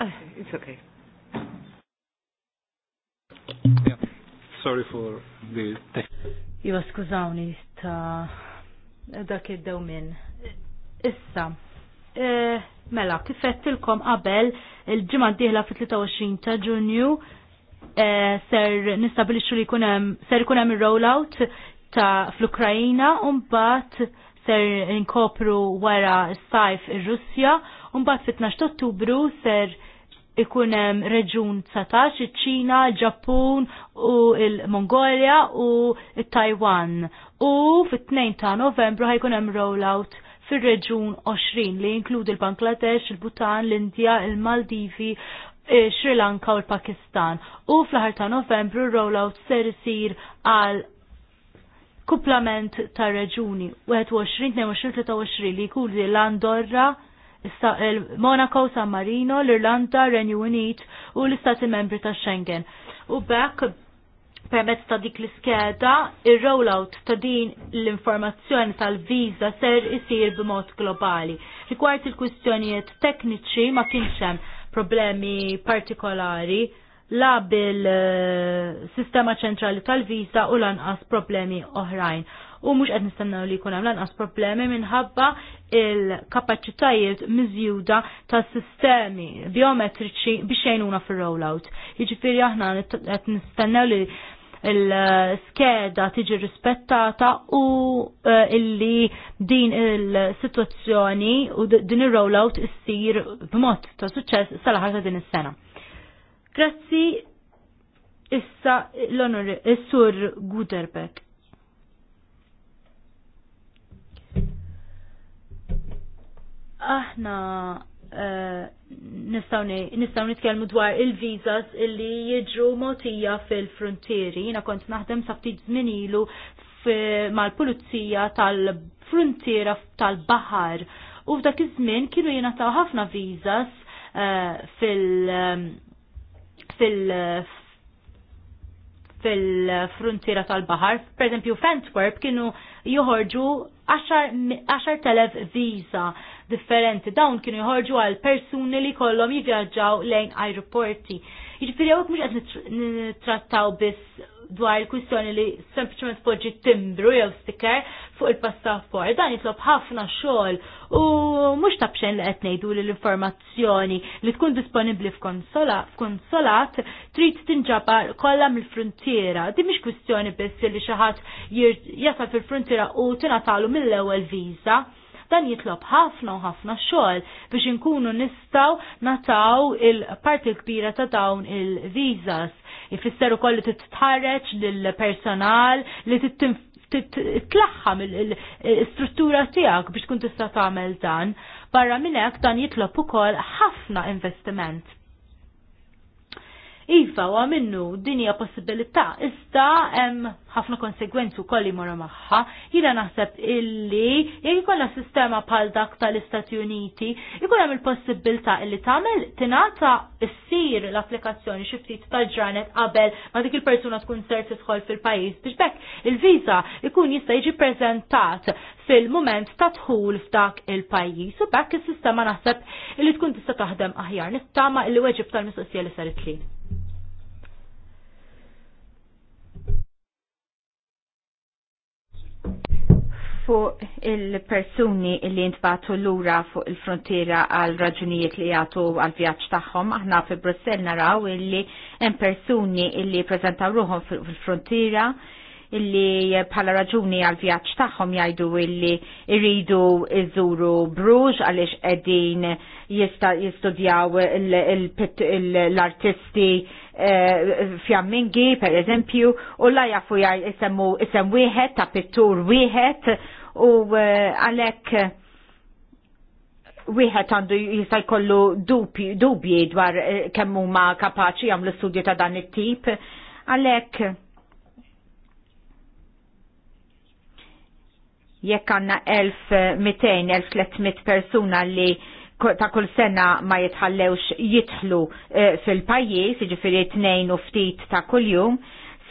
Ah, it's okay. Yeah. Sorry for the... Iwa skużawni ta' dak id-dawmin. Issa, Eh, mela, kifett il-kom qabel il-ġimgħa d-dieħla fit-23 ta' Ġunju eh, ser nistabilixxu li jkun hemm ser kunem hemm rollout ta' fl-Ukrajina u mbagħad ser inkopru wara s-sajf ir-Russja u mbagħad fit-12 Ottubru ser ikun hemm reġun 19 iċ-Ċina, il-Ġappun u il-Mongolja u il-Taiwan. U fit-2 ta' Novembru rollout hemm rollout fil-reġun 20 li jinkludi l-Bangladesh, il-Bhutan, l-Indja, il-Maldivi, eh, Sri Lanka u l-Pakistan. U fl-ħar ta' novembru rollout ser isir għal kuplament ta' reġuni 21-22-23 li jkudi l-Andorra, eh, Monaco, San Marino, l-Irlanda, Renju Unit u l-Istati membri ta' Schengen. U bekk permezz ta' dik l-iskeda il rollout ta' din l-informazzjoni tal viza ser isir b'mod globali. Rigward il-kwistjonijiet tekniċi ma kienx hemm problemi partikolari la bil-sistema eh, ċentrali tal-viża u lanqas problemi oħrajn. U mhux qed nistennew li jkun hemm lanqas problemi minħabba il-kapaċitajiet miżjuda ta' sistemi biometriċi biex jgħinuna fir-rollout. Jiġifieri aħna qed nistennew li il-skeda tiġi rispettata u eh, illi din il-situazzjoni u din il-rollout issir b'mod ta' suċċess sal ta' din is-sena. Grazzi issa l-onor is-sur eh, Guterbeck. Aħna ah, Eh, nistaw nitkellmu dwar il-vizas illi jidru motija fil-frontieri. Jina kont naħdem sa ftit zminilu mal-pulizija tal-frontiera tal-bahar. U f'dak iż-żmien kienu jingħataw ħafna vizas eh, fil- fil frontiera tal-bahar, per eżempju f'Antwerp kienu joħorġu 10.000 10 differenti. Dawn kienu jħorġu għal persuni li kollom jivvjaġġaw lejn aeroporti. Jiġifieri hawnhekk mhux qed nittrattaw biss dwar il-kwistjoni li sempliċement poġġi timbru jew sticker fuq il-passaport. Dan jitlob ħafna xogħol u mhux tabxen li qed ngħidu li l-informazzjoni li tkun disponibbli f'konsolat trid tinġabar kollha mill-frontiera. Din mhix kwistjoni biss li xi ħadd jasal fil-frontiera u tingħatalu mill-ewwel viża dan jitlob ħafna u ħafna xogħol biex inkunu nistgħu nataw il-parti kbira ta' dawn il-visas. Ifisser ukoll li titħareġ lill-personal li titlaħħam il-struttura tiegħek biex tkun tista' tagħmel dan. Barra minn hekk dan jitlob ukoll ħafna investiment. Iva, u għamennu dinja possibilità, ista' ħafna konsegwenzi u kolli mora maħħa, jina naħseb illi jek ikolla sistema pal dak tal-Istati Uniti, ikun hemm il-possibilità illi tagħmel tingħata ssir l-applikazzjoni xi ftit tal-ġranet qabel ma dik il-persuna tkun ser tidħol fil-pajjiż biex bekk il viza ikun jista' jiġi preżentat fil-moment ta' tħul f'dak il-pajjiż u bekk is-sistema naħseb illi tkun tista' taħdem aħjar nittama illi weġib tal-mistoqsija li saritli. fuq il-persuni li jintbatu l-ura fuq il-frontiera għal raġunijiet li jgħatu għal vjaġġ tagħhom, aħna fi Brussell naraw illi hemm persuni li prezentaw ruhom fil-frontiera illi bħala raġuni għal vjaġġ tagħhom jgħidu illi iridu iżuru Bruġ għaliex qegħdin jistudjaw l-artisti Eh, fjammingi per eżempju u la jafu jaj isemmu isem wieħed ta' pittur wieħed u eh, għalek wieħed għandu jista' jkollu dubji dwar eh, kemm huma kapaċi jagħmlu studju ta' dan it-tip. Għalhekk jekk għandna 1200-1300 persuna li ta' kull sena ma jitħallewx jitħlu eh, fil-pajjiż, jiġifieri tnejn u ftit ta' kuljum,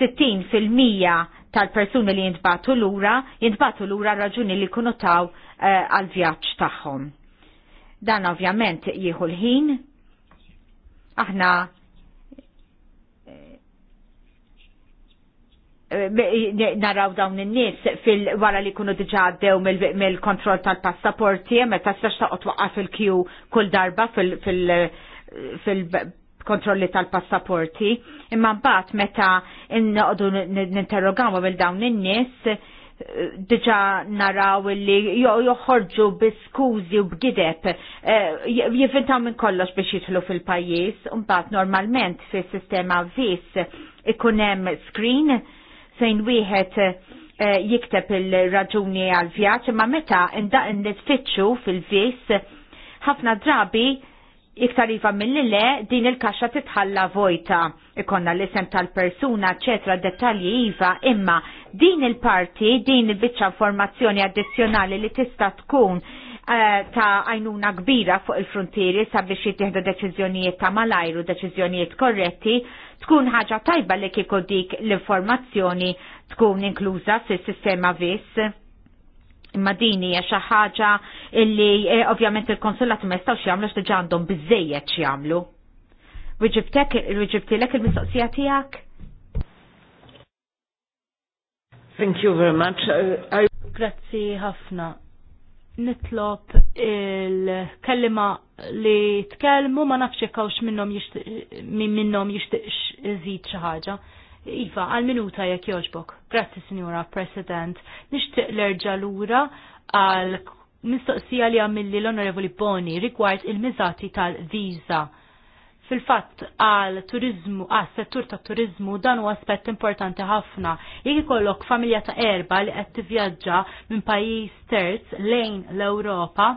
60% tal-persuni li jintbatu lura jintbatu lura raġuni li jkunu taw eh, għal vjaġġ tagħhom. Dan ovvjament jieħu l-ħin. Aħna naraw dawn in-nies fil-wara li kunu diġa għaddew mill-kontroll tal-passaporti, meta s-sax waqqa fil-kju kull darba fil-kontrolli tal-passaporti. Imma mbagħad meta noqogħdu ninterrogaw mill dawn in-nies, diġa naraw li joħorġu skużi u b'gideb eh, jivintaw minn kollox biex jitlu fil-pajjiż, mbagħad normalment fis-sistema vis ikun hemm screen fejn wieħed eh, eh, jikteb il-raġuni għal vjaġġ imma meta ndaq nitfittxu fil-vis ħafna drabi iktar iva mill-le din il-kaxa titħalla vojta. Ikonna l-isem tal-persuna, ċetra, dettalji iva, imma din il-parti, din il-bicċa informazzjoni addizjonali li tista tkun Eh, ta' għajnuna kbira fuq il-frontieri sabiex jittieħdu deċiżjonijiet ta' malajru, deċiżjonijiet korretti, tkun ħaġa tajba li kieku dik l-informazzjoni tkun inkluża fis-sistema VIS. Imma dini hija xi ħaġa illi eh, ovvjament il-konsulat ma jistgħux jagħmlu x'diġà għandhom biżejjed jagħmlu. Wiġibtilek il-mistoqsija tiegħek? Thank you very much. Grazzi ħafna nitlob il-kellima li tkellmu ma nafx jekkawx minnom minnom jixtiqx iżid xi ħaġa. Iva, għal minuta jekk joġbok. Grazzi, Signora President. Nixtieq l-erġa' lura għal mistoqsija li għamilli l-Onorevoli Boni rigward il-miżati tal-viża fil-fatt għal turizmu, għal settur ta' turizmu dan u aspett importanti ħafna. Jek ikollok familja ta' erba li qed tivvjaġġa minn pajjiż terz lejn l-Ewropa,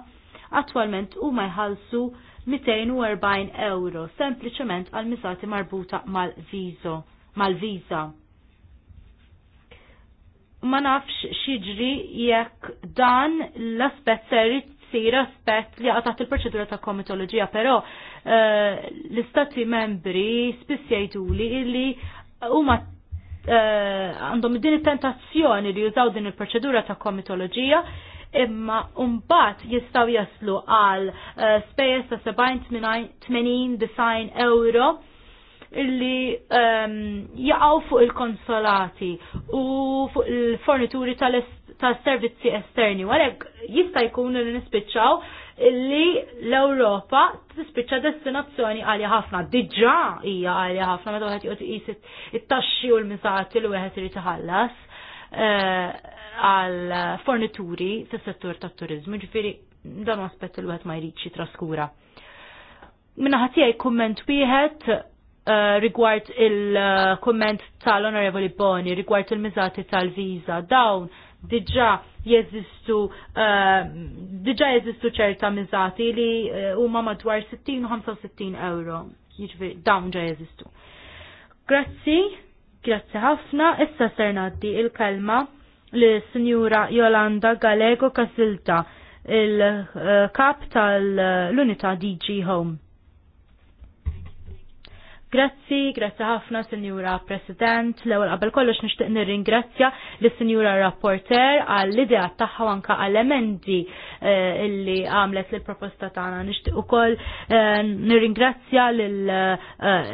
attwalment huma jħallsu 240 euro sempliċement għal misati marbuta mal-vizo, mal-viza. Ma nafx xiġri jekk dan l-aspett ser sir aspett li għatat il-proċedura ta' komitologija, pero Eh, l-istati membri spiss li illi huma eh, għandhom din it-tentazzjoni li jużaw din il-proċedura ta' komitoloġija imma umbat jistaw jaslu għal eh, spejjeż ta' 70-80 euro illi um, ehm, jaqaw fuq il-konsolati u fuq il-fornituri tal-servizzi esterni. Għalek jista' jkun li nispiċċaw illi l-Ewropa tispiċċa destinazzjoni għalja ħafna, diġà hija għalja ħafna meta wieħed joqgħod iqis it-taxxi u l-misati li wieħed irid iħallas eh, għal fornituri fis-settur tat-turiżmu, ġifieri dan aspett li wieħed ma jridx jitraskura. Minna ħatijaj kumment wieħed eh, rigward il-komment eh, tal-Onorevoli Boni, rigward il-mizati tal-viza, dawn diġa jeżistu eh, diġa jeżistu ċerta miżati li eh, huma madwar 60 65 euro. Jiġifieri dawn ġa jeżistu. Grazzi, grazzi ħafna, issa sernaddi il-kelma li sinjura Jolanda Galego Casilta, il-kap eh, tal-unità DG Home. Grazzi, grazzi ħafna Sinjura President, l-ewwel qabel kollox nixtieq nirringrazzja lis sinjura Rapporter għall-idea tagħha anke għall-emendi eh, illi għamlet lill proposta tagħna. Nixtieq ukoll eh, nirringrazzja eh,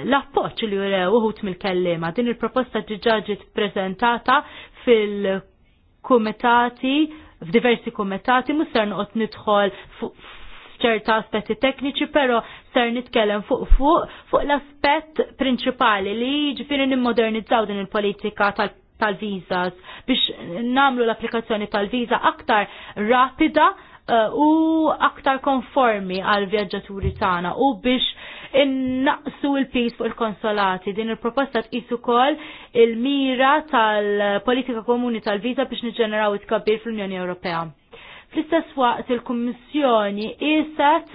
l-appoġġ li jurew uħut mill-kellima. Din il-proposta diġà ġiet preżentata fil-kumitati f'diversi kumitati mhux ser noqgħod nidħol ċerta aspetti tekniċi, pero ser nitkellem fuq fuq fuq l-aspett prinċipali li ġifiri nimmodernizzaw din il-politika tal tal-vizas biex namlu l-applikazzjoni tal-viza aktar rapida eh, u aktar konformi għal vjaġġaturi tagħna u biex innaqsu il-pis fuq il-konsolati. Din il-proposta tqis ukoll il-mira tal-politika komuni tal-viza biex niġġeneraw it-kabbir fl-Unjoni Ewropea. Fl-istess waqt il-Kummissjoni qiset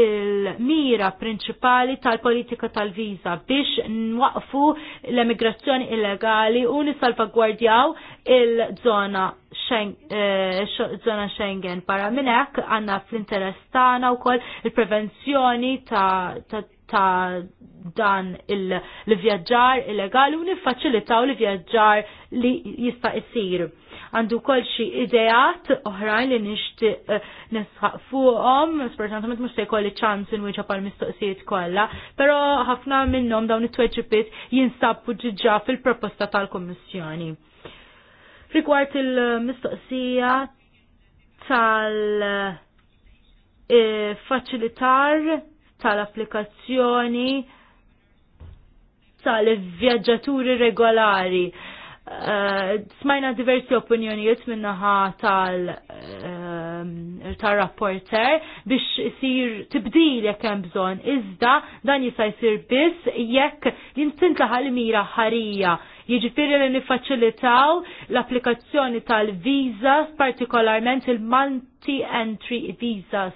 il-mira prinċipali tal-politika tal-viza biex nwaqfu l-emigrazzjoni illegali u nisalvagwardjaw il-zona eh, zona Schengen. Para minnek għanna fl-interess tagħna wkoll il-prevenzjoni ta', ta, ta dan il-vjaġġar illegali u niffaċilitaw il vjaġġar li jista' jsir għandu kol xi ideat oħrajn li nixtieq eh, nisħaq fuqhom, sfortunatament mhux se kolli ċans inwieġa pal mistoqsijiet kollha, però ħafna minnhom dawn it-tweġibiet jinsabu ġiġa fil-proposta tal-Kummissjoni. Rigward il-mistoqsija tal-faċilitar eh, tal-applikazzjoni tal-vjaġġaturi regolari smajna diversi opinjonijiet minnaħa tal ehm, tal rapporter biex isir tibdil jekk hemm bżonn iżda dan jista' jsir biss jekk jintintlaħa l-mira ħarija jiġifieri li niffaċilitaw l-applikazzjoni tal-visas partikolarment il-multi entry visas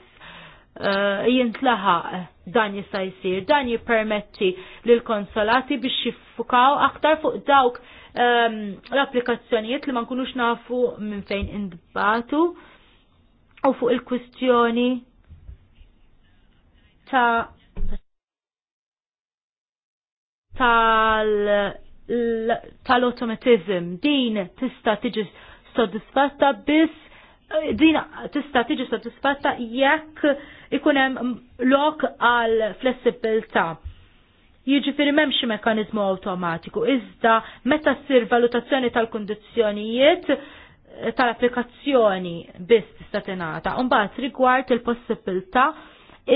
eh, jintlaħaq dan jista' jsir, dan jippermetti lil konsolati biex jiffukaw aktar fuq dawk Ehm, l-applikazzjonijiet li ma nkunux nafu minn fejn indbatu u fuq il-kwistjoni ta' tal-automatism din tista' tiġi soddisfatta biss din tista' tiġi soddisfatta jekk ikun hemm lok għal flessibilta. Jiġifieri m'hemmx mekkaniżmu awtomatiku, iżda meta ssir valutazzjoni tal-kundizzjonijiet eh, tal-applikazzjoni biss tista' tingħata. Mbagħad rigward il-possibilità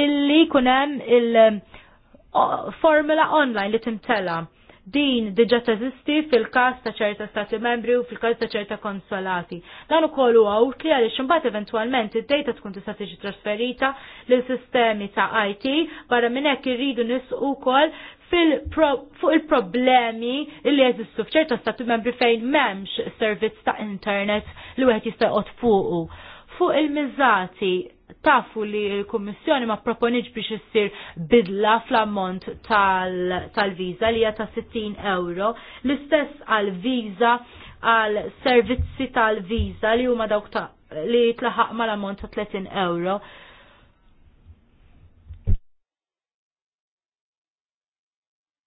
illi jkun hemm il-formula online li timtela' din diġa teżisti fil-kas ta' ċerta stati membri u fil-kas ta' ċerta konsolati. Dan ukoll huwa utli għaliex imbagħad eventwalment id-data tkun tista' tiġi trasferita lil sistemi ta' IT barra minn hekk irridu nisqu wkoll fuq il-problemi li jeżistu f'ċerta stati membri fejn m'hemmx servizz ta' internet li wieħed jista' jqod fuqu. Fuq il-miżati tafu li l-Kummissjoni ma proponiġ biex issir bidla fl-ammont tal-viza tal li hija ta' 60 euro, l-istess għal-viza għal servizzi tal-viza li huma dawk ta' li tlaħaq mal-ammont ta' 30 euro.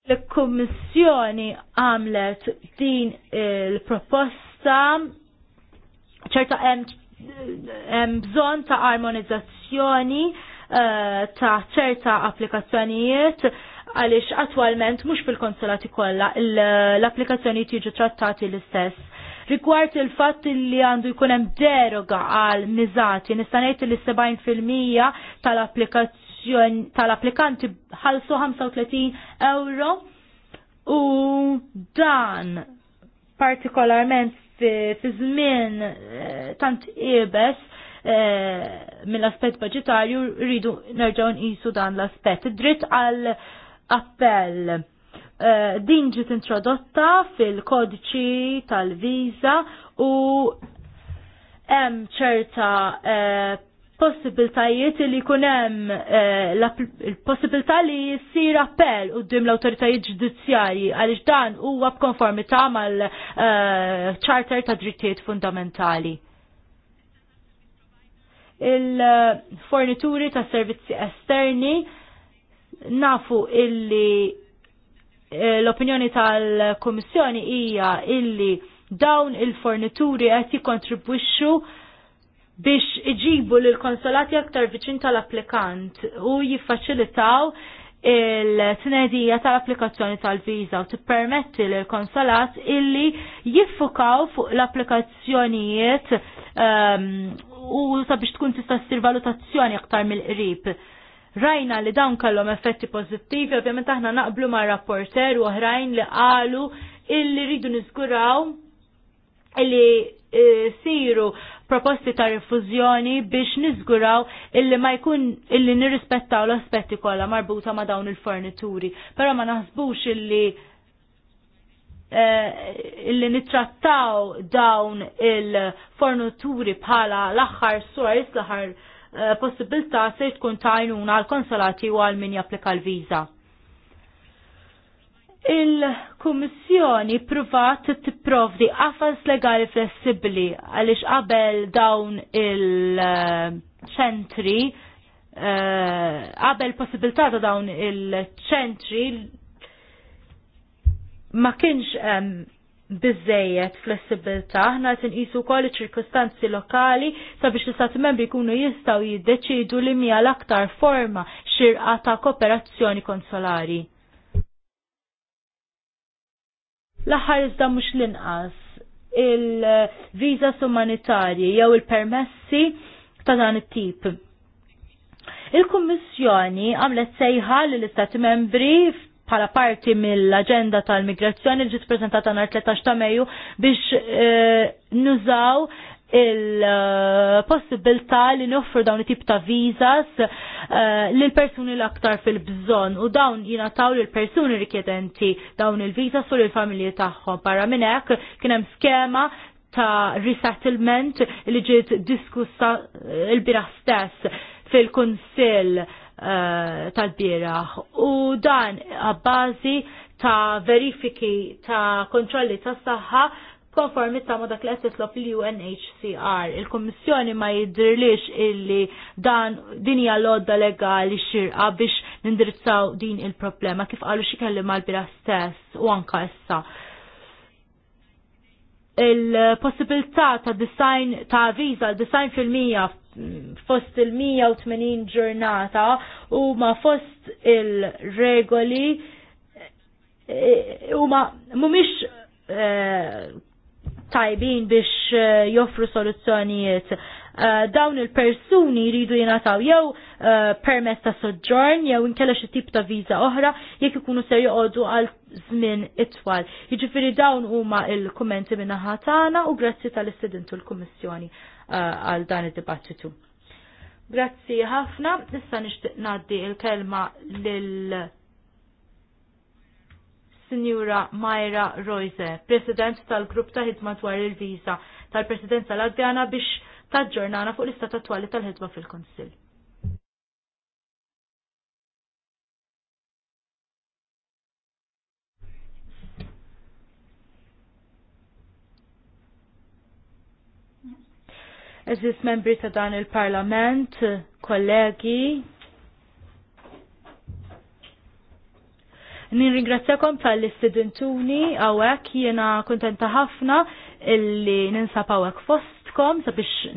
l-Kommissjoni għamlet din il-proposta ċerta hemm hemm bżonn ta' armonizzazzjoni eh, ta' ċerta applikazzjonijiet għaliex attualment mhux fil-konsolati kollha l-applikazzjoni tiġu trattati l-istess. Rigward il-fatt li għandu jkun hemm deroga għal miżati, nista' ngħid li 70% tal-applikazzjoni tal-applikanti ħalsu 35 euro u dan partikolarment fi żmien eh, tant ibes eh, mill-aspett budgetarju rridu nerġgħu nqisu dan l aspet Dritt għal appell. Eh, din ġiet introdotta fil kodċi tal visa u hemm ċerta possibiltajiet li kunem eh, il-possibilità li jissir appell u dim l-autoritajiet ġudizzjari għalix dan huwa b'konformità mal-ċarter eh, ta' drittijiet fundamentali. Il-fornituri ta' servizzi esterni nafu illi eh, l-opinjoni tal-Komissjoni hija illi dawn il-fornituri qed jikkontribwixxu biex iġibu l konsolati aktar viċin tal-applikant u jiffaċilitaw il-tnedija tal-applikazzjoni tal-viza u tippermetti l konsolat illi jiffukaw fuq l-applikazzjonijiet ehm, u sabiex tkun tista' ssir valutazzjoni aktar mill-qrib. Rajna li dawn kellhom effetti pożittivi, ovvjament aħna naqblu ma' rapporter u oħrajn li qalu illi ridu niżguraw illi siru proposti ta' rifużjoni biex niżguraw illi ma jkun illi nirrispettaw l-aspetti kollha marbuta ma' dawn il-fornituri. Però ma naħsbux illi eh, illi nittrattaw dawn il-fornituri bħala l-aħħar sors, l-aħħar eh, possibilta se tkun tajnuna għal konsolati u għal min japplika l-viża. Il-Kummissjoni provat tipprovdi għafas legali flessibbli għaliex qabel dawn il-ċentri eh, qabel possibilità ta' dawn il-ċentri ma kienx ehm, bizzejiet flessibilità, ħna għatin jisu wkoll ċirkustanzi lokali sabiex l-istati membri jkunu jistgħu jiddeċidu li mija l-aktar forma xirqa ta' kooperazzjoni konsolari. L-aħħar iżda mhux l-inqas il-vizas umanitarji jew il-permessi ta' dan it-tip. Il-Kummissjoni għamlet sejħa lill istati membri bħala parti mill-agenda tal-migrazzjoni ġiet prezentata nhar 13 ta' Mejju biex eh, nużaw il-possibilità li noffru dawn it-tip ta' visas eh, lil persuni l-aktar fil-bżon u dawn jinataw l persuni rikjedenti dawn il-visas u l-familji tagħhom. Para minn hekk kien hemm skema ta' resettlement li ġiet diskussa eh, l-bira stess fil-Kunsill eh, tal-biraħ u dan għabbażi ta' verifiki ta' kontrolli ta' saħħa konformità ma dak li qed fil il-UNHCR. Il-Kummissjoni ma jidrilix illi dan din hija lodda legali xirqa biex nindirizzaw din il-problema kif qalu xi kelli mal-bira stess u anka issa. Il-possibilità ta' design ta' viza, design fil-mija fost il-180 ġurnata u ma fost il-regoli e, e, u ma mumiex e, tajbin biex eh, joffru soluzzjonijiet. Eh, dawn il-persuni jridu jenataw jew eh, permess ta' soġġorn jew inkella xi tip ta' viża oħra jekk ikunu se joqogħdu għal żmien itwal. Jiġifieri dawn huma l-kummenti minn tagħna u grazzi tal u l-Kummissjoni għal dan id-dibattitu. Grazzi ħafna, issa nixtieq ngħaddi l kelma lil Sinjura Majra Roise, President tal-Grupp ta' Ħidma dwar il-Visa tal-Presidenza Latvjana biex taġġornana fuq l-istat attwali tal-ħidma fil-Konsil. Eżis membri ta' dan il-Parlament, kollegi, Nirringrazzjakom tal-istudentuni għawek, jena kontenta ħafna illi ninsab għawek fostkom sabiex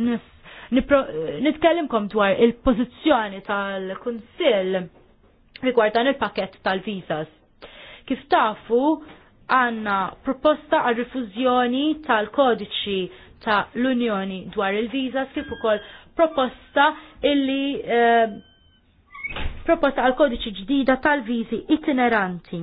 nitkellimkom dwar il-pozizjoni tal-Kunsill rigward dan il-pakett tal-visas. Kif tafu, għanna proposta għal rifużjoni tal-kodiċi ta' l-Unjoni dwar il-visas kif ukoll proposta illi eh, proposta għal kodiċi ġdida tal-viżi itineranti.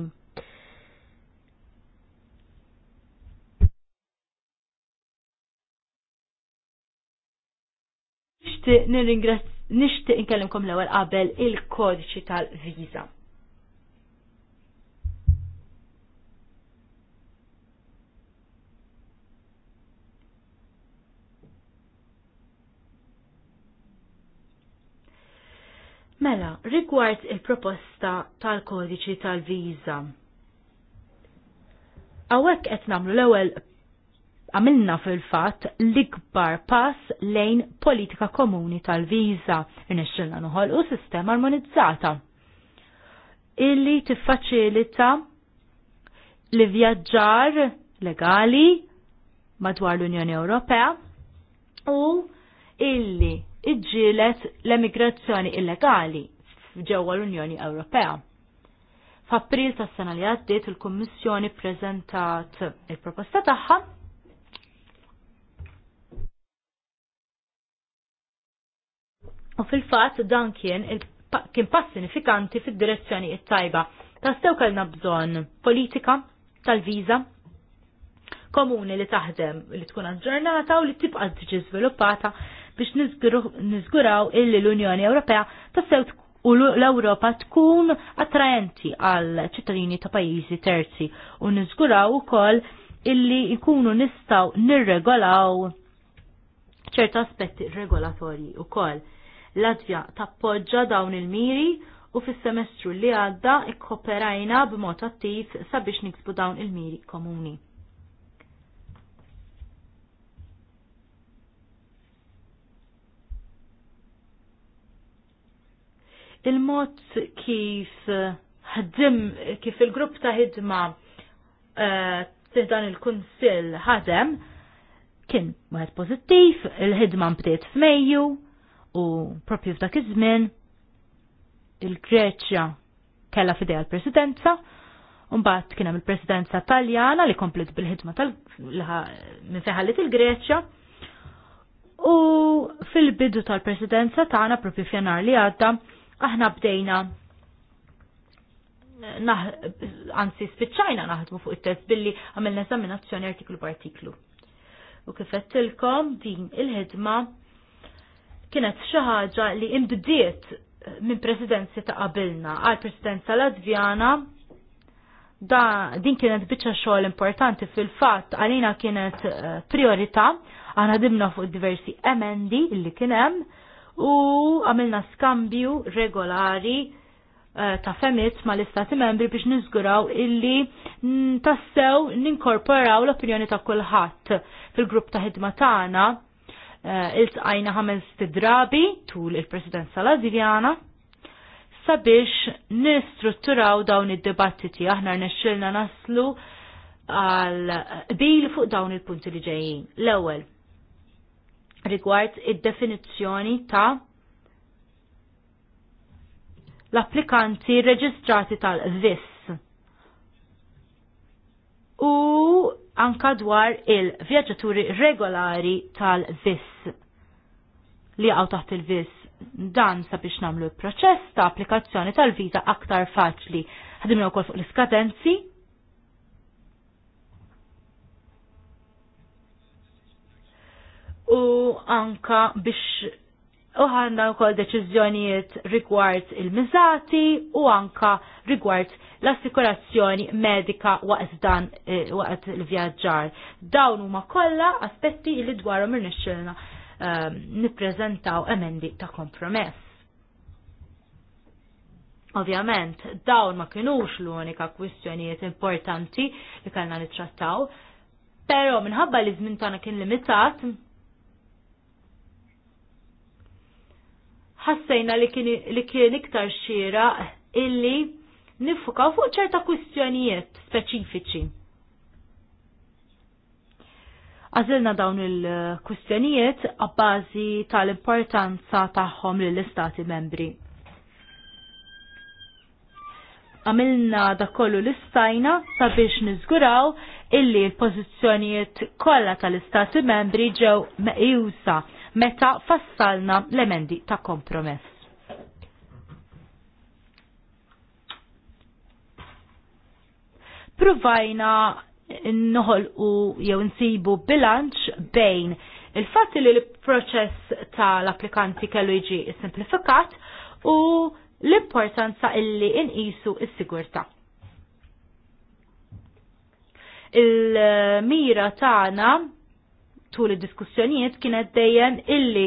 Nixtieq nirringrazzja nishtiq inkellimkom l-ewwel qabel il-kodiċi tal-viża. Mela, rigward il-proposta tal-kodiċi tal-viza. Awek qed namlu l-ewwel għamilna fil-fatt l-ikbar pass lejn politika komuni tal-viza irnexxilna noħolqu sistema armonizzata illi tiffaċilita l-vjaġġar legali madwar l-Unjoni Ewropea u illi iġġielet l-emigrazzjoni illegali ġewwa l-Unjoni Ewropea. F'April tas-sena li għaddiet il-Kummissjoni ppreżentat il-proposta tagħha U fil-fatt dan kien kien pass sinifikanti fid-direzzjoni it-tajba. Tastew kellna bżonn politika tal-viża komuni li taħdem li tkun aġġornata u li tibqa' tiġi żviluppata biex nizguraw illi l-Unjoni Ewropea tassew u l-Ewropa tkun attraenti għal ċittadini ta' pajjiżi terzi u niżguraw ukoll illi jkunu nistaw nirregolaw ċerta aspetti regolatorji ukoll. Latvja tappoġġa dawn il-miri u fis-semestru li għadda ikkoperajna b'mod attiv sabiex niksbu dawn il-miri komuni. il-mod kif eh, ħaddim kif il-grupp ta' ħidma eh, dan il-kunsill ħadem kien wieħed pożittiv, il-ħidma mbdiet f'Mejju u propju f'dak iż-żmien il-Greċja kellha f'idea l-Presidenza mbagħad kien hemm il-Presidenza Taljana li komplet bil-ħidma tal minn feħallit il-Greċja. U fil-bidu tal-Presidenza tagħna propju f'Janar li għadda Aħna bdejna anzi spiċċajna naħdmu fuq it-test billi għamilna eżaminazzjoni artiklu b'artiklu. U kif kifettilkom din il-ħidma kienet xi ħaġa li imbdiet minn presidenzi ta' qabilna għal presidenza Latvjana da din kienet biċċa xogħol importanti fil-fatt għalina kienet eh, priorità aħna dimna fuq diversi emendi illi kien hemm u għamilna skambju regolari eh, ta' femmit ma' l-istati membri biex nizguraw illi tassew ninkorporaw l-opinjoni ta' kullħat fil-grupp ta' ħidma tagħna eh, iltqajna ħames drabi tul il-presidenza Latvjana sabiex nistrutturaw dawn id-dibattiti aħna rnexxilna naslu għal bil fuq dawn il-punti li ġejjin. L-ewwel, rigward id-definizzjoni ta' l-applikanti reġistrati tal-VIS. U anka dwar il-vjaġġaturi regolari tal-VIS li għaw taħt il-VIS. Dan sabiex namlu il-proċess ta' applikazzjoni tal-viza aktar faċli. Ħadimna u fuq l-iskadenzi, u anka biex uħanna u kol deċizjonijiet rigward il-mizati u anka rigward l-assikurazzjoni medika waqt dan eh, waqt il-vjaġġar. Dawn huma kollha aspetti li dwarhom irnexxilna eh, nippreżentaw emendi ta' kompromess. Ovvjament, dawn ma kienux l-unika kwistjonijiet importanti li kellna nittrattaw, pero minħabba li żmien tagħna kien limitat, ħassejna li kien iktar xira illi nifukaw fuq ċerta kwistjonijiet speċifiċi. Għazilna dawn il-kwistjonijiet għabbażi tal-importanza tagħhom lill-istati membri. Għamilna dakollu l-istajna sabiex nizguraw illi l-pozizjonijiet kollha tal-istati membri ġew meqjusa meta fassalna l-emendi ta' kompromess. Provajna u jew nsibu bilanċ bejn il fat li l-proċess tal-applikanti kellu jiġi simplifikat u l-importanza illi inqisu s sigurtà Il-mira tagħna tul id-diskussjonijiet kienet dejjem illi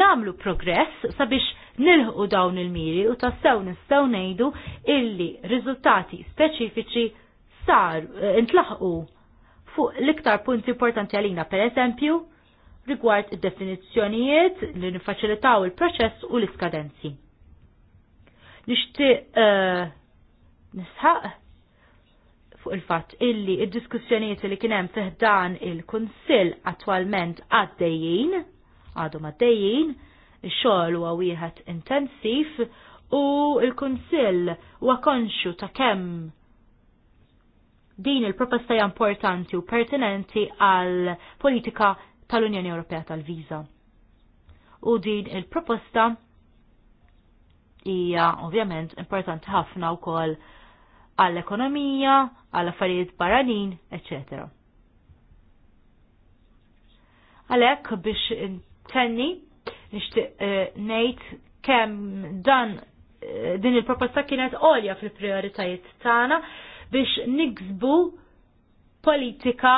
namlu progress sabiex nilħu dawn il-miri u tassew nistgħu ngħidu illi rizultati speċifiċi sar eh, intlaħqu fuq l-iktar punti importanti għalina per eżempju rigward id-definizzjonijiet li nifaċilitaw il-proċess u l-iskadenzi. Nixtieq uh, nisħaq fuq il-fatt illi il diskussjonijiet li kienem fiħdan il-Kunsill attwalment għaddejjin, għadhom għaddejjin, xogħol huwa wieħed intensiv u il-Kunsill huwa konxu ta' kemm din il-proposta importanti u pertinenti għal politika tal-Unjoni Ewropea tal-Viża. U din il-proposta hija ovvjament importanti ħafna wkoll għall-ekonomija, għall-affarijiet barranin, etc. Għalhekk biex intenni nixtieq eh, ngħid kemm dan eh, din il-proposta kienet għolja fil-prioritajiet tagħna biex nigzbu politika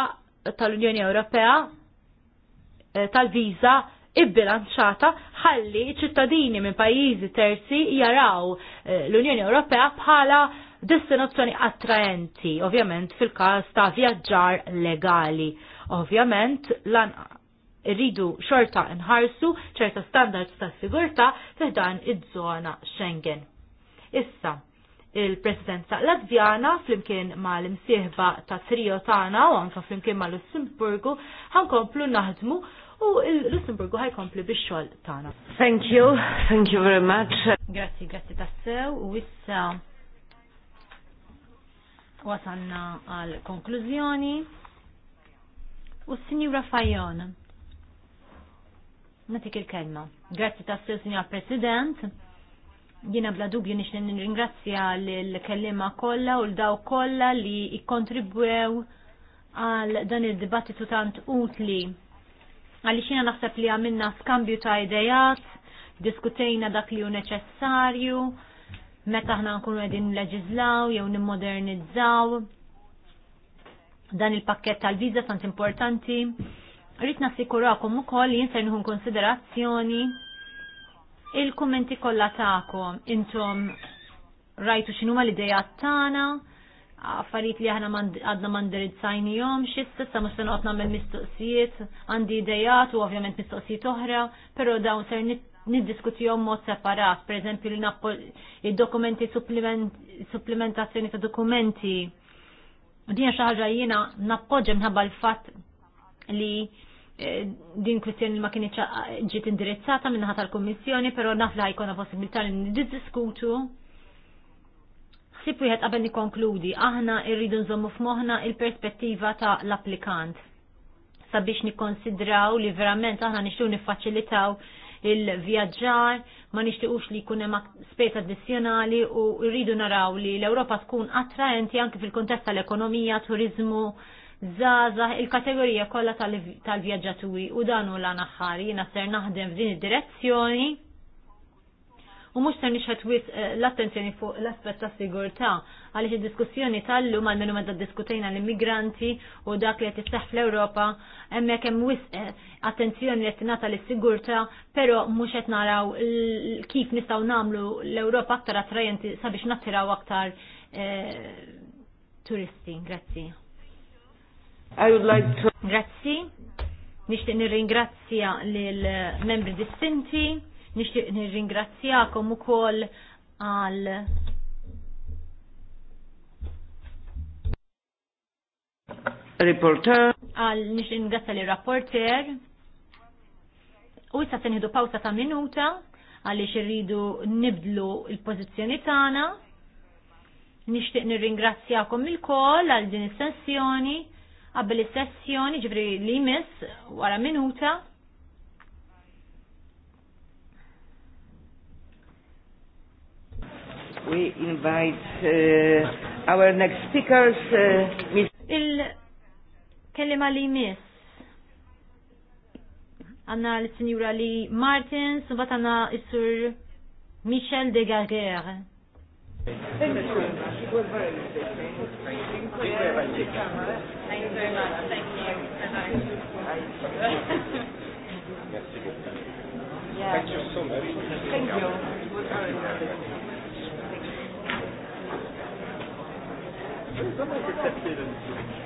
tal-Unjoni Ewropea eh, tal viza ibbilanċata ħalli ċittadini minn pajjiżi terzi jaraw l-Unjoni Ewropea bħala destinazzjoni attraenti, ovvjament fil-każ ta' vjaġġar legali. Ovvjament lan rridu xorta nħarsu ċerta standards ta' sigurta dan id-żona Schengen. Issa, il-presidenza Latvjana flimkien ma l-imsieħba ta' trio tana u anka flimkien ma Lussemburgu ħankomplu naħdmu u l-Lussemburgu ħajkomplu bix xogħol tana. Thank you, thank you very much. Grazzi, ta' tassew u issa Wasanna għal konklużjoni. U s-Sinjura Fajon. Natik il-kelma. Grazzi ta' s President. Jina bla dubju nix ringrazzja l-kellima kolla u l-daw kolla li ikkontribwew għal dan il-dibattitu tant utli. Għalli xina naħseb li għamilna skambju ta' idejat, diskutejna dak li hu neċessarju, meta aħna nkunu qegħdin leġizlaw jew nimmodernizzaw dan il-pakket tal viza tant importanti. Rrid nassikurakom ukoll li jinser nieħu konsiderazzjoni il-kummenti kollha tagħkom intom rajtu x'inhuma l t tagħna affarijiet li aħna għadna mandirizzajni jom, xissa sa mux sanqot namel mistoqsijiet, għandi idejat u ovvjament mistoqsijiet oħra, pero dawn ser niddiskutijom mod separat, per eżempju li id-dokumenti supplementazzjoni ta' dokumenti. Din xi ħaġa jiena nappoġġa minħabba l-fatt li eh, din kwistjoni ma kienieċ eh, ġiet indirizzata minnaħa tal-Kummissjoni, però naf li ħajkonna possibilità li niddiskutu. Ħsib wieħed qabel nikkonkludi, aħna rridu nżommu f'moħħna il-perspettiva ta' l-applikant sabiex nikkonsidraw li verament aħna nixtru niffaċilitaw il-vjaġġar, ma nishtiqux li jkun hemm addizjonali addizzjonali u rridu naraw li l-Ewropa tkun attraenti anke fil-kontest tal-ekonomija, turizmu, żgħażagħ il-kategorija kollha tal-vjaġġaturi u dan hu l-anaħħar jiena ser naħdem f'din id-direzzjoni u mhux ser nixħat wis eh, l-attenzjoni fuq l-aspett ta' sigurtà għaliex id-diskussjoni tal ma' għal menu meta diskutajna l-immigranti u dak li qed isseħħ fl-Ewropa hemmhekk hemm wis eh, attenzjoni li qed tingħata lis-sigurtà, mux mhux qed naraw kif nistgħu nagħmlu l europa aktar attrajenti sabiex nattiraw aktar eh, turisti. Grazzi. I would like to... Grazzi. Nishtiq nirringrazzja lil membri distinti. Nixtieq nirringrazzjakom ukoll għal Reporter. Għal nixtieq li rapporter. U issa nħidu pawsa ta' minuta għaliex irridu nibdlu il-pożizzjoni tagħna. Nixtieq nirringrazzjakom il-koll għal din is-sessjoni qabel is-sessjoni ġifri li jmiss wara minuta. we invite uh, our next speakers, uh, Ms. Il-kellima li miss. Għanna l-Sinjura li Martin, subat għanna il-Sur Michel de Gaguerre. Thank you. so very much. Thank you Thank you. Somebody's accepted and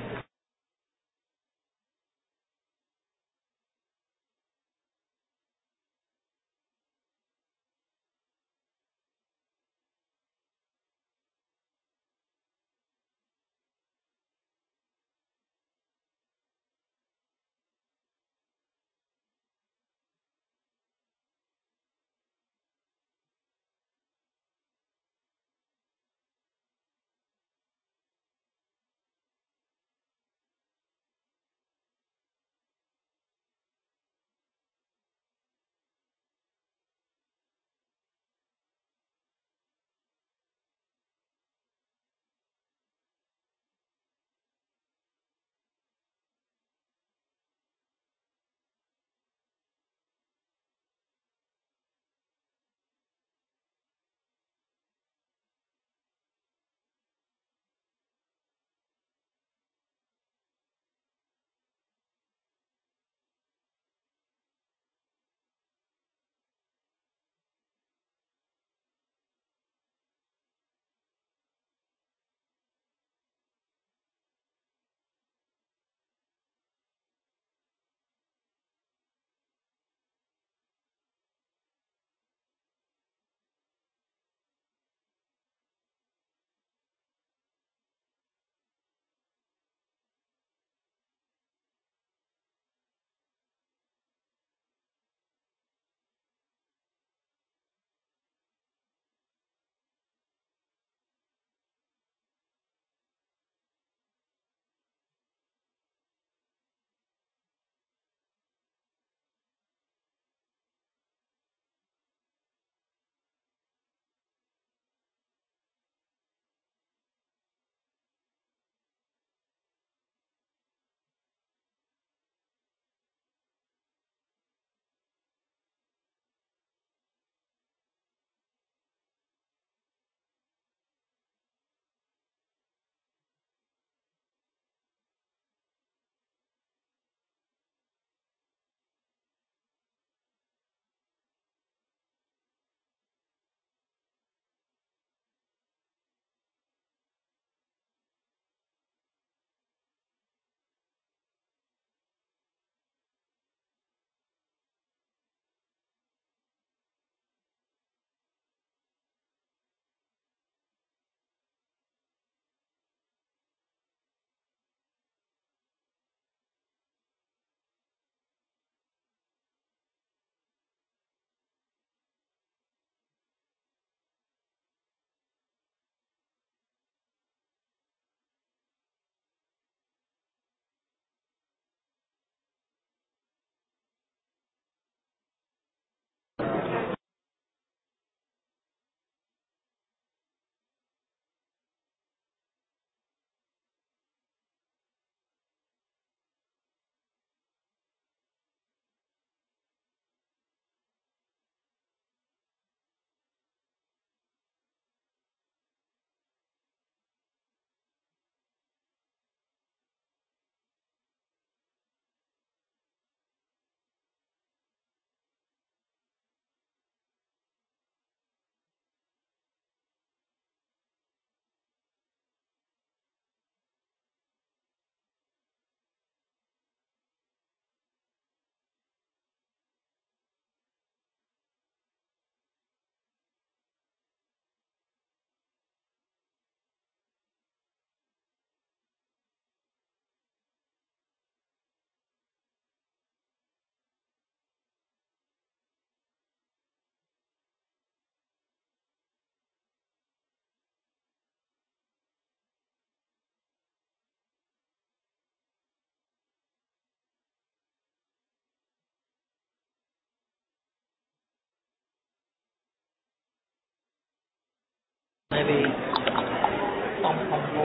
Maybe.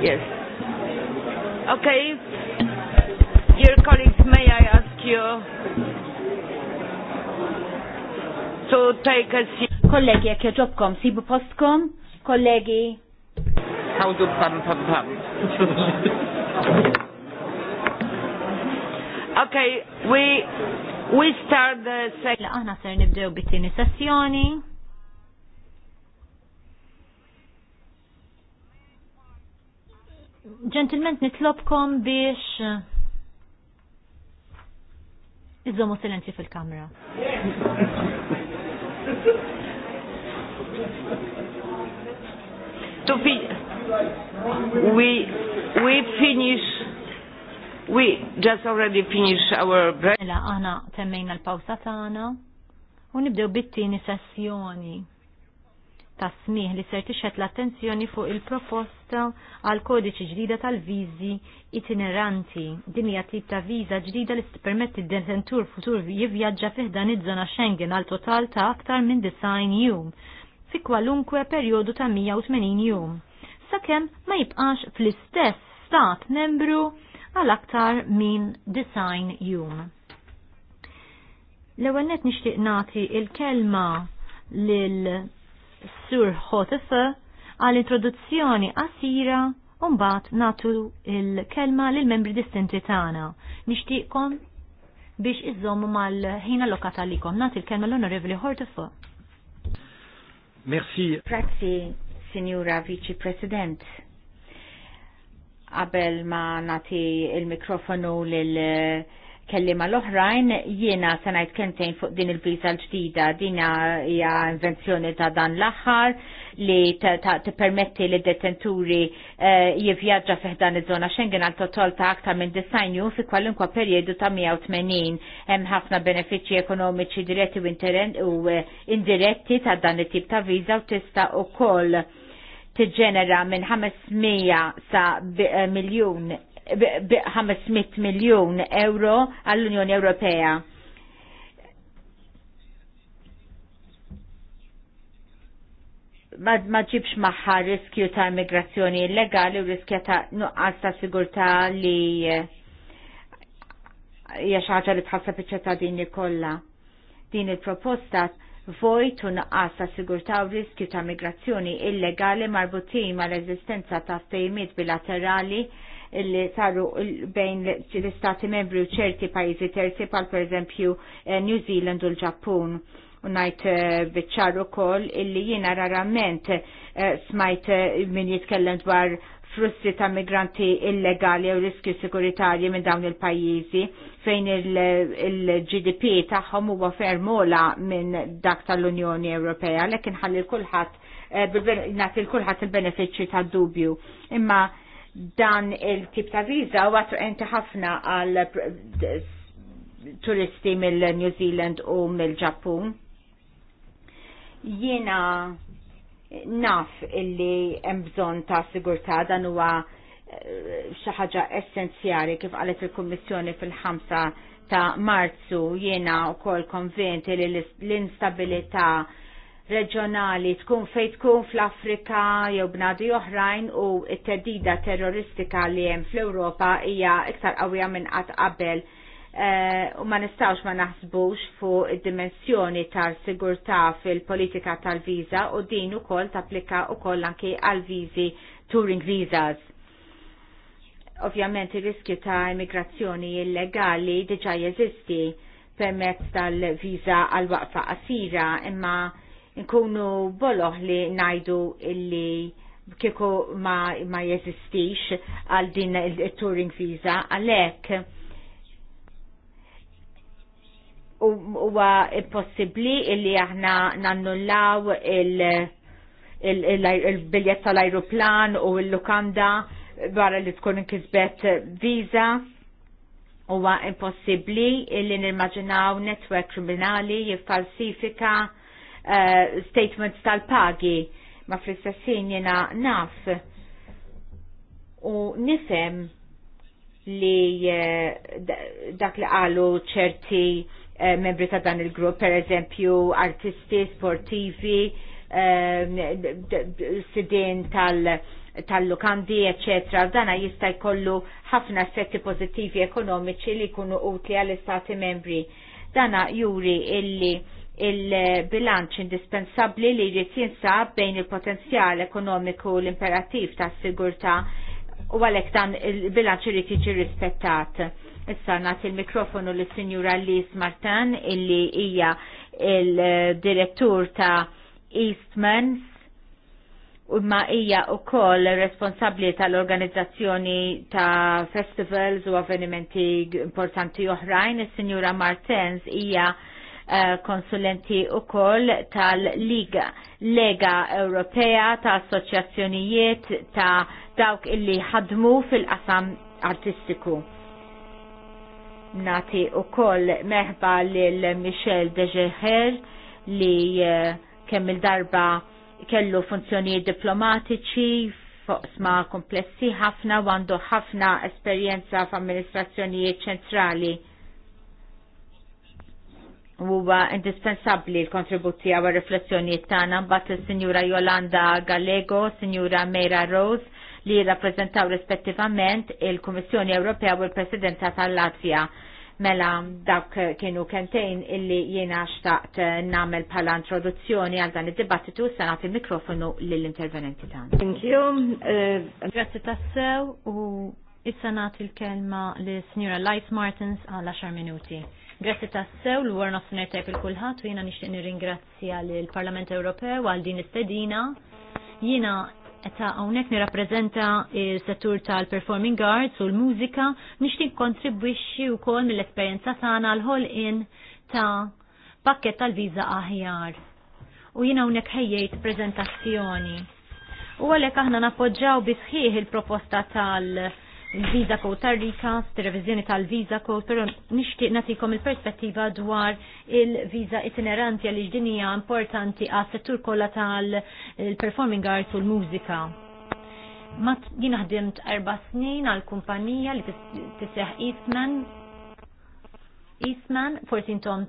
Yes. Okay. Dear colleagues, may I ask you to take a seat? Kollegi, jek joġobkom, sibu postkom? Kollegi. How do pam pam pam? okay, we we start the second. Aħna ser nibdew bit-tieni sessjoni. ġentilment nitlobkom biex uh, iżomu silenzju fil-kamra. *laughs* To be, we, we finish, we just already finish our break. Mela, Ana temmejna l-pawsa tagħna u nibdew bit-tieni sessjoni ta' smih li ser tixħet l-attenzjoni fuq il-proposta għal kodiċi ġdida tal-viżi itineranti. Din hija tip ta' viża ġdida li tippermetti d-detentur futur jivvjaġġa fiħdan iż-żona Schengen għal total ta' aktar minn design jum fi kwalunkwe perjodu ta' 180 jum. Sakemm ma jibqax fl-istess stat membru għal aktar minn design jum. L-ewwel nixtieq nagħti il-kelma lil Sur Hotef għal introduzzjoni qasira u mbagħad natu il-kelma lil membri distinti tagħna. Nixtieqkom biex iżommu mal-ħin allokat għalikom. Nagħti il-kelma l-Onorevoli Hortef. Merci. Grazzi, Signora Vice President qabel ma nagħti il-mikrofonu lil kellima l-oħrajn jiena se ngħid kentejn fuq din il-viża l-ġdida din hija invenzjoni ta' dan l-aħħar li tippermetti li detenturi eh, jivvjaġġa fih dan iż-żona Schengen għal totol ta' aktar minn disajnju fi kwalunkwa perjodu ta' 180 hemm ħafna benefiċċji ekonomiċi diretti u eh, indiretti ta' dan it-tip ta' viża u tista' ukoll tiġġenera minn 500 sa' eh, miljun 500 miljon euro għall-Unjoni Ewropea. ma ġibx maħħa riskju ta' immigrazzjoni illegali u riskja ta' nuqqas ta' sigurta li hija xi ħaġa li tħassab iċ-ċittadini kollha. Din il-proposta voj u ta' sigurta u riskju ta' migrazzjoni illegali marbutin mal eżistenza ta' stejmiet bilaterali li saru bejn l-istati membri u ċerti pajizi terzi pal per eżempju eh, New Zealand u l-Ġappun. Unajt bitċar u eh, koll illi jina rarament eh, smajt min jitkellem dwar frussi ta' migranti illegali u riskju sikuritarji minn dawn il-pajjiżi fejn il-GDP il tagħhom huwa fermola minn dak tal-Unjoni Ewropea, lekin ħalli kulħadd nagħti l kulħadd il-benefiċċju tad-dubju. Imma dan il-tip ta' viza u għatruqenti ħafna għal turisti mill-New Zealand u mill-Ġappun. Jiena naf illi hemm bżonn ta' sigurtà dan huwa eh, xi ħaġa essenzjali kif qalet il-Kummissjoni fil ħamsa ta' Marzu jiena wkoll konventi li l-instabilità reġjonali tkun fejn tkun fl-Afrika jew bnadi oħrajn u t-tedida terroristika li hemm fl-Ewropa hija iktar qawwija minn qatt qabel eh, u ma nistgħux ma naħsbux fuq id-dimensjoni tal-sigurtà fil-politika tal-viza u din ukoll tapplika ukoll anke għal-viżi touring visas. Ovvjament ir-riskju ta' immigrazzjoni illegali diġà jeżisti permezz tal-viża għal waqfa qasira imma nkunu boloħ li najdu illi kieku ma, ma jeżistix għal din il-touring visa għalek huwa impossibbli illi aħna nannullaw il-biljet il, tal-ajruplan u l-lukanda barra li tkun inkisbet viza huwa impossibbli illi nirmaġinaw netwerk kriminali jiffalsifika Eh, statements tal-pagi ma fl-istessin jena naf u nifem li eh, dak li għalu ċerti eh, membri ta' dan il-grupp, per eżempju artisti, sportivi, sidin tal- lukandi etc. Dana jista' jkollu ħafna aspetti pozittivi ekonomiċi li jkunu utli għall-istati membri. Dana juri illi il-bilanċ indispensabli li jrid jinsab bejn il-potenzjal ekonomiku l-imperattiv ta' sigurta u għalek dan il-bilanċ irid jiġi rispettat. Issa nagħti il-mikrofonu l sinjura Lis Martin illi hija il-direttur ta' Eastmans u ma hija wkoll responsabbli tal-organizzazzjoni ta' festivals u avvenimenti importanti oħrajn. Is-Sinjura Martens hija Eh, konsulenti u koll tal-Liga Lega Ewropea ta' assoċjazzjonijiet ta' dawk illi ħadmu fil-qasam artistiku. Nati u koll meħba l-Michel Dejeher li eh, kemm il-darba kellu funzjonijiet diplomatiċi sma komplessi ħafna u għandu ħafna esperjenza f'amministrazzjonijiet ċentrali huwa indispensabbli l-kontributi għaw riflessjonijiet tagħna mbagħad il sinjura Jolanda Gallego, Sinjura Mera Rose li jirrappreżentaw rispettivament il-Kummissjoni Ewropea u l-Presidenza tal-Latvja. Mela dak kienu kentejn illi jiena xtaqt namel pala introduzzjoni għal dan id-dibattitu sa nagħti mikrofonu lill-intervenenti tagħna. Thank you. Grazie uh, Grazzi tassew u issa nagħti l-kelma l Sinjura Lice Martins għal 10 minuti. Grazzi tassew l warna f'ner tajb il-kulħat u jena nixtieq nirringrazzja l-Parlament Ewropew għal din istedina. Jina ta' hawnhekk nirrappreżenta s-settur tal-performing arts u l-mużika nixtieq kontribwixxi wkoll mill-esperjenza tagħna l ħolqien ta' pakket tal-viża aħjar. U jiena hawnhekk ħejjejt prezentazzjoni. U għalhekk aħna nappoġġaw bisħieħ il-proposta tal- il-Visa Code tar Rika, revizjoni tal-Visa Code, pero nixtieq nagħtikom il-perspettiva dwar il visa itineranti għal ġdinija importanti għas settur kollha tal-performing arts u l-mużika. Mat jien ħdimt erba' snin għal kumpanija li tisseħ Eastman Eastman, forsi intom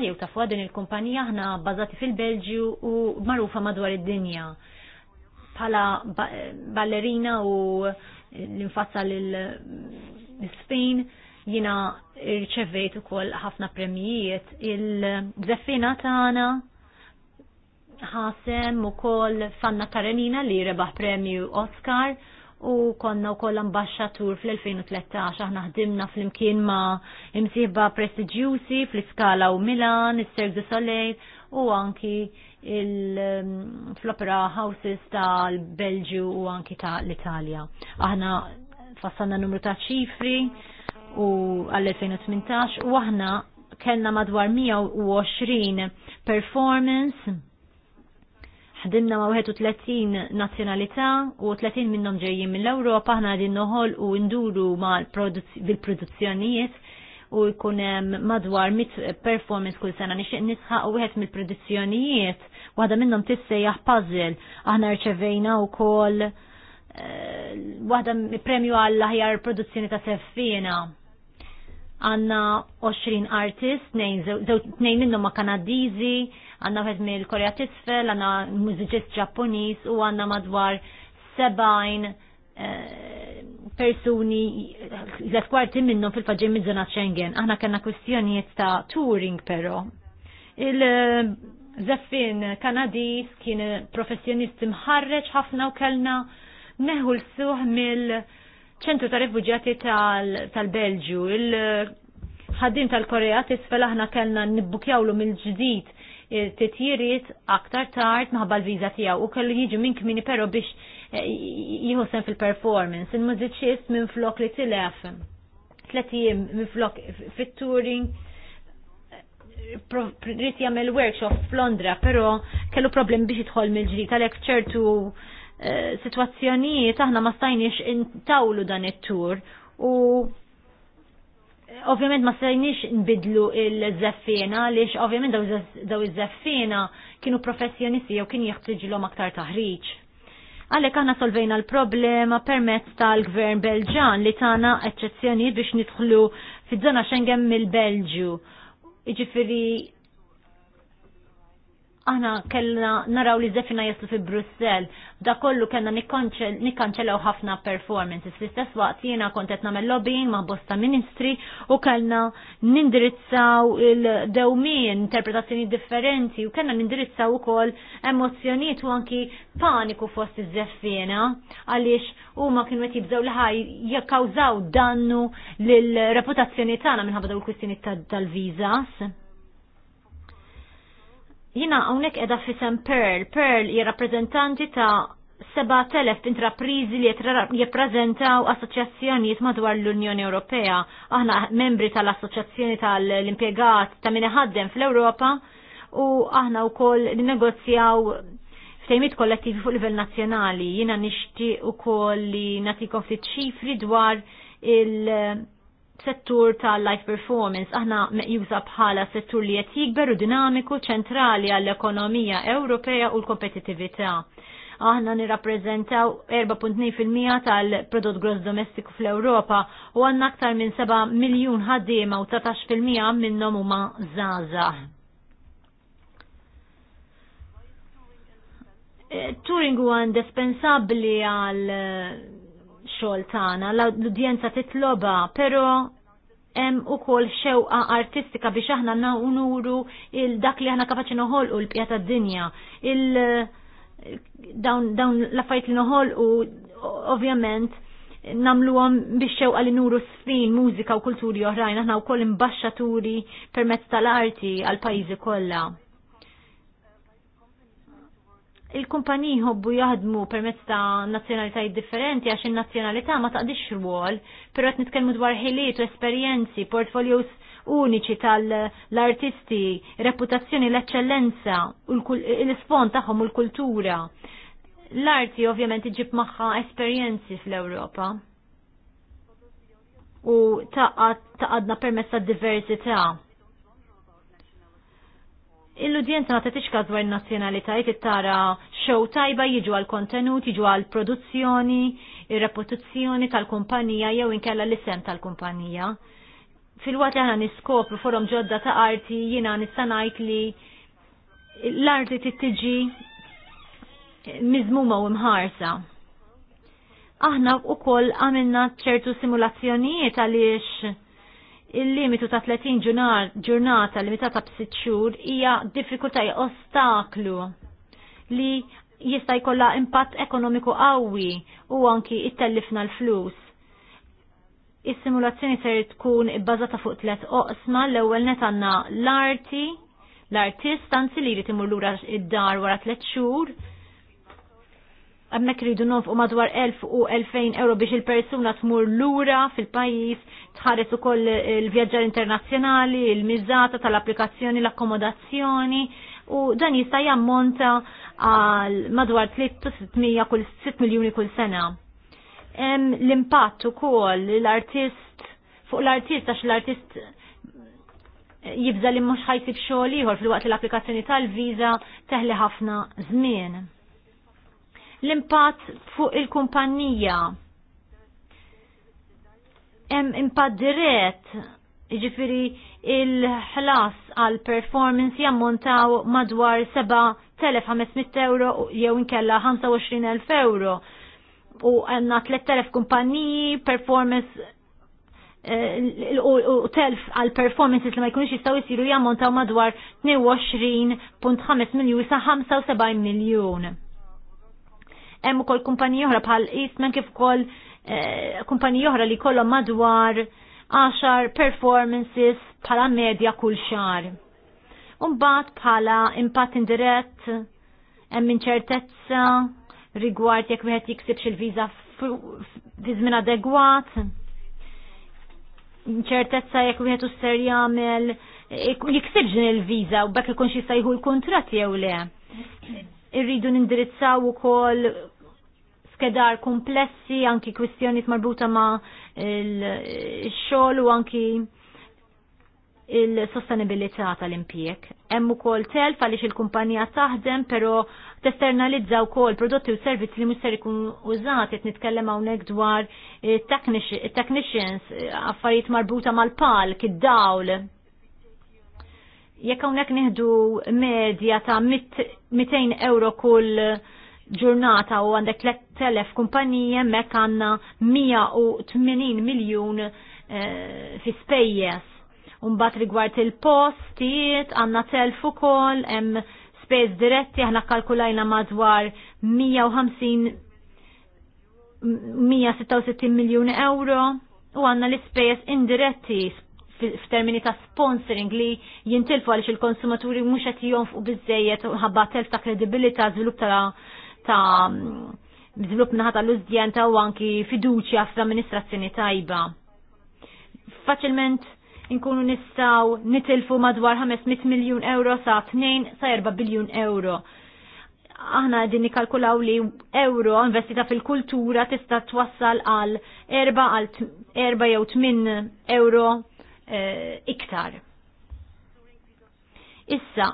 jew tafua din il-kumpanija ħna bbażati fil-Belġju u magħrufa madwar id-dinja bħala ballerina u ninfazza l Spain jina irċevejt u koll ħafna premijiet. Il-żeffina tana ħasem u koll fanna Karenina li rebaħ premju Oscar u konna u koll ambasġatur fl-2013 aħna ħdimna fl-imkien ma imsiħba prestiġjusi fl-Skala u Milan, il serg du Soleil u anki Um, fl-opera houses tal-Belġu u anki tal-Italja. Aħna fassanna numru ta' ċifri u għall-2018 u aħna kellna madwar 120 performance ħdimna ma' 31 nazzjonalità u 30 minnhom ġejjin mill-Ewropa aħna din noħol u nduru ma' bil-produzzjonijiet u jkun madwar mit performance kull sena nixtieq nisħaq wieħed mill-predizzjonijiet waħda minnhom tissejjaħ puzzle aħna rċevejna wkoll eh, waħda premju għall aħjar produzzjoni ta' seffina. Għanna 20 artist, nejn minnhom ma' Kanadiżi, għanna wieħed mill-Korea Tisfel, għanna mużiċist Ġappuniż u għanna madwar 70 persuni l-eskwarti minnhom fil-faġġi mizzona txengen. Schengen. Aħna kellna kwistjonijiet ta' touring però. Il-żaffin Kanadis kien professjonist mħarreċ ħafna u kellna neħu l-suħ mill-ċentru ta' rifuġjati tal-Belġu. Il-ħaddim tal-Korea tisfel aħna kellna nibbukjawlu mill-ġdid titjiriet aktar tard maħba l-viza tijaw u kellu jiġu minn kmini pero biex jihusen fil-performance, il-mużiċist minn flok li tilef, tletijiem minn flok fit-touring, rrit jagħmel workshop f'Londra, però kellu problem biex jidħol mill-ġdid għalhekk ċertu eh, sitwazzjonijiet aħna ma stajniex intawlu dan it-tur u eh, ovvjament ma stajniex nbidlu il-żeffina għaliex ovvjament daw iż-żeffina kienu professjonisti jew kien jeħtieġilhom aktar taħriġ. Għalek aħna solvejna l-problema permezz tal-Gvern Belġan li tana eċċezzjonijiet biex nidħlu fid-żona Schengen mill-Belġu. Iġifiri aħna kellna naraw li zefina jaslu fi Brussel, da kollu kellna nikkanċellaw ħafna performances. Fl-istess waqt jiena kont qed nagħmel lobbying ma' bosta ministri u kellna nindirizzaw il-dewmien, interpretazzjoni differenti u kellna nindirizzaw ukoll emozjoniet u anki paniku fost iż-żeffina għaliex huma kienu qed jibżgħu li ħaj jakkawżaw dannu lill reputazzjoni tagħna minħabba dawn il-kwistjoni tal-viżas. Jina għonek edha fisem Pearl. Pearl i rappresentanti ta' 7.000 intraprizi li jipprezentaw assoċjazzjonijiet madwar l-Unjoni Ewropea. Aħna membri tal-Assoċjazzjoni tal-Impiegat ta' min ħaddem fl-Ewropa u aħna wkoll negozjaw ftejmit kollettivi fuq livell nazzjonali. Jiena nixtieq ukoll li nagħtikom ftit ċifri dwar il- settur ta' life performance aħna meqjusa bħala settur li qed jikber u dinamiku ċentrali għall-ekonomija Ewropea u l-kompetitività. Aħna nirrappreżentaw 4.2% tal-prodott gross domestiku fl-Ewropa u għandna aktar minn 7 miljun ħaddiema u 13% minnhom huma żgħażagħ. Eh, Turing huwa indispensabbli għal xogħol tagħna, l-udjenza titloba, però hemm ukoll xewqa artistika biex aħna nuru il dak li aħna kapaċi noħolqu l pjata tad-dinja. Il dawn dawn l-affarijiet li noħolqu ovvjament għom biex xewqa li nuru sfin, mużika u kulturi oħrajn aħna wkoll imbaxxaturi permezz tal-arti għal pajjiżi kollha il-kumpaniji jħobbu jaħdmu permezz ta' nazzjonalitajiet differenti għax in-nazzjonalità ma taqdix rwol, però qed nitkellmu dwar ħiliet u esperjenzi, portfolios uniċi tal-artisti, reputazzjoni l-eċċellenza, l-isfond tagħhom u l-kultura. L-arti ovvjament iġib magħha esperjenzi fl-Ewropa. U taqadna permezz tad diversità l-udjenza ma tetix dwar nazjonalitajiet tara show tajba jiġu għal kontenut, jiġu għal produzzjoni, reputazzjoni tal-kumpanija jew inkella l-isem tal-kumpanija. Fil-wat li għana niskopru forum ġodda ta' arti jina nistanajt li l-arti t-tġi mizmuma u mħarsa. Aħna u koll għamilna ċertu simulazzjonijiet għaliex il-limitu ta' 30 ġurnata limitata b'sitt xhur hija diffikultà ostaklu li jista' jkollha impatt ekonomiku qawwi u anki t-tellifna l-flus. Is-simulazzjoni ser tkun ibbażata fuq tliet oqsma l-ewwel net għandna l-arti, l-artist anzi li jrid imur lura id-dar wara tliet xhur, Għammek rridu nofqu madwar 1000 u 2000 euro biex il-persuna tmur lura fil-pajis, tħares u koll il-vjaġġar internazjonali, il-mizzata tal-applikazzjoni, l-akkomodazzjoni, u dan jista' jammonta għal madwar 300 kull 6 miljoni kull sena. L-impatt ukoll l-artist fuq l-artist għax l-artist jibza li mhux ħajsib xogħol ieħor fil-waqt l-applikazzjoni tal-viża teħli ħafna żmien l-impatt fuq il-kumpanija. Hemm impat dirett, jiġifieri il-ħlas għal performance jammontaw madwar 7500 euro jew inkella 25,000 euro u għanna 3000 kumpaniji performance eh, u telf għal performances li ma jkunx jistaw jisiru jammontaw madwar 22.5 miljon sa 75 miljon hemm ukoll kumpaniji oħra bħal Eastman kif ukoll eh, kumpaniji oħra li kollhom madwar 10 performances bħala medja kull xar. Umbat bħala impatt indirett hemm inċertezza rigward jekk wieħed jiksibx il-viża fi żmien adegwat. Inċertezza jekk wieħed ser jagħmel jiksibx il-viża u bekk ikun jista' jieħu l-kuntratt jew le. Irridu nindirizzaw ukoll skedar komplessi, anki kwistjoniet marbuta ma il-xol u anki il-sostenibilità tal-impjek. Hemm ukoll telf għaliex il-kumpanija taħdem, però testernalizza wkoll prodotti u servizzi li mhux ser ikun użati qed nitkellem hawnhekk dwar technicians, affarijiet marbuta mal-pal, kid-dawl. Jekk hawnhekk nieħdu medja ta' 200 euro kull ġurnata u għandek 3000 kumpanija mek għanna 180 miljon eh, fi spejjes. Umbat rigward il-postijiet, għanna telfu kol, em spejz diretti, għanna kalkulajna madwar 150 166 miljoni euro u għanna l-spejjes indiretti f'termini ta' sponsoring li jintilfu għalix il-konsumaturi mux għet jonfqu bizzejiet u ħabba telf ta' kredibilita, zvilup ta' ta' żvilupp minħata l-użdjen ta' u anki fiduċja fl-amministrazzjoni tajba. Faċilment inkunu nistaw nitilfu madwar 500 miljun euro sa' 2 sa' 4 biljun euro. Aħna din nikalkulaw li euro investita fil-kultura tista' twassal għal 4 għal 4 jew 8 euro e, iktar. Issa,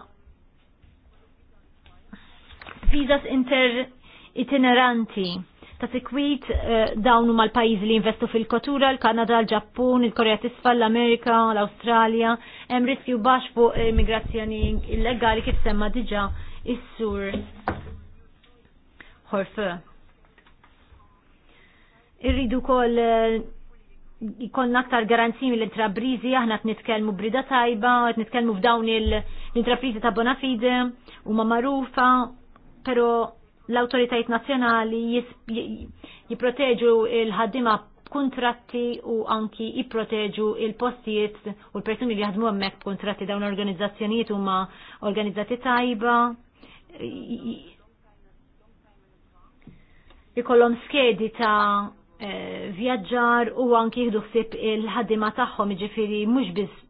spiżas inter itineranti ta' tikwit eh, dawn huma l-pajjiżi li investu fil-kotura, l-Kanada, l-Ġappun, il-Korea tisfal, l-Amerika, l-Awstralja, hemm riskju baxx fuq immigrazzjoni illegali kif semma diġà is-sur Horfe. Irridu kol eh, jkollna aktar garanzi mill-intrabrizi, aħna qed nitkellmu brida tajba, qed nitkellmu f'dawn l-intrabrizi ta' bona fide, huma magħrufa. marufa, pero l-autoritajt nazjonali jiproteġu il-ħaddima kontratti u anki jiproteġu il-postijiet u l-persuni li jaħdmu għemmek kontratti dawn organizzazzjoniet u ma organizzati tajba. Jikollom skedi ta' eh, vjaġġar u anki jihdu ħsib il-ħaddima tagħhom ġifiri mhux biss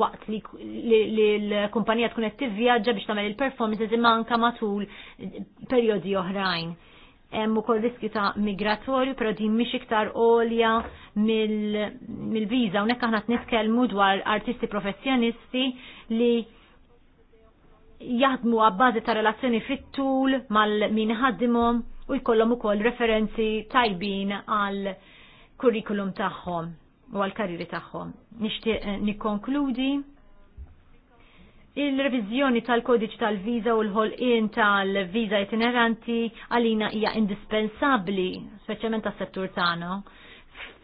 waqt li l-kumpanija tkun qed tivvjaġġa biex tagħmel il-performances imma matul perjodi oħrajn. Hemm ukoll riskju ta' migratorju, però din mhix iktar għolja mill-viża hawnhekk aħna nitkellmu dwar artisti professjonisti li jaħdmu għabbażi ta' relazzjoni fit-tul mal-min ħaddimhom u jkollhom ukoll referenzi tajbin għal kurrikulum tagħhom u għal-karriri tagħhom. Nixtieq eh, nikkonkludi Il-revizjoni tal-kodiċ tal-viza u l-ħolqien tal-viza itineranti għalina hija indispensabli, speċjalment tas-settur tagħna.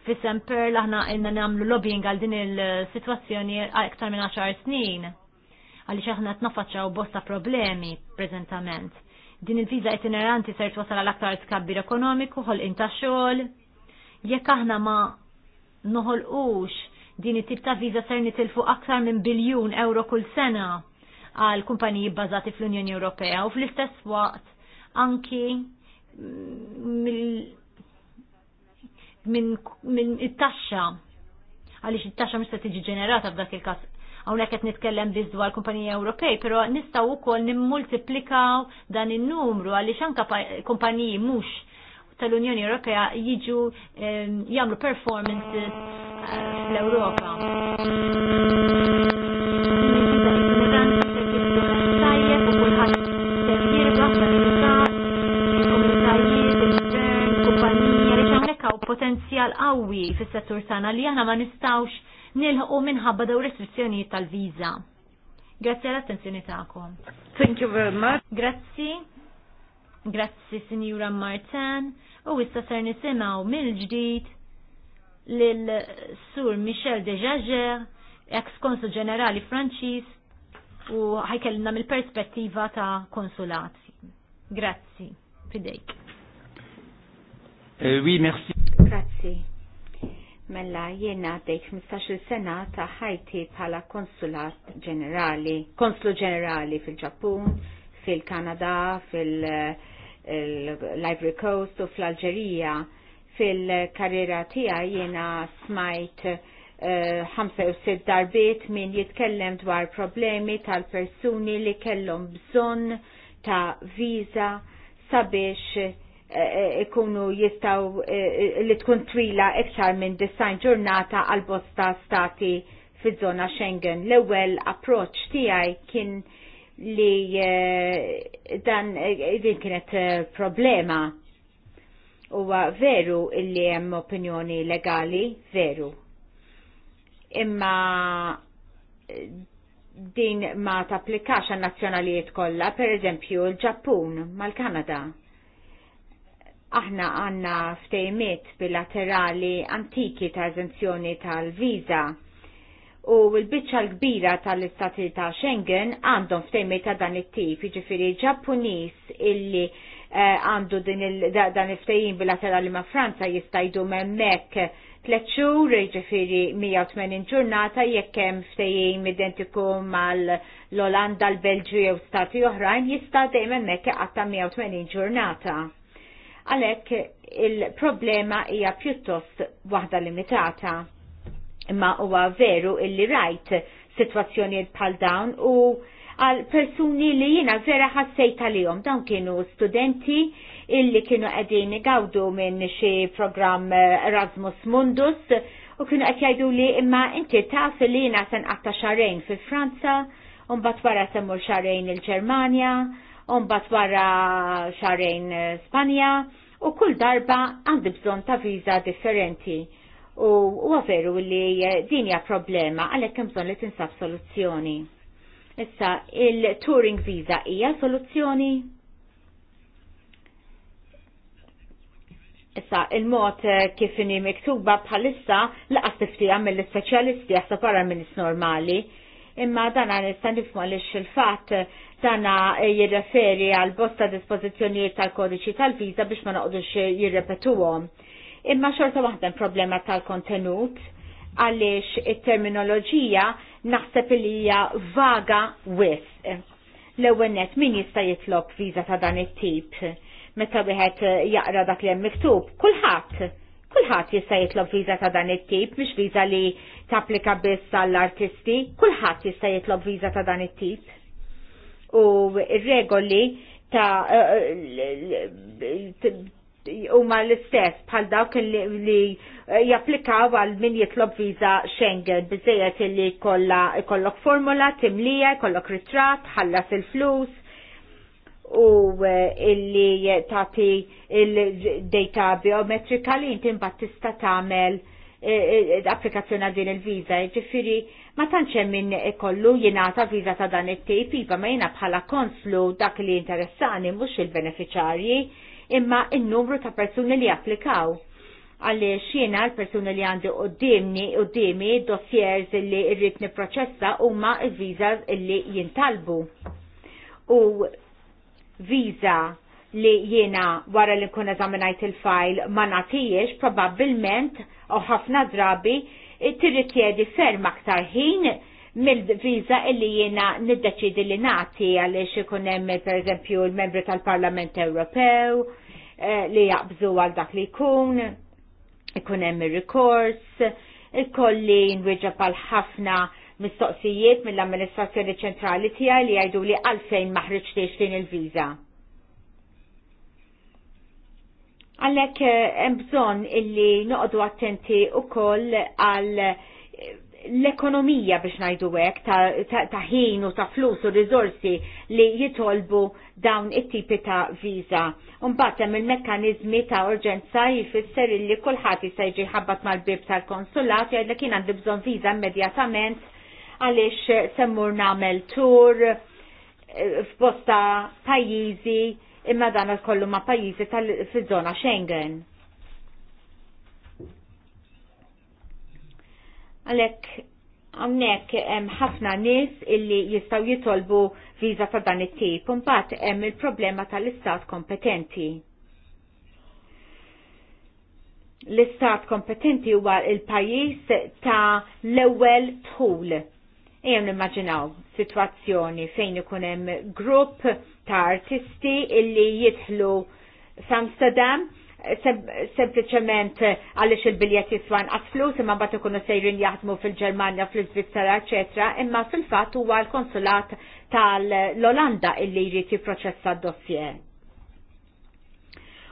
Fisem per laħna inna nagħmlu lobbying għal din il-sitwazzjoni iktar minn 10 snin għaliex aħna nafacċaw bosta problemi preżentament. Din il-viza itineranti ser twasal għal aktar tkabbir ekonomiku, ħolqien ta' xogħol. Jekk aħna ma noħolqux din it-tip ta' viża ser nitilfu aktar minn biljun euro kull sena għal kumpaniji bbażati fl-Unjoni Ewropea u fl-istess waqt anki minn it-taxxa għaliex it-taxxa mhux se tiġi ġenerata f'dak il-każ hawnhekk qed nitkellem biż dwar kumpaniji Ewropej, però nistgħu wkoll nimmultiplikaw dan in-numru għaliex anke kumpaniji mhux tal-Unjoni Ewropea jiġu jagħmlu performances eh, fl-Ewropa. potenzjal qawwi fis-settur tagħna li aħna ma nistgħux nilħu minħabba daw restrizzjonijiet tal-viża. Grazzi għall-attenzjoni tagħkom. Thank you very much. Grazzi. Grazzi Sinjura Martin u issa ser nisimaw mill-ġdid lil Sur Michel de Jager, ex konsul ġenerali Franċiż u ħajkellna mill-perspettiva ta' konsulati. Grazzi, fidejk. Eh, oui, merci. Grazzi. Mella jena dejk 15 sena ta' ħajti bħala konsulat ġenerali, konslu ġenerali fil-Ġappun, fil-Kanada, fil-, -Kanada, fil l-Ivory Coast u fl-Alġerija. Fil-karriera tija jena smajt 5 eh, u darbiet min jitkellem dwar problemi tal-persuni li kellhom bżonn ta' viza sabiex eh, ikunu jistaw eh, li tkun twila iktar minn design ġurnata għal bosta stati fi zona Schengen. L-ewwel approċ tiegħi kien li eh, dan eh, din kienet eh, problema U veru illi hemm opinjoni legali veru. Imma din ma tapplikax għan nazjonalijiet kollha, per eżempju l-Ġappun mal-Kanada. Aħna għanna ftejmiet bilaterali antiki ta' eżenzjoni tal-viza u l-bicċa l-kbira tal-istati ta' Schengen għandhom ftejmej ta' dan it-tip, ġifiri Ġappunis illi eh, għandu dan il ftajin bilaterali ma' Franza jistajdu memmek tlet xhur, ġifiri 180 ġurnata jekk hemm ftejjin identiku mal-Olanda, l-Belġu jew stati oħrajn jista' dejjem hemmhekk għatta 180 ġurnata. Għalhekk il-problema hija pjuttost waħda limitata imma huwa veru illi rajt situazzjoni bħal dawn u għal persuni li jina vera ħassejt għalihom dawn kienu studenti illi kienu qegħdin igawdu minn xi programm eh, Erasmus Mundus u kienu qed jgħidu li imma inti taf li jiena se nqatta xarrejn fil Franza, un bat wara semmur xarrejn il-Ġermanja, un bat wara xarejn eh, Spanja, u kull darba għandi bżonn ta' viża differenti U huwa veru li din hija problema għalhekk hemm bżonn li tinsab soluzzjoni. Issa il-touring visa hija soluzzjoni? Issa, il-mod eh, kif inhi miktuba bħalissa laqas tiftija mill ispeċjalisti għasta para mill normali. Imma dana nista' nifmu għaliex il-fatt dana eh, jirreferi għal bosta dispożizzjonijiet tal-kodiċi tal-viża biex ma noqdux jirrepetuhom imma xorta waħda problema tal-kontenut għaliex it-terminoloġija naħseb li hija vaga wis. L-ewwel min jista' jitlob viża ta' dan it-tip meta wieħed eh, jaqra dak li hemm miktub, kulħadd kulħadd jista' jitlob viża ta' dan it-tip, mhix viża li tapplika biss għall-artisti, kulħadd jista' jitlob viża ta' dan it-tip. U r regoli ta' eh, eh, huma l-istess bħal dawk li japplikaw għal min jitlob viza Schengen biżejjed illi kollha ikollok formula timlija, jkollok ritratt, ħallas il-flus u eh, illi tati il-data biometrika li inti mbagħad tista' tagħmel eh, eh, applikazzjoni għal din il-viza, ġifiri ma tantx hemm min ikollu jingħata viża ta' dan it-tip, iva ma jiena bħala konslu dak li interessani mhux il-beneficjarji imma il-numru ta' persuni li applikaw għaliex jiena l persuni li għandi qoddimni qoddimi dossiers li rrid nipproċessa huma l viza li jintalbu. U viza li jiena wara li nkun eżaminajt il-fajl ma natijiex probabbilment u ħafna drabi tirrikjedi ferm aktar ħin mill-viza illi jiena niddeċidi li nagħti għaliex ikun hemm pereżempju l-membri tal-Parlament Ewropew eh, li jaqbżu għal dak li jkun, ikun hemm ir il-kolli nwiġġa għal ħafna mistoqsijiet mill-amministrazzjoni ċentrali tiegħi li għajdu li għalfejn maħriġtiex din il-viża. Għalhekk eh, hemm bżonn illi noqogħdu attenti wkoll għal l-ekonomija biex najdu hekk ta' ħin u ta' flus u rizorsi li jitolbu dawn it-tipi ta' viza. Mbagħad hemm il-mekkaniżmi ta' urġenza jfisser li kulħadd jista' jiġi ħabbat mal-bib tal-konsulat li kien għandi bżonn viża immedjatament għaliex semmur nagħmel tur eh, f'bosta pajjiżi imma dan kollu ma' pajjiżi tal fizzona Schengen Għalek għamnek ħafna nis illi jistaw jitolbu viza ta' dan it-tip, mbagħad hemm il-problema tal-istat kompetenti. L-istat kompetenti huwa il-pajjiż ta' l-ewwel tħul. Ejjem nimmaġinaw sitwazzjoni fejn ikun hemm grupp ta' artisti illi jidħlu f'Amsterdam sempliciment għalix il-biljet jiswan għasflu, imma bat ikunu sejrin jaħdmu fil-Germania, fil-Svizzera, etc. Imma fil-fat huwa l-konsulat tal-Olanda illi jrid jipproċessa d-dossier.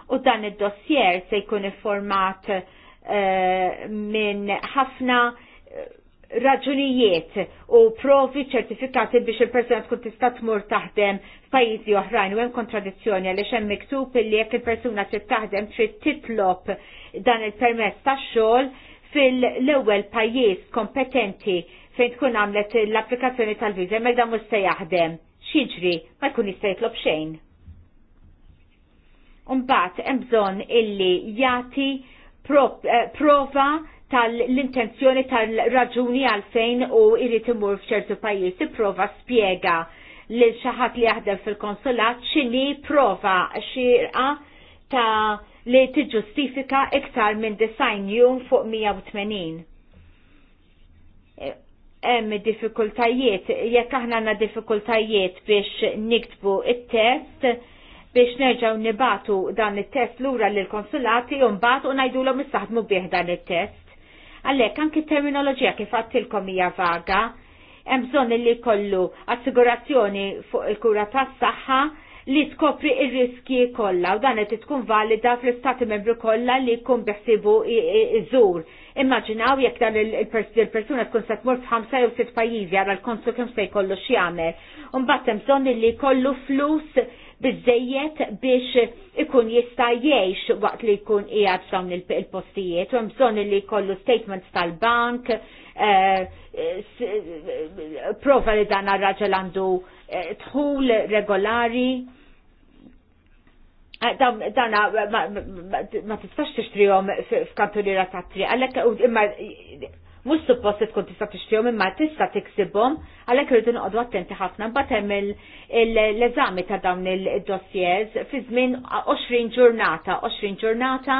U dan id-dossier se jkun informat uh, eh, minn ħafna raġunijiet u provi ċertifikati biex il-persona tkun tista' tmur taħdem f'pajjiżi oħrajn u hemm kontradizzjoni għaliex hemm miktub illi jekk il-persuna trid taħdem trid titlob dan il-permess tax-xogħol fil-ewwel pajjiż kompetenti fejn tkun għamlet l-applikazzjoni tal-viża mek dan mhux se jaħdem. X'jiġri ma jkun jista' jitlob xejn. Umbagħad hemm bżonn illi jagħti eh, prova tal-intenzjoni tal-raġuni għalfejn u irrit imur f'ċertu pajjiż prova spjega lil xi ħadd li jaħdem fil-konsulat x'inhi prova xirqa ta' li tiġġustifika iktar minn design jum fuq 180. E, hemm diffikultajiet, jekk aħna għandna diffikultajiet biex niktbu it-test, biex nerġgħu nibatu dan it-test lura lill konsulati u mbagħad u ngħidulhom issaħdmu bih dan it-test Għalhekk anki terminoloġija kif għattilkom hija vaga, hemm bżonn li kollu assigurazzjoni fuq il-kura tas-saħħa li tkopri il riski kollha u dan qed tkun valida fl-istati membru kollha li jkun biħsibu iżur. Immaġinaw jekk dan il-persuna tkun se tmur f'ħamsa jew sitt pajjiżi għal l kemm se jkollu x'jagħmel. Imbagħad hemm bżonn li jkollu flus bizzejiet biex ikun jista' jgħix waqt li jkun qiegħed dawn il-postijiet u hemm bżonn li jkollu statements tal-bank, eh, prova li dan ar-raġel għandu eh, tħul regolari. Eh, Dana ma tistax tixtrihom f'kampjonira ta' tri, għalhekk imma mux suppost li tkun tista' tixtihom imma tista' tiksibhom għalhekk irridu noqogħdu attenti ħafna mbagħad hemm l-eżami ta' dawn il-dossiers fi żmien 20 ġurnata, 20 ġurnata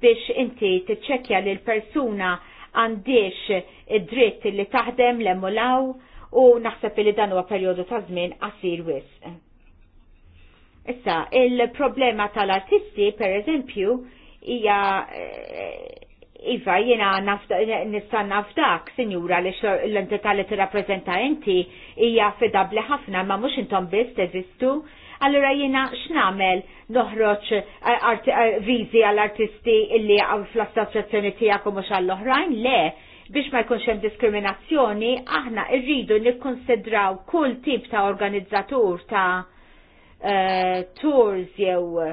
biex inti tiċċekkja li l-persuna għandix id-dritt li taħdem l-emulaw u naħseb li dan huwa perjodu ta' żmien qasir wisq. Issa, il-problema tal-artisti, per eżempju, hija eh, Iva, jena nista nafdak, sinjura, li l-entità li t-rapprezenta inti hija fedabli ħafna, ma mux intom biss teżistu. Allora jena x'namel noħroċ eh, eh, viżi għall-artisti illi fl-assoċjazzjoni tiegħek u mhux għall-oħrajn? Le, biex ma jkunx hemm diskriminazzjoni, aħna rridu nikkonsidraw kull tip ta' organizzatur ta' eh, tours jew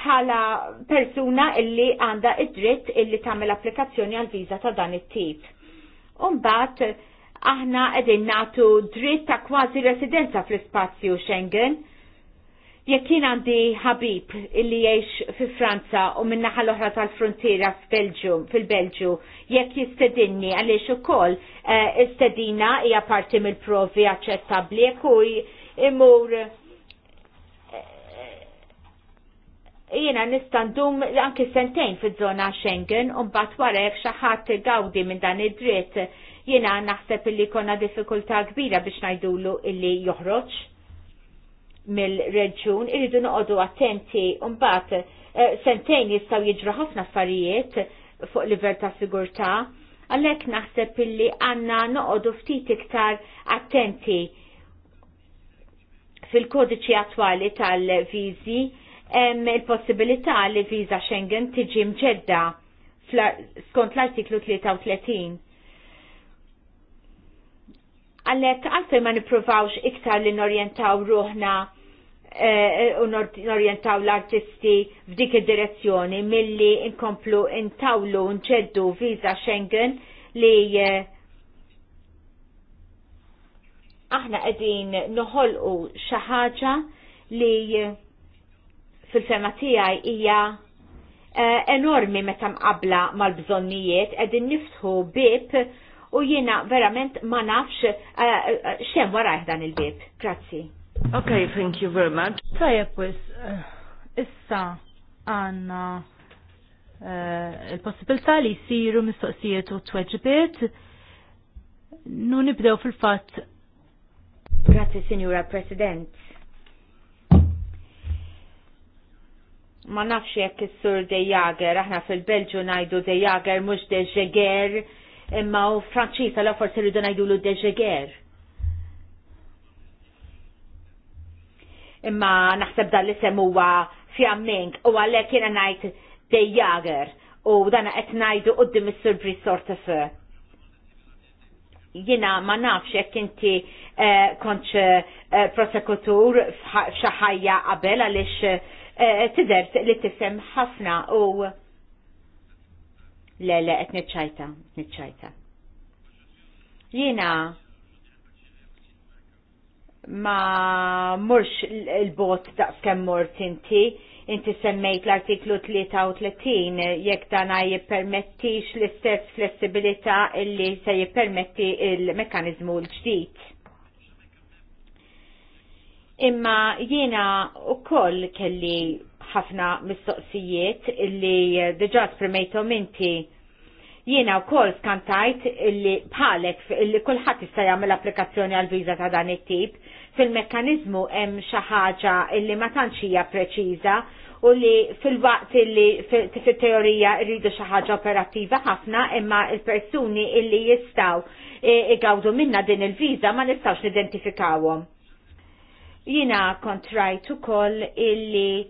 bħala persuna illi għanda id-dritt illi tagħmel applikazzjoni għal viża ta' dan it-tip. Umbat, aħna qegħdin nagħtu dritt ta' kważi residenza fl-ispazju Schengen. Jekk jien għandi ħabib illi jgħix fi Franza u minnaħa l-oħra tal-frontiera fil-Belġu, jekk jistedinni għaliex ukoll eh, istedina hija parti mill-provi aċċettabbli jekk imur jiena nistandum anki sentejn fiż-żona Schengen un bat wara jekk xi ħadd gawdi minn dan id-dritt jiena naħseb illi konna diffikultà kbira biex ngħidulu illi joħroġ mill-reġjun irridu noqogħdu attenti u mbagħad eh, sentejn jistgħu jiġru ħafna affarijiet fuq livell ta' sigurtà għalhekk naħseb illi għandna noqogħdu ftit iktar attenti fil-kodiċi attwali tal-viżi hemm il-possibilità li viża Schengen tiġi mġedda skont l-artiklu 33 għallek għalfej ma nippruvawx iktar li norjentaw ruħna eh, eh, u norjentaw l-artisti f'dik id-direzzjoni milli inkomplu intawlu nġeddu viża Schengen li eh, aħna qegħdin noħolqu xi ħaġa li fil-fema tiegħi hija eh, enormi meta mqabla mal-bżonnijiet qegħdin niftħu bib u jiena verament ma nafx eh, eh, xem warajh dan il-bib. Grazzi. Okay, thank you very much. Tajjeb wis, issa għanna il-possibilità li siru mistoqsijiet u t-weġbiet. Nu nibdew fil-fatt. Grazzi, Signora President. ma nafx jekk is-sur De Jager, aħna fil-Belġu ngħidu De Jager mhux De Jager, imma u Franċiż għal forsi rridu ngħidulu De Jager. Imma naħseb dan l-isem huwa fjamming u għalhekk jiena ngħid De Jager u dan qed ngħidu qudiem is-sur Brisortefe. Jiena ma nafx jekk inti eh, kontx eh, prosekutur f'xaħajja qabel għaliex eh, Eh, tider li tifhem ħafna u le le qed niċċajta, niċċajta. Jiena ma murx il-bot kemm mort inti, inti semmejt l-artiklu 33 jekk dana jippermettix l-istess flessibilità illi se jippermetti il-mekanizmu l-ġdid. Imma jiena u koll kelli ħafna mistoqsijiet illi diġa sprimejtom inti jiena u koll skantajt illi bħalek illi kullħat jista' jagħmel applikazzjoni għal viża ta' dan it-tip fil-mekkanizmu hemm xi ħaġa illi ma tantx hija preċiża u li fil-waqt illi fit-teorija rridu xi ħaġa operattiva ħafna imma il-persuni illi jistgħu igawdu minna din il-viża ma nistgħux nidentifikawhom Jina kontrajt ukoll illi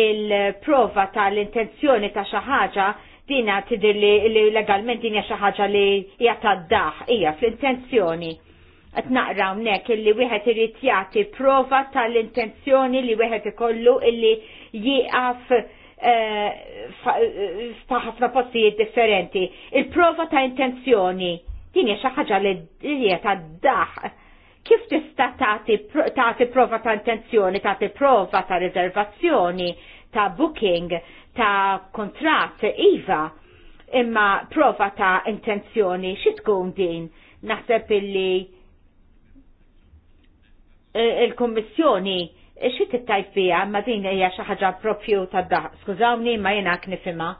il-prova tal-intenzjoni ta' xi ħaġa dina tidir li legalment din hija xi ħaġa li hija ija hija fl-intenzjoni. Qed naqra hawnhekk illi wieħed irid jagħti prova tal-intenzjoni li wieħed ikollu illi jieqaf ta' eh, ħafna postijiet differenti. Il-prova ta' intenzjoni din xaħġa xi ħaġa li hija daħ kif tista' tagħti prova ta' intenzjoni, tagħti prova ta' riservazzjoni, ta' booking, ta' kontrat, iva, imma prova ta' intenzjoni xi tkun din? Naħseb illi eh, il-Kummissjoni eh, xi tittajt biha, ma din hija xi ħaġa propju ta' daħ. Skużawni, ma jiena knifima.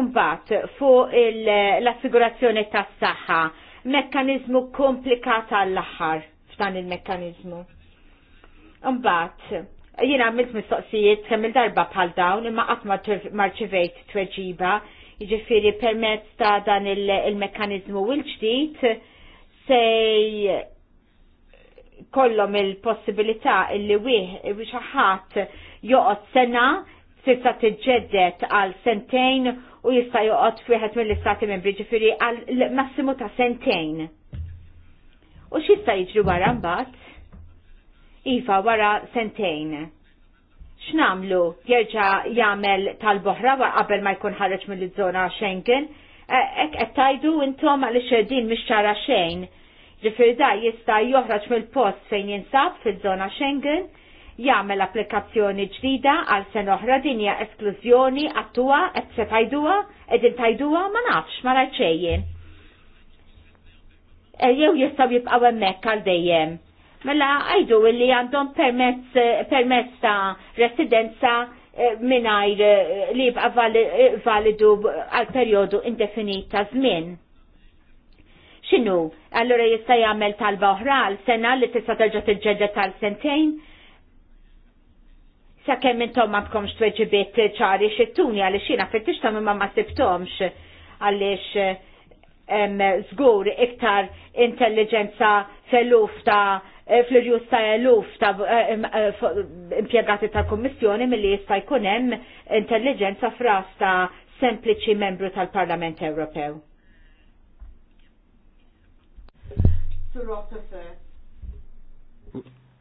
Umbat, fuq l-assigurazzjoni tas saħħa mekkanizmu komplikata għall-aħħar f'dan il-mekkanizmu. Mbagħad, jiena għamilt mistoqsijiet kemm il-darba bħal dawn imma qatt marċivejt tweġiba, jiġifieri permezz ta' dan il-mekkanizmu il ġdid se kollom il-possibilità illi wieħ xi ħadd joqgħod sena sissa t-ġeddet għal sentejn u jista' joqgħod fiħet mill-istati membri ġifieri għal massimu ta' sentejn. U x'issa jiġri wara mbagħad? Iva wara sentejn. X'namlu? Jerġa' jagħmel tal-boħra qabel ma jkun ħareġ mill-żona Schengen? E, Ek qed tajdu intom għaliex din mhix ċara xejn. Ġifieri da jista' joħroġ mill-post fejn jinsab fil-żona Schengen jagħmel applikazzjoni ġdida għal sen oħra din hija esklużjoni attuwa qed se tajduha qegħdin tajduha ma nafx ma rajt xejjin. E, jew jistgħu jibqgħu hemmhekk għal dejjem. Mela għajdu li għandhom permezz ta' residenza e, mingħajr e, li jibqa' validu għal perjodu indefinit ta' żmien xinu, allora jista jagħmel talba oħra għal sena li tista' terġa' tiġġeġa tal-sentejn, sakemm intom ma bkomx tweġibiet ċari xittuni għaliex jiena fettix ta' ma ma sibtomx għaliex żgur iktar intelligenza seluf ta' eh, fl-irjus ta' eluf ta' eh, eh, impjegati tal kommissjoni mill-li jista' jkun hemm intelligenza fras ta' sempliċi membru tal-Parlament Ewropew. Sur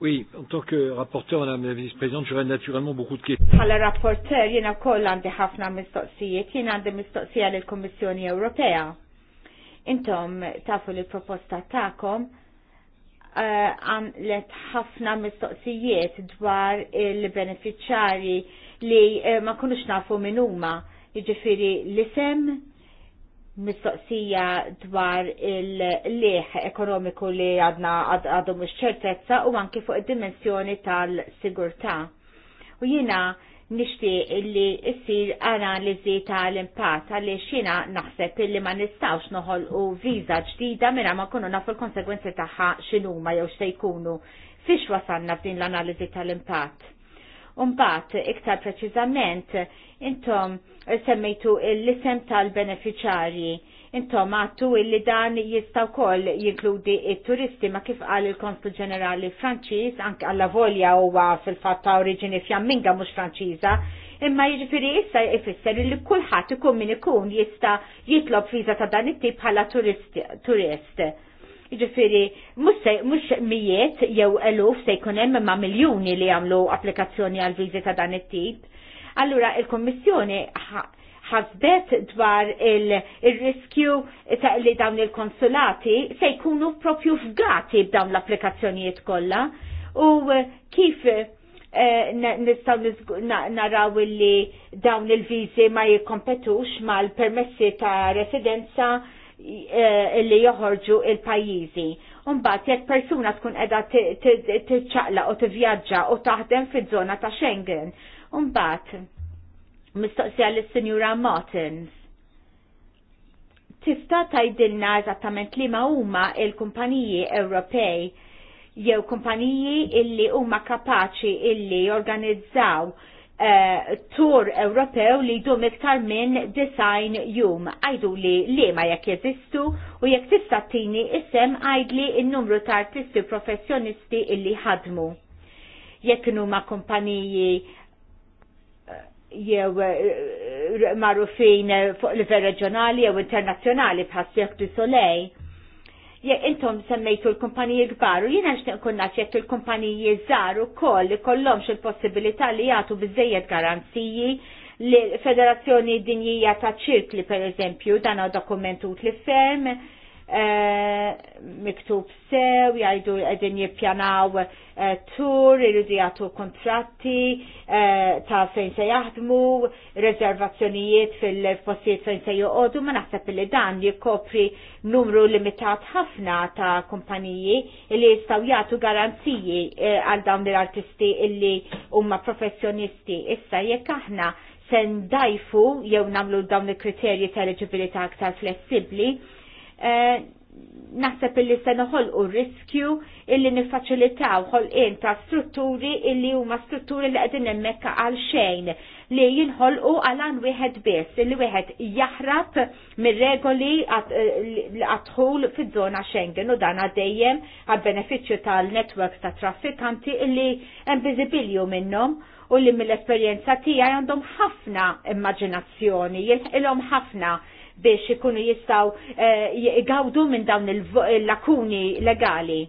Oui, en tant que rapporteur, Madame la Vice-Présidente, j'aurais naturellement beaucoup de questions. Bħala rapporteur, jena koll għandi ħafna mistoqsijiet, jena għandi mistoqsija l kommissjoni Ewropea. Intom tafu li proposta ta'kom eh, għamlet ħafna mistoqsijiet dwar il-beneficjari li eh, ma kunux nafu minnuma, jġifiri l-isem, mistoqsija dwar il-liħ ekonomiku li għadna għadu mux ċertezza u anki fuq id-dimensjoni tal-sigurta. U jina nishti illi issir analizi tal-impatt għalli xina naħseb illi ma nistawx noħol u viza ġdida mira ma kunu nafu l konsegwenzi taħħa ma jew xtejkunu. Fiex wasanna f'din l-analizi tal-impatt? Unbat, iktar preċiżament, intom semmejtu l-isem tal beneficiari intom għattu illi dan jistaw kol jinkludi il-turisti ma kif għal il-Konsul Ġenerali Franċiż, anke għalla volja huwa fil-fat ta' oriġini fjamminga mux Franċiża, imma jiġifieri issa ifisser li kulħadd ikun min ikun jista' jitlob viża ta' dan it-tip bħala turist. turist Ġifiri, mux mijiet jew eluf se jkunem ma miljoni li għamlu applikazzjoni għal viżi ta' dan it-tip. Allura il-Kommissjoni ħasbet dwar il-riskju ta' li dawn il-konsulati se jkunu propju fgati b'dawn l-applikazzjonijiet kollha u eh, kif eh, nistaw naraw li dawn il-vizi ma jikompetux ma l-permessi ta' residenza illi eh, joħorġu il-pajjiżi. Umbat, jekk persuna tkun edha t-ċaqla u t-vjaġġa u taħdem fil żona ta' Schengen. Umbat, mistoqsija l-Sinjura Martins. Tista' tajdilna eżattament li ma huma il-kumpaniji Ewropej jew kumpaniji illi huma kapaċi illi jorganizzaw uh, tur Ewropew li jdum iktar minn design jum. Għajdu li li ma jekk jeżistu u jekk tista' tini isem għajdli il-numru ta' artisti professjonisti illi ħadmu. Jekk numa kompaniji eh, jew eh, marufin fuq l reġjonali jew internazzjonali bħas Cirque du Soleil jekk intom semmejtu l-kumpaniji gbaru, jina jiena nixtieq nkun l jekk il-kumpaniji zaru ukoll li kollhomx il-possibilità li jagħtu bizzejed garanziji l-Federazzjoni Dinjija ta' Ċirkli per eżempju dan dokument li ferm E, miktub sew, jajdu għedin jippjanaw e, tur, irridu jgħatu kontratti e, ta' fejn se jaħdmu, rezervazzjonijiet fil-postijiet fejn se joqodu, ma naħseb li dan jikopri numru limitat ħafna ta' kumpaniji li jistaw jgħatu garanziji għal dawn l-artisti illi huma professjonisti. Issa jekk aħna sen dajfu jew namlu dawn il-kriterji ta' eligibilità aktar flessibli, Eh, naħseb illi se noħolqu riskju illi nifaċilitaw ħolqien ta' strutturi illi huma strutturi li qegħdin nemmekka għal xejn li jinħolqu għal għan wieħed biss illi wieħed jaħrab mir-regoli għadħul eh, fiż-żona Schengen u dan dejjem għal benefiċċju tal-network ta' traffikanti illi hemm biżibilju minnhom u li mill-esperjenza tiegħi għandhom ħafna immaġinazzjoni, jilħilhom ħafna biex ikunu jistaw eh, jgawdu minn dawn il-lakuni legali.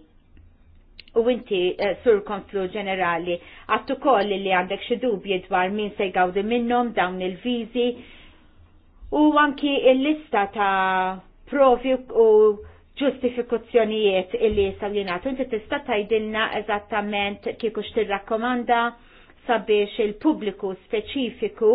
U inti eh, sur konflu ġenerali, għattu koll li għandek xi dubji dwar min se jgawdu minnhom dawn il-viżi u anki il-lista ta' provi u ġustifikazzjonijiet illi jistaw jenatu. Inti tista' tajdilna eżattament kieku rakkomanda sabiex il-pubbliku speċifiku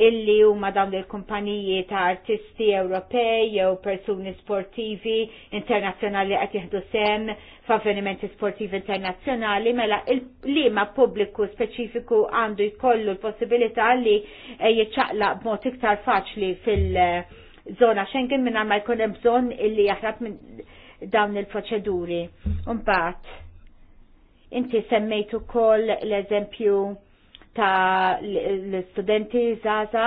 illi huma dawn il-kumpaniji ta' artisti Ewropej jew persuni sportivi internazzjonali qed jieħdu sem f'avvenimenti sportivi internazzjonali mela l-liema pubbliku speċifiku għandu jkollu l-possibilità li eh, jiċċaqlaq b'mod iktar faċli fil-żona Schengen minna ma jkun hemm bżonn illi jaħrab minn dawn il-proċeduri. Mbagħad inti semmejtu ukoll l-eżempju ta' l-studenti zaza?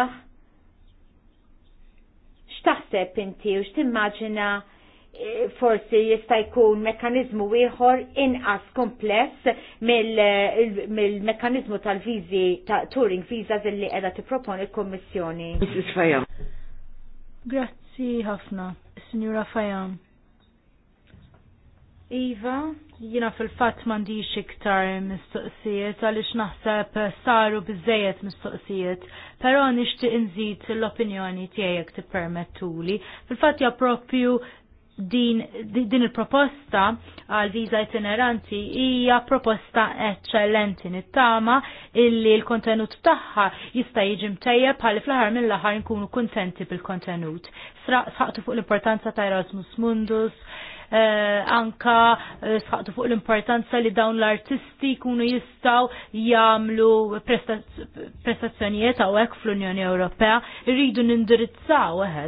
X'taħseb inti u x'timmaġina eh, forsi jista' jkun mekkanizmu ieħor inqas kompless mill mekkanizmu tal-viżi ta' touring visas illi qiegħda tipproponi l-Kummissjoni. Mrs. Fajam. Grazzi ħafna, Signora Fajam. Iva, Jina fil-fat mandiċ iktar mistoqsijiet, għalix naħseb saru bizzejiet mistoqsijiet, pero nishtiq inżid l-opinjoni tiegħek ti permettuli. Fil-fat jappropju din, din il-proposta għal viza itineranti hija proposta eccellenti nittama illi l-kontenut tagħha jista' jiġi mtejjeb bħal fl-aħħar mill-aħħar nkunu kontenti bil-kontenut. Saqtu fuq l-importanza ta' Erasmus Mundus, Eh, anka eh, sħaqtu fuq l-importanza li dawn l-artisti kunu jistaw jamlu prestazzjonijiet għawek fl-Unjoni Ewropea, rridu nindirizzaw eh,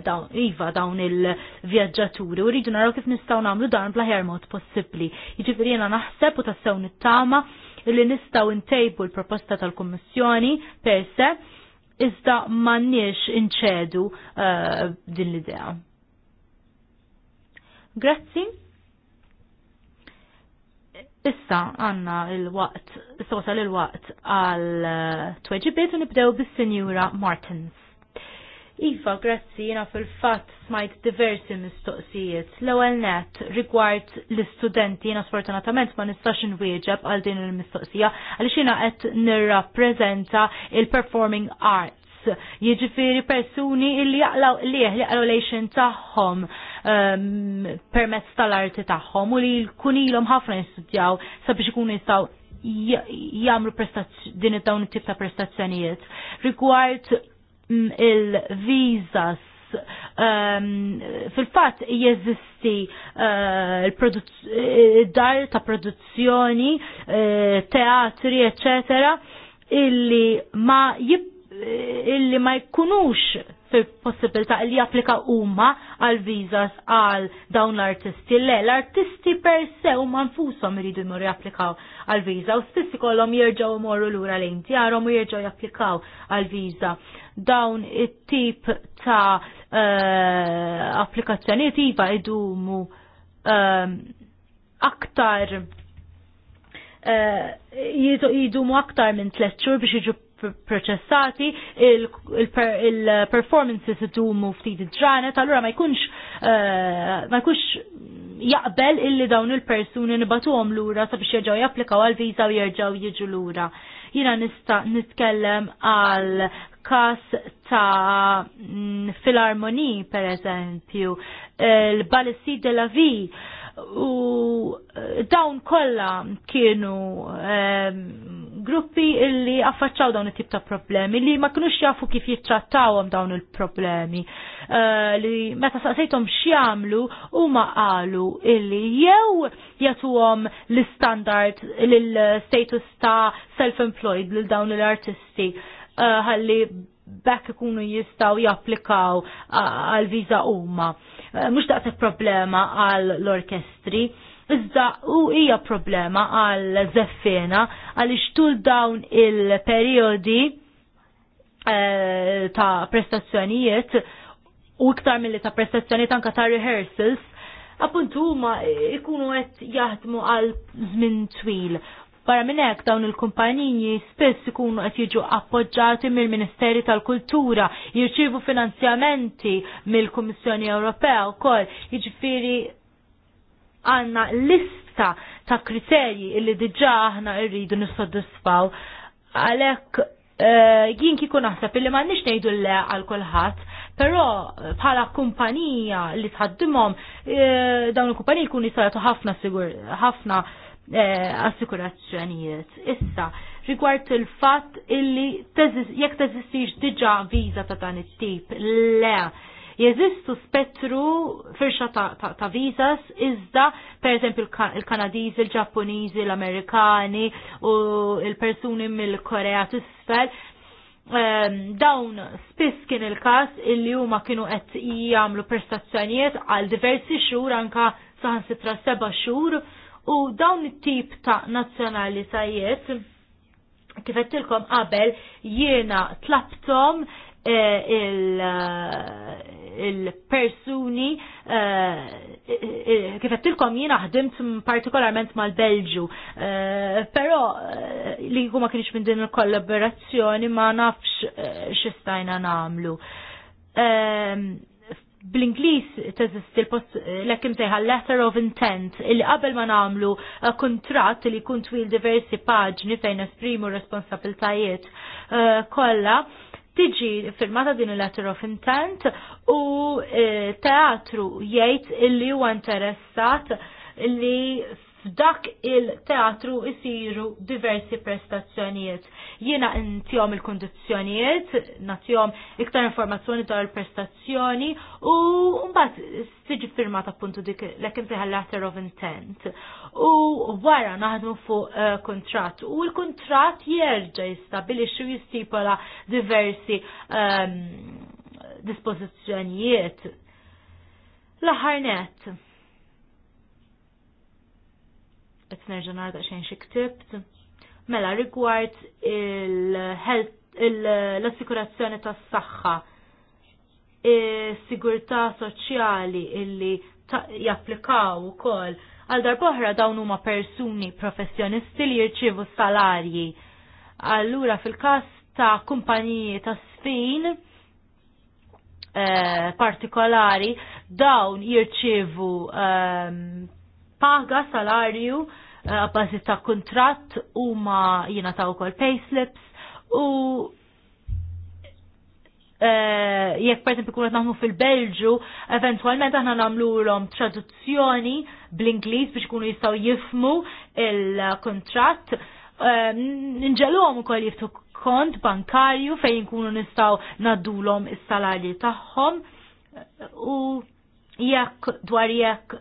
iva dawn il-vjaġġaturi u rridu naraw kif nistaw namlu dan bl-ħjar mod possibli. Jiġifieri jena naħseb u tassew nittama li nistaw intejbu l-proposta tal-Kummissjoni per se, iżda m'għandniex inċedu uh, din l-idea. Grazzi. Issa għanna il-waqt, issa il-waqt għal eh, tweġibiet u nibdew bis-Sinjura Martins. Iva, grazzi, jina fil-fat smajt diversi mistoqsijiet. L-ewel net, rigward l-istudenti, jina sfortunatament ma nistax nwieġeb għal din il-mistoqsija, għal xina għet nirrapprezenta il-performing art jiġifieri persuni illi jaqlaw li jaqlaw lejxin tagħhom ehm, permezz tal-arti tagħhom u li jkun ilhom ħafna jistudjaw sabiex ikunu jistgħu jagħmlu din id-dawn it-tip ta' prestazzjonijiet. Rigward mm, il-visas um, ehm, fil-fat jeżisti uh, eh, dar ta' produzzjoni, uh, teatri, eccetera, illi ma jib illi ma jkunux fil-possibilità li japplika huma għal vizas għal dawn l-artisti. Le, l-artisti per se huma nfushom iridu jmur japplikaw għal viza u stess ikollhom jerġgħu jmorru lura lejn djarhom u jirġaw japplikaw għal viza. Dawn it-tip ta' uh, applikazzjonijiet iva idumu uh, eh, aktar uh, jidumu aktar minn tlet xhur biex iġu proċessati, il-performances idumu ftit ġranet, allura ma jkunx eh, ma jkunx jaqbel illi dawn il-persuni nibatuhom lura sabiex jerġgħu japplikaw għal viża u jerġgħu jiġu lura. Jiena nista' nitkellem għal kas ta' fil-armoni mm, per eżempju, il-Balissi de la Vie, u eh, dawn kolla kienu um, gruppi illi affaċċaw dawn it-tip ta' problemi li ma kienux jafu kif jittrattawhom dawn il-problemi Uh, li meta saqsejthom x'jagħmlu huma qalu illi jew jagħtuhom l-standard lill status ta' self-employed lil dawn l-artisti eh, ħalli bekk ikunu jistaw japplikaw għal viza huma. Eh, mhux daqshekk problema għal l-orkestri, iżda u hija problema għal zeffena għaliex tul dawn il periodi e, eh, ta' prestazzjonijiet u iktar mill ta' prestazzjonijiet anka ta' rehearsals appuntu huma ikunu qed jaħdmu għal żmien twil Barra minn hekk dawn il-kumpaniji spiss ikunu qed jiġu appoġġati mill-Ministeri tal-Kultura, jirċievu finanzjamenti mill-Kummissjoni Ewropea wkoll, jiġifieri għandna lista ta' kriterji li diġà aħna rridu nissodisfaw. Għalhekk eh, jien kiku naħseb illi ma nix nejdu le għal kolħat, pero bħala kumpanija li tħaddimhom eh, dawn il-kumpaniji kun jistgħu ħafna sigur ħafna Eh, assikurazzjonijiet. Issa, rigward il-fatt illi jekk teżistix diġa viża ta' dan it-tip, le, jeżistu spettru firxa ta' vizas iżda per eżempju il-Kanadiżi, il-Ġappuniżi, l-Amerikani u il-persuni mill-Korea t-isfel ehm, dawn spiss kien il-kas illi huma kienu qed jagħmlu prestazzjonijiet għal diversi xhur anka saħansitra seba' xhur U dawn it-tip ta' nazzjonalizajiet kifettilkom qabel jiena tlabtom eh, eh, il-persuni eh, kifettilkom jiena ħdimt partikolarment mal-Belġu. Pero li ma kienx minn din il-kollaborazzjoni ma nafx xistajna namlu bl-Inglis teżist il-post l sejħa letter of intent il qabel ma namlu uh, kontrat li kun twil diversi paġni fejn esprimu responsabiltajiet uh, kolla tiġi firmata din il-letter of intent u uh, teatru jgħid illi huwa interessat li f'dak il-teatru isiru diversi prestazzjonijiet. Jiena intihom il-kondizzjonijiet, natjom iktar informazzjoni dwar il-prestazzjoni u mbagħad tiġi firmata appuntu dik l-ekk letter of intent. U wara naħdmu fuq eh, kontrat. u l kontrat jerġa' jistabilixxi jistipola diversi ehm, dispożizzjonijiet. l qed nerġa' narda xejn xi ktibt. Mela rigward l-assikurazzjoni tas-saħħa, is-sigurtà soċjali illi japplikaw ukoll għal darbohra dawn huma persuni professjonisti li jirċievu salarji. Allura fil-każ ta' kumpaniji ta' sfin eh, partikolari dawn jirċievu eh, paga, salarju, għabbażi eh, ta' kuntratt huma jina ta' wkoll payslips u eh, jekk per esempio kunet naħmu fil-Belġu, eventualment aħna l-om traduzzjoni bl-Ingliż biex ikunu jistgħu jifmu il għom u ukoll jiftu kont bankarju fejn naddu nistgħu om is-salarji tagħhom u jekk dwar jekk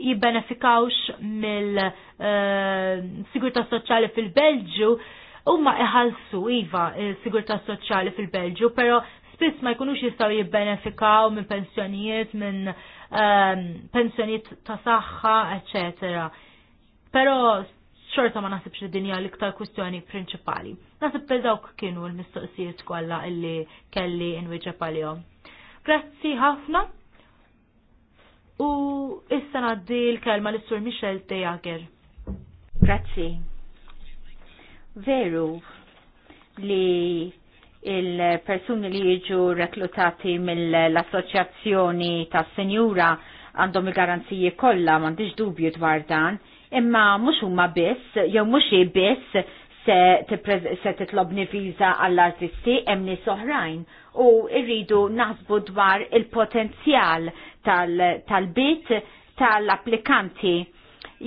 jibbenefikawx mill-sigurta eh, soċjali fil-Belġu, huma iħallsu iva sigurta soċjali fil-Belġu, pero spiss ma jkunux jistaw jibbenefikaw minn pensjonijiet, minn ehm, pensjonijiet ta' saħħa, eccetera. Pero xorta ma nasibx li dinja l-iktar kwistjoni prinċipali. Nasib dawk kienu l-mistoqsijiet kollha illi kelli inwiġeb għalihom. Grazzi ħafna. U issa naddi l-kelma l-Sur Michel Tejager. Grazzi. Veru li il-persuni li jiġu reklutati mill-Assoċjazzjoni ta' Senjura għandhom il-garanziji kollha m'għandix dubju dwar dan, imma mhux huma biss, jew mhux biss se titlobni viża għall-artisti hemm nies oħrajn u rridu naħsbu dwar il-potenzjal tal-bit tal-applikanti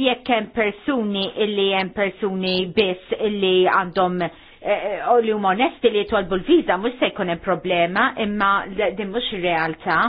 jekk hemm persuni illi hemm persuni biss illi għandhom u eh, li huma onesti li jitolbu l-viża mhux se jkun hemm problema imma din mhux ir-realtà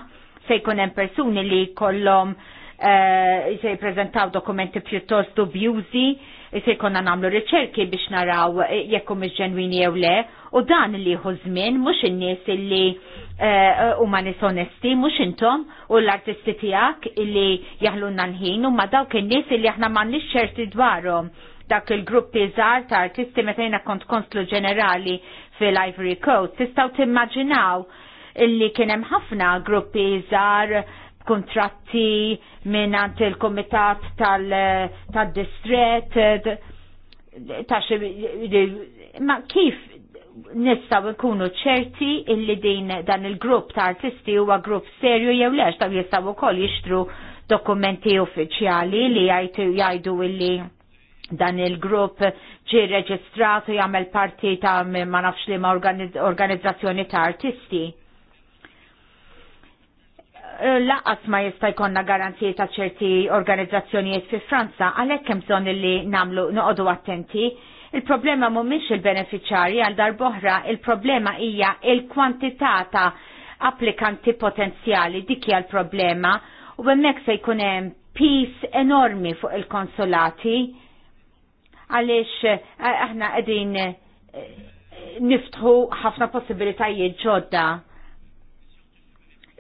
se jkun hemm persuni li jkollhom eh, se jippreżentaw dokumenti pjuttost dubjużi se jkollna nagħmlu riċerki biex naraw eh, jekk hux ġenwini jew le u dan li jieħu żmien mhux in-nies illi eh, huma nies onesti mhux intom u l-artisti tiegħek illi jaħlunna nħin, ħin huma dawk in-nies illi aħna m'għandniex ċerti dwarhom dak il-gruppi żgħar ta' artisti meta jiena kont konslu ġenerali fil-Ivory Coast tistgħu timmaġinaw illi kien hemm ħafna gruppi żgħar kontratti minn għant il-komitat tal-distret, ma kif nistaw ikunu ċerti illi din dan il-grupp ta' artisti huwa grupp serju jew lex ta' jistaw ukoll jixtru dokumenti uffiċjali li jgħidu illi dan il-grupp ġi reġistrat u jagħmel parti ta' ma nafx li ma' organizzazzjoni ta' artisti Eh, laqas ma jista' jkollna garanziji ta' ċerti organizzazzjonijiet fi Franza għalhekk hemm bżonn li nagħmlu noqogħdu attenti. Il-problema mhumiex il-beneficjarji għal darboħra, il-problema hija il-kwantità ta' applikanti potenzjali dik hija l-problema u hemmhekk se jkun hemm peace enormi fuq il-konsolati għaliex eh, aħna qegħdin eh, niftħu ħafna possibilitajiet ġodda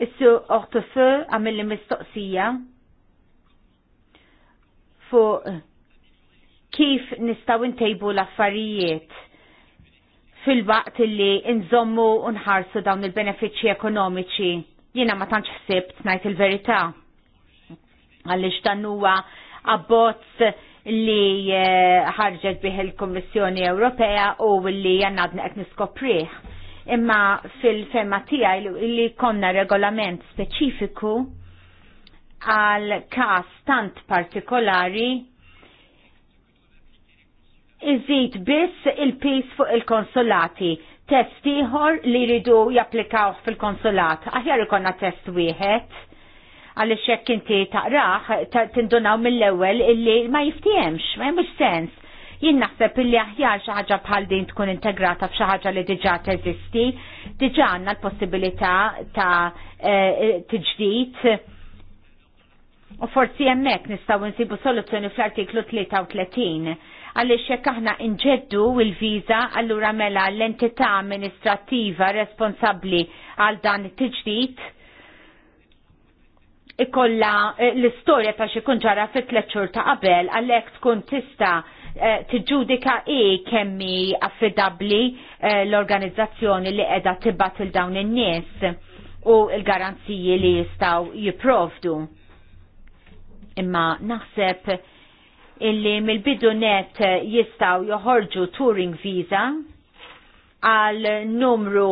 Issu Ortofe għamilli mistoqsija Fu kif nistaw intejbu l-affarijiet fil-waqt li nżommu unħarsu dawn il-benefiċċji ekonomiċi. Jiena ma tantx ħsibt najt il-verità. Għaliex dan huwa abbozz li eh, ħarġet bih il-Kommissjoni Ewropea u li jannadna qed niskoprih imma fil-ferma tiegħi li konna regolament speċifiku għal każ tant partikolari iżid biss il-pis fuq il-konsolati test ieħor li jridu japplikaw fil-konsolat. Aħjar ikonna test wieħed għal xek inti taqraħ, tindunaw mill-ewel illi ma jiftijemx, ma jimux sens. Jien naħseb illi aħjar xi ħaġa bħal din tkun integrata f'xi ħaġa li diġà teżisti, diġà għandna l-possibilità ta' eh, eh, tiġdid. U forsi hemmhekk nistgħu nsibu soluzzjoni fl-artiklu 33 għaliex jekk aħna inġeddu il-viża allura mela l-entità amministrattiva responsabbli għal dan it-tiġdid ikolla eh, l-istorja ta' xi kun ġara fit tliet xhur ta' qabel għalhekk tkun tista' Eh, tiġudika i kemmi affidabli eh, l-organizzazzjoni li edha tibat il-dawn in-nies u l-garanziji li jistaw jiprovdu. Imma naħseb illi mill-bidu net jistaw joħorġu touring visa għal numru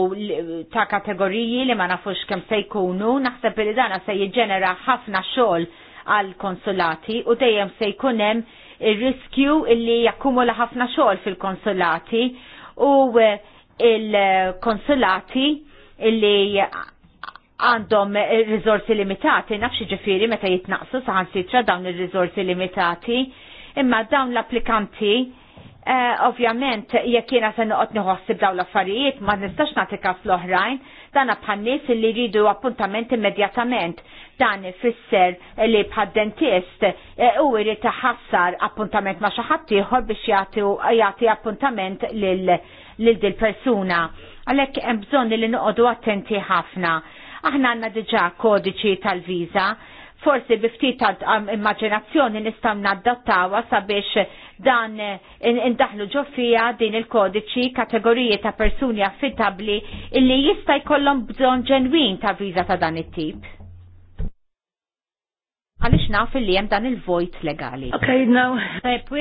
ta' kategoriji li ma nafux kem se jkunu, naħseb li dana se jiġġenera ħafna xogħol għal konsulati u dejjem se jkun hemm il-riskju illi jakkumula ħafna xogħol fil-konsulati u eh, il-konsulati illi għandhom rizorsi limitati, nafxi ġifiri meta jitnaqsu saħan sitra dawn il-rizorsi limitati, imma dawn l-applikanti eh, ovvjament, jekk jiena se noqgħod niħossib dawn l-affarijiet, ma nistax nagħti kas l-oħrajn, dana bħannis li jridu appuntament immedjatament dan ifisser li bħad-dentist e, u jrid taħassar appuntament ma' xi ħadd ieħor biex jagħti appuntament lil dil persuna. Għalhekk hemm bżonn li noqogħdu attenti ħafna. Aħna għandna diġà kodiċi tal-viża forsi biftit ta' immaġinazzjoni nistaw naddattawa sabiex dan eh, indaħlu ġofija din il-kodiċi kategoriji ta' persuni affittabli illi jista' jkollhom bżonn ġenwin ta' viża ta' dan it-tip. Għalix naf li hemm dan il-vojt legali. Ok, now. Tajb,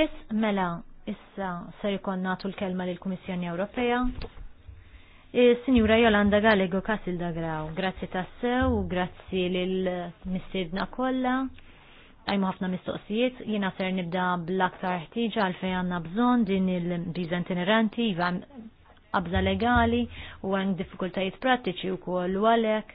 mela, issa ser ikon natu l-kelma lill-Kummissjoni Ewropea. Signora Jolanda Gallego da Grau, grazzi tassew u grazzi lil-mistidna kolla għajmu ħafna mistoqsijiet, jina ser nibda bl-aktar ħtiġa għalfej għanna bżon din il-biza itineranti, għan iva abza legali u għan diffikultajiet pratiċi u kol u għalek.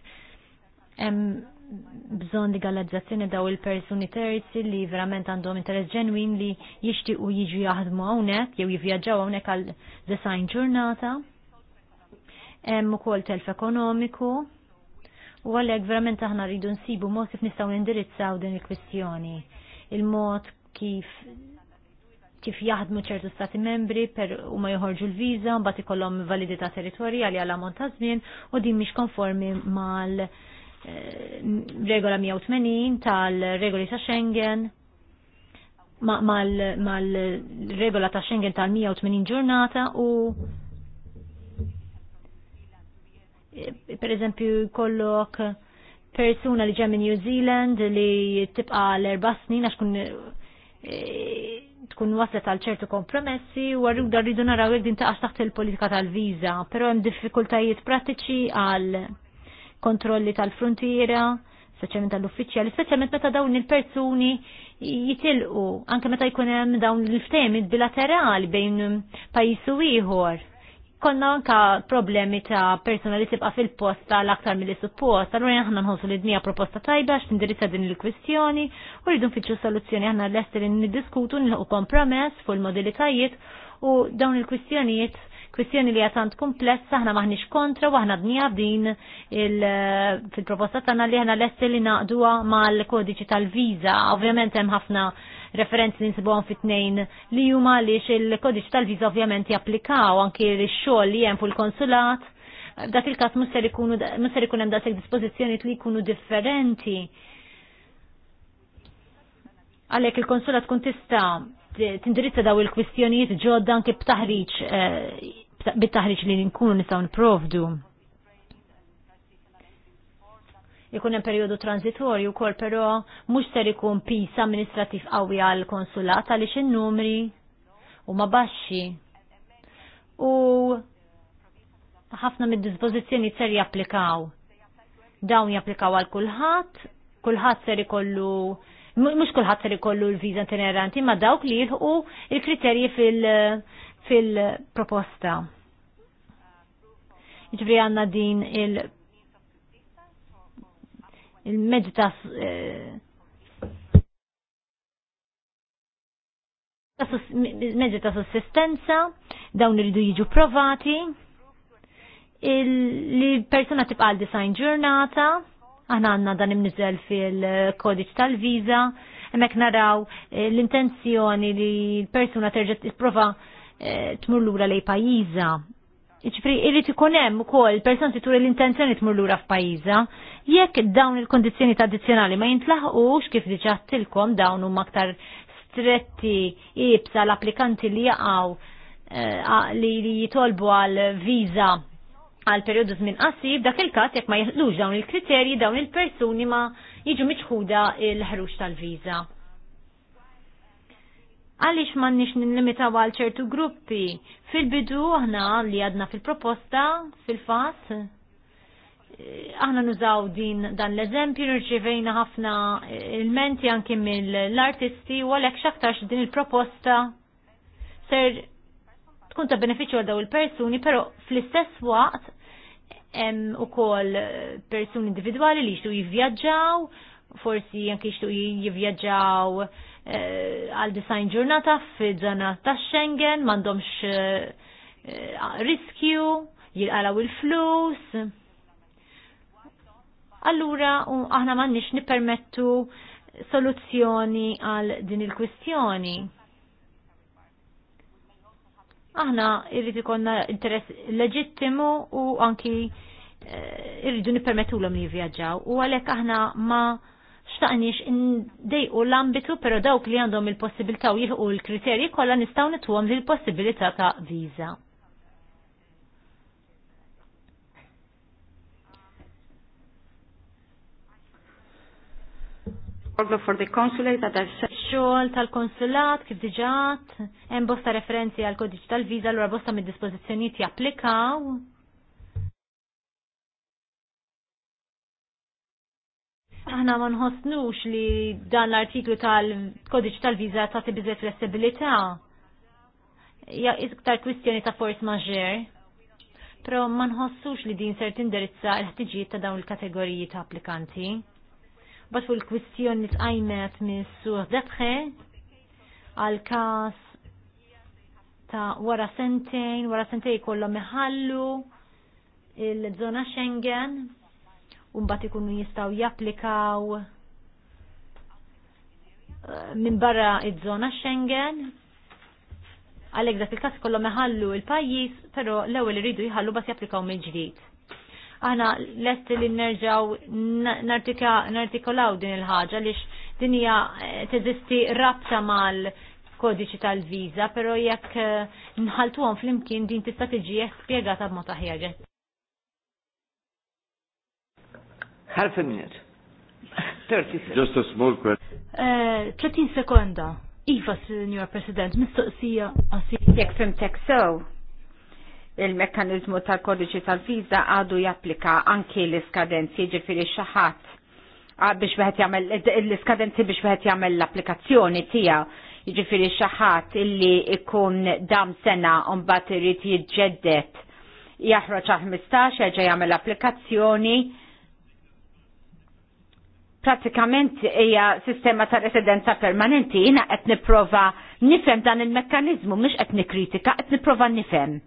Bżon legalizzazzjoni daw il-persuni terzi li verament għandhom interess ġenwin li jishtiqu jiġu jaħdmu għawnek, jew jivjaġaw għawnek għal design ġurnata hemm ukoll telf ekonomiku u għalhekk verament aħna rridu nsibu mod kif nistgħu nindirizzaw din il-kwistjoni. Il-mod kif kif jaħdmu ċertu stati membri per u ma joħorġu l-viza, mbagħad ikollhom validità territorjali għal ammont ta' żmien u din mhix konformi mal eh, regola 180 tal-regoli ta' Schengen mal-regola ta' Schengen tal-180 ġurnata u per eżempju kollok persuna li ġem minn New Zealand li tibqa l-erba snin għax kun e, tkun waslet għal ċertu kompromessi u għarru rridu naraw jek din taqax taħt il-politika tal-viza, pero hemm diffikultajiet pratiċi għal kontrolli tal-frontiera, speċjalment tal-uffiċjali, speċjalment meta dawn il-persuni jitilqu, anke meta jkun hemm dawn l-ftehim bilaterali bejn pajjiż u ieħor konna anka problemi ta' persona li tibqa fil-post tal-aktar mill suppost Allura aħna nħossu li dinja proposta tajba għax tindirizza din il-kwistjoni u rridu nfittxu soluzzjoni aħna l-est li niddiskutu nilħu kompromess fuq il-modalitajiet u dawn il-kwistjonijiet kwistjoni li għatant komplessa, aħna maħnix kontra u aħna dnija din fil-proposta tagħna li aħna l-est li naqduha mal-kodiċi tal-viza. Ovvjament hemm ħafna referenzi li nsibuhom fit-tnejn li huma għaliex il-kodiċ tal-viża ovvjament japplikaw anki x-xogħol li hemm fuq il-konsulat. Dak il-każ musser ser ikun hemm daqshekk dispożizzjonijiet li jkunu differenti. Għalhekk il-konsulat tkun tista' tindirizza daw il-kwistjonijiet ġodda anke b'taħriġ eh, bit-taħriġ li nkunu nistgħu nipprovdu. Ikun hemm perjodu transitorju wkoll però mhux ser ikun pis amministrativ qawwi għal konsulat għaliex in-numri huma baxxi. U ħafna mid-dispożizzjoni ser japplikaw. Dawn japplikaw għal kulħadd, kulħadd ser ikollu mhux kulħadd ser ikollu l-viża itineranti ma dawk li jilħu il-kriterji fil-proposta. Fil ġbri għanna din il- il-mezzi ta' eh, mezzi ta' sussistenza, dawn iridu jiġu provati, li persona tibqa' design ġurnata, aħna għanna dan imniżel fil-kodiċ tal-viza, hemmhekk naraw eh, l-intenzjoni li l-persuna terġa' tipprova eh, tmur lura lej pajjiża ċifri irrit ikun hemm ukoll person tituri l-intenzjoni tmur lura f'pajjiża, jekk dawn il kondizjoni addizzjonali ma jintlaħqux kif diġà dawn huma aktar stretti ibsa l-applikanti li jaqgħu eh, li, jitolbu għal viża għal periodu żmien qasib, dak il kat jekk ma jaħdux dawn il-kriterji dawn il-persuni ma jiġu miċħuda il-ħruġ tal-viża. Għaliex m'għandniex limita għal ċertu gruppi. Fil-bidu aħna li għadna fil-proposta, fil fat eh, aħna nużaw din dan l-eżempju rċivejna ħafna eh, il-menti anki mill-artisti u għalhekk x'aktarx din il-proposta ser tkun ta' benefiċċju għal daw il-persuni, però fl-istess waqt hemm ukoll eh, persuni individwali li jixtu jivvjaġġaw, forsi anke jixtu jivvjaġġaw Eh, għal design ġurnata fil-ġana ta' Schengen, mandomx eh, eh, riskju, jilqalaw il-flus. Allura, aħna mannix nipermettu soluzzjoni għal din il-kwistjoni. Aħna irrid ikonna interess leġittimu u anki irridu nipermettu l-om li u għalek aħna ma' xtaqniex indejqu l-ambitu pero dawk li għandhom il-possibilità u jilħu l-kriterji kollha nistgħu nitwhom l possibilità ta' viża. for the consulate that I've said. Xol tal-konsulat kif diġat, hemm bosta referenzi għal kodiċ tal-viża l bosta mid-dispożizzjonijiet japplikaw aħna ma nħossnux li dan l-artiklu tal-kodiċ tal-viza ta' tibizet flessibilità. Ja, iktar kwistjoni ta' force maġer. Pero ma nħossux li din ser tindirizza l-ħtiġijiet ta' dawn il-kategoriji ta' applikanti. Bat fu l kwistjoni li tqajmet minn sur Debħe għal kas ta' wara sentejn, wara sentejn kollu meħallu il-żona Schengen u mbagħad ikunu jistgħu japplikaw eh, minn barra iż-żona Schengen għalhekk dak il-każ kollhom iħallu il-pajjiż, però l-ewwel iridu jħallu bas japplikaw mill-ġdid. Aħna lest li nerġaw nartikolaw din il-ħaġa lix din hija eh, teżisti rabta mal kodiċi tal-viża, però jekk eh, nħaltuhom flimkien din tista' tiġi spjegata b'mod aħjar Half a minute. 30 *laughs* seconds. Just a small question. Uh, eh, 30 sekonda. Iva, Signor President, mistoqsija għasija. Jek fimtek so, il-mekkanizmu tal-kodiċi tal-viza għadu japplika anki l-iskadenzi ġifiri xaħat biex bħet jamel l-iskadenzi biex bħet jagħmel l-applikazzjoni tiegħu ġifiri xi ħadd illi ikun dam sena u mbagħad irid jiġġedded 15 jerġa' jagħmel l-applikazzjoni pratikament hija sistema ta' residenza permanenti, jina qed niprofa nifhem dan il-mekkaniżmu mhux qed nikkritika, qed niprofa nifhem.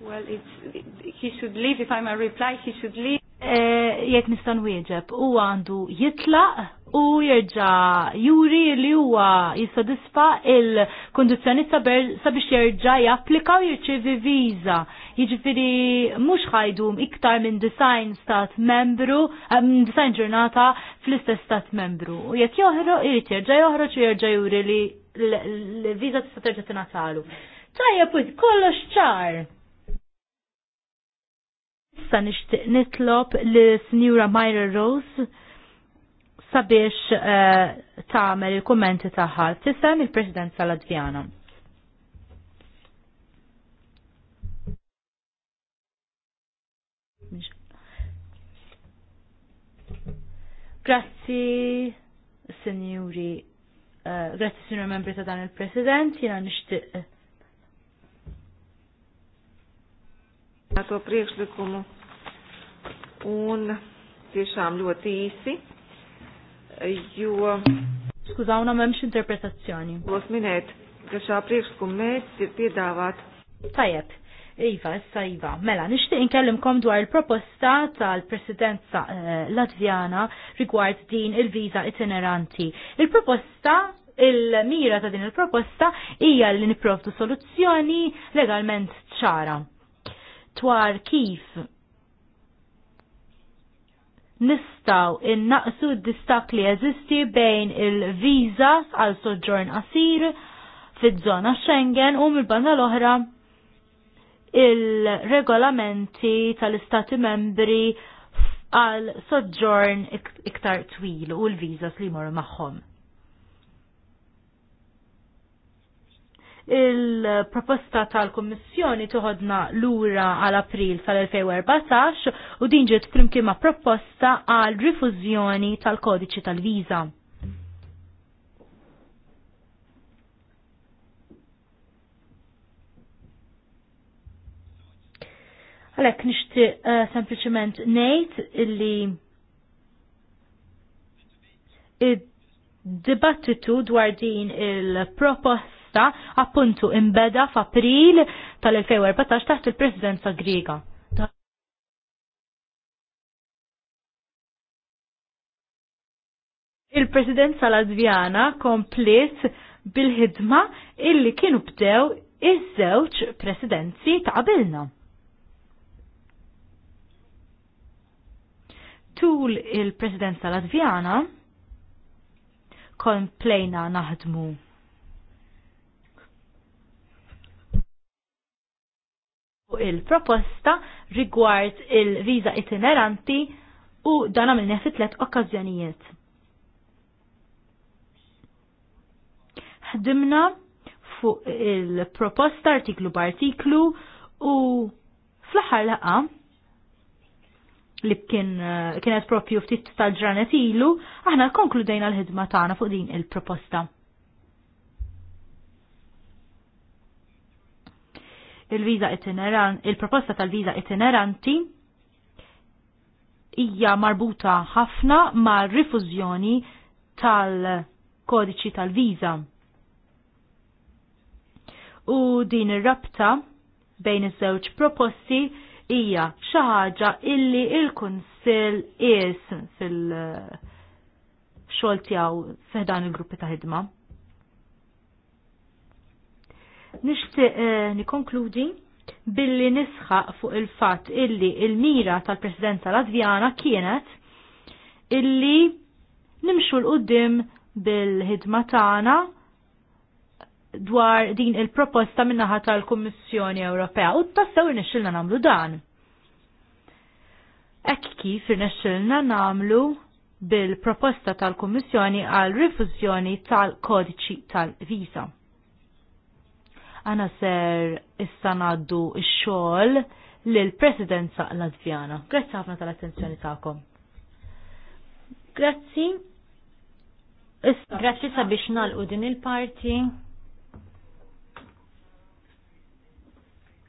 Well, it's, he should leave, if I'm a reply, he should leave. Eh, Jek nistan wieġeb, u għandu jitlaq u jerġa juri li huwa jissodisfa il-kondizjoni sabiex jerġa japplika u jirċevi viza. Jiġifieri mhux ħajdum iktar minn design stat membru, eh, minn design ġurnata fl-istess stat membru. U jekk joħro, irid jerġa' joħroġ u jerġa' juri li l-viża tista' terġa' Tajja Tajjeb kollox ċar. Issa nixtieq nitlob li Sinjura Myra Rose sabiex eh, tamel il kommenti taħħa. tisem il president Latvjana. Grazzi, signori, eh, grazzi signor membri ta' dan il-President, jena nishtiq. Għato kumu un tiešām ļoti īsi. Skużawna memx interpretazzjoni. Għos minet, għaxa priekx kummet, piedawat. Tajab, Iva, issa Iva. Mela, nishtiq inkellimkom dwar il-proposta tal-presidenza eh, Latvjana rigward din il-viza itineranti. Il-proposta il-mira ta' din il-proposta hija li niprovdu soluzzjoni legalment ċara. Twar kif nistaw innaqsu d-distak li jeżisti bejn il-vizas għal soġġorn qasir fid-żona Schengen u mill-banda l-oħra il-regolamenti tal-istati membri għal soġġorn iktar twil u l-vizas li moru maħħom. il-proposta tal-Kommissjoni toħodna lura għal April tal-2014 u din ġiet flimkien proposta għal rifużjoni tal-kodiċi tal viza Għalek nishti uh, eh, sempliciment nejt illi id-dibattitu dwar din il-proposta issa appuntu imbeda f'April tal-2014 taħt il-Presidenza Griega. Il-Presidenza Latvjana komplet bil-ħidma illi kienu bdew iż-żewġ presidenzi ta' qabilna. Tul il-presidenza Latvjana komplejna naħdmu il-proposta rigward il-viza itineranti u dan għamilna fi tlet okkażjonijiet. Ħdimna fuq il-proposta artiklu b'artiklu u fl-aħħar laqa li kien kienet propju ftit tal-ġranet ilu, aħna konkludejna l-ħidma tagħna fuq din il-proposta. il-viza itineran, il-proposta tal-viza itineranti hija marbuta ħafna ma' rifużjoni tal-kodiċi tal-viza. U din ir-rabta bejn iż-żewġ proposti hija xi ħaġa illi l kunsill qies fil- xogħol tiegħu f'dan il-gruppi ta' ħidma. Nixtieq eh, nikonkludi billi nisħaq fuq il-fatt illi il-mira tal-Presidenza Latvjana kienet illi nimxu l-qoddim bil-ħidma tagħna dwar din il-proposta minnaħa tal-Kummissjoni Ewropea u tassew irnexxilna namlu dan. Ekk kif irnexxilna namlu bil-proposta tal-Kummissjoni għal rifużjoni tal-kodiċi tal-viża għana ser issa naddu xol l-presidenza Latvjana. Grazzi ħafna tal-attenzjoni ta'kom. Grazzi. Grazzi sabiex nalqu din il-parti.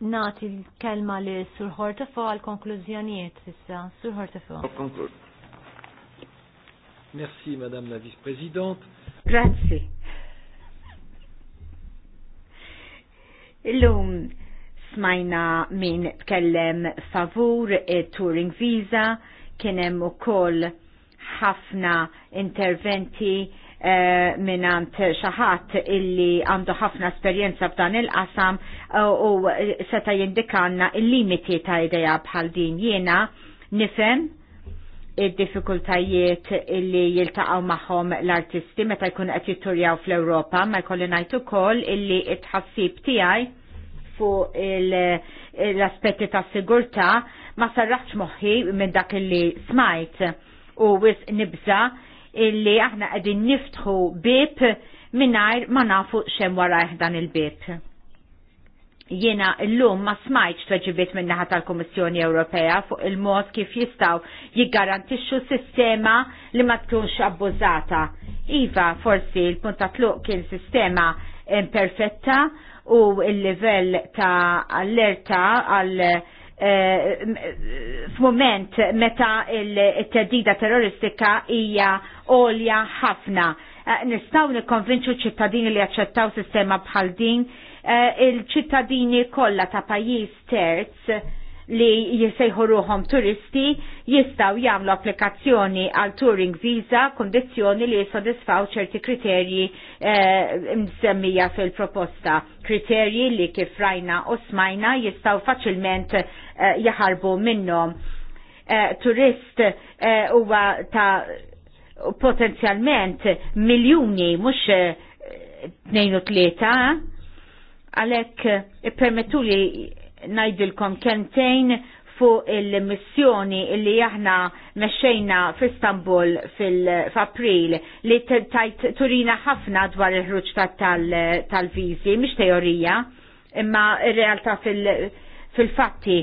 Nati l-kelma li Sur Hortefo għal-konklużjonijiet issa. Sur Hortefo. Merci, Madame la Vice-Présidente. Grazie. Illum smajna min tkellem favur touring visa, kienem u koll ħafna interventi eh, minn minant xaħat illi għandu ħafna esperienza f'dan il-qasam eh, u seta jindikanna il-limiti ta' ideja bħal din jena nifem id-diffikultajiet li jiltaqgħu magħhom l-artisti meta jkun qed jitturjaw fl-Ewropa, ma jkolli ngħid ukoll illi t tħassib tiegħi fuq l-aspetti ta' sigurtà ma sarraħx moħħi minn dak illi smajt u wis nibża illi aħna qegħdin niftħu bib mingħajr ma nafu xem wara dan il-bib. Jiena l-lum ma smajċ tweġibiet minnaħat tal-Komissjoni Ewropea fuq il-mod kif jistaw jiggarantixxu sistema li ma tkunx abbużata. Iva, forsi l punta tluq kien sistema imperfetta u il-livell ta' allerta għal eh, f'moment meta il-teddida terroristika hija olja ħafna. Eh, nistaw nikkonvinċu ċittadini li jaċċettaw sistema bħal din Eh, il-ċittadini kollha ta' pajjiż terz li jisejħu ruħom turisti jistaw jagħmlu applikazzjoni għal touring visa kondizjoni li jisodisfaw ċerti kriterji eh, msemmija fil-proposta. Kriterji li kif rajna u smajna jistaw faċilment eh, jaħarbu minnhom. Eh, turist huwa ta' potenzjalment miljuni mhux 2 u tlieta Għalhekk eh, permettu li ngħidilkom kentejn fuq il-missjoni li aħna Istanbul fil f'April li tajt turina ħafna dwar il-ħruġ tal vizi mhix teorija, imma r-realtà fil-fatti.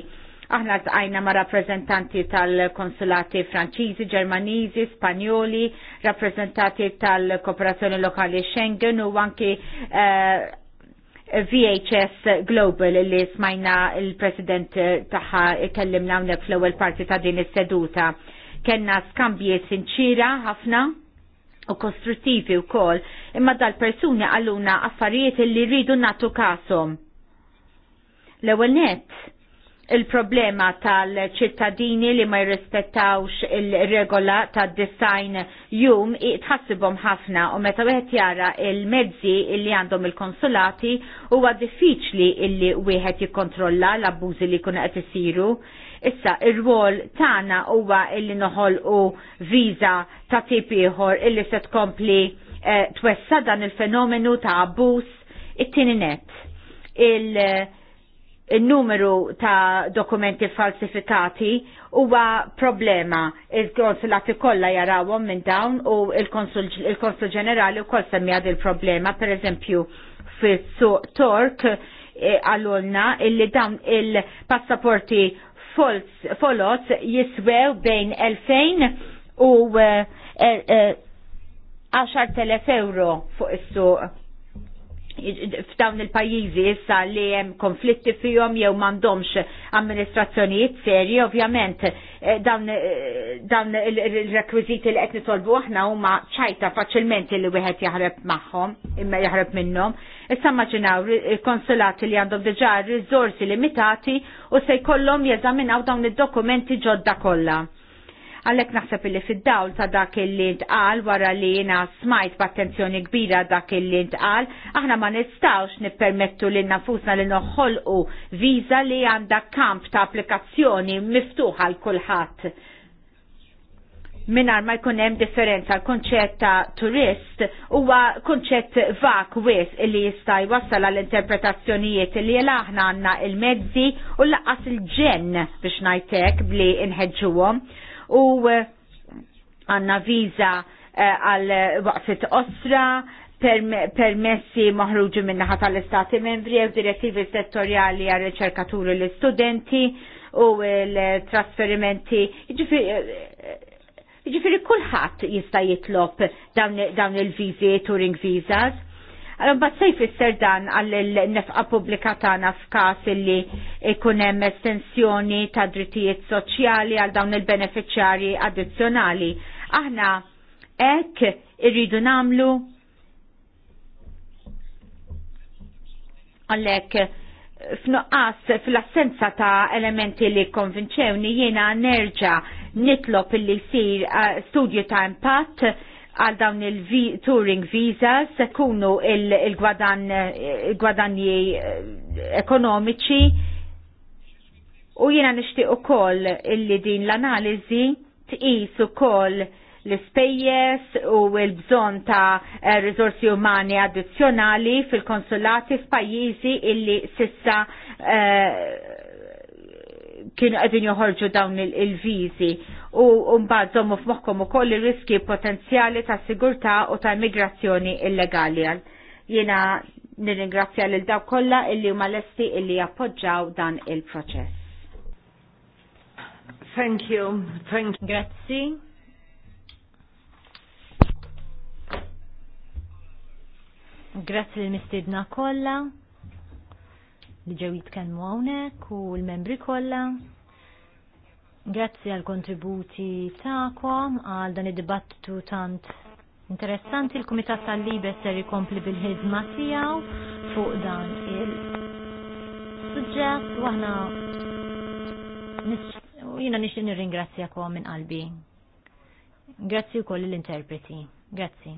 Aħna tqajna ma' rappreżentanti tal-konsulati franċiżi, ġermaniżi, spanjoli, rappreżentati tal-kooperazzjoni lokali Schengen u anki eh, VHS Global li smajna il-president taħħa kellimna unek fl ewwel parti ta' din is-seduta. Kenna skambji sinċira ħafna u kostruttivi u kol, imma dal-persuni għalluna affarijiet li rridu natu kasom. L-ewel net, il-problema tal-ċittadini li ma jirrispettawx il-regola tad design jum tħassibhom ħafna u meta wieħed jara il-mezzi li għandhom il-konsulati huwa diffiċli illi wieħed jikkontrolla l-abbużi li jkunu qed isiru. Issa ir-rwol tagħna huwa illi noħolqu viża ta' tip ieħor illi se tkompli eh, twessa dan il-fenomenu ta' abbuż it-tieni net. il- il-numru ta' dokumenti falsifikati huwa problema. Il-konsulati kollha jarawhom minn dawn u il-konsul ġenerali wkoll semmi semmija il-problema, per eżempju fis-suq Tork e, għallulna illi dawn il-passaporti folos jiswew bejn 2000 u 10.000 e, e, euro fuq is-suq f'dawn il-pajjiżi issa li hemm konflitti fihom jew m'għandhomx amministrazzjonijiet serji, ovvjament eh, dawn eh, il-rekwiżiti li qed nitolbu aħna huma ċajta faċilment li wieħed jaħreb magħhom, imma jaħreb minnhom. Issa maġinaw il-konsulati li għandhom diġà riżorsi limitati u se jkollhom jeżaminaw dawn id-dokumenti ġodda kollha Għalek naħseb illi fid-dawl ta' dak illi ntqal wara li jena smajt b'attenzjoni kbira dak illi ntqal, aħna ma nistawx nippermettu li nafusna li noħolqu viza li għandha kamp ta' applikazzjoni miftuħa l kulħadd minar ma jkun hemm differenza l-konċett ta' turist huwa konċett vak wis li jista' jwassal għal interpretazzjonijiet li jela aħna għandna il-mezzi u laqas il-ġen biex ngħidlek bli inħeġġuhom u għanna viza għal waqfet osra, permessi maħruġi minnaħa tal-istati membri u direttivi settorjali għal riċerkaturi l-studenti u l-trasferimenti. Ġifiri kullħat jista jitlob dawn il-vizi, touring visas Allora bat sej fisser dan għall-nefqa publika tagħna f'każ illi ikun hemm estensjoni ta' drittijiet soċjali għal dawn il beneficjari addizzjonali. Aħna hekk irridu namlu għalhekk f'nuqqas fl-assenza ta' elementi li konvinċewni jiena nerġa' nitlob illi jsir eh, studju ta' impatt għal dawn il-touring visas se kunu il-gwadanji eh, ekonomiċi u jiena nixtieq ukoll illi din l-analiżi tqis ukoll l spejjes u l-bżon ta' eh, risorsi umani addizzjonali fil-konsulati f'pajjiżi illi sissa eh, kienu għedin joħorġu dawn il-vizi u mbagħad żommu f'moħħkom ukoll ir-riski potenzjali ta' sigurtà u ta' immigrazzjoni illegali. Jiena nirringrazzja lil dawk kollha illi huma lesti illi jappoġġaw dan il-proċess. Thank you. Thank you. Grazzi. Grazzi l-mistidna kolla li ġew jitkellmu hawnhekk u l-membri kollha. Grazzi għal kontributi ta'kom, għal dan id-dibattitu tant interessanti. Il-Kumitat tal-Libe ser jkompli bil-ħidma tiegħu fuq dan il-suġġett u aħna jiena nixtieq nirringrazzjakom minn qalbi. Grazzi wkoll l-interpreti. Grazzi.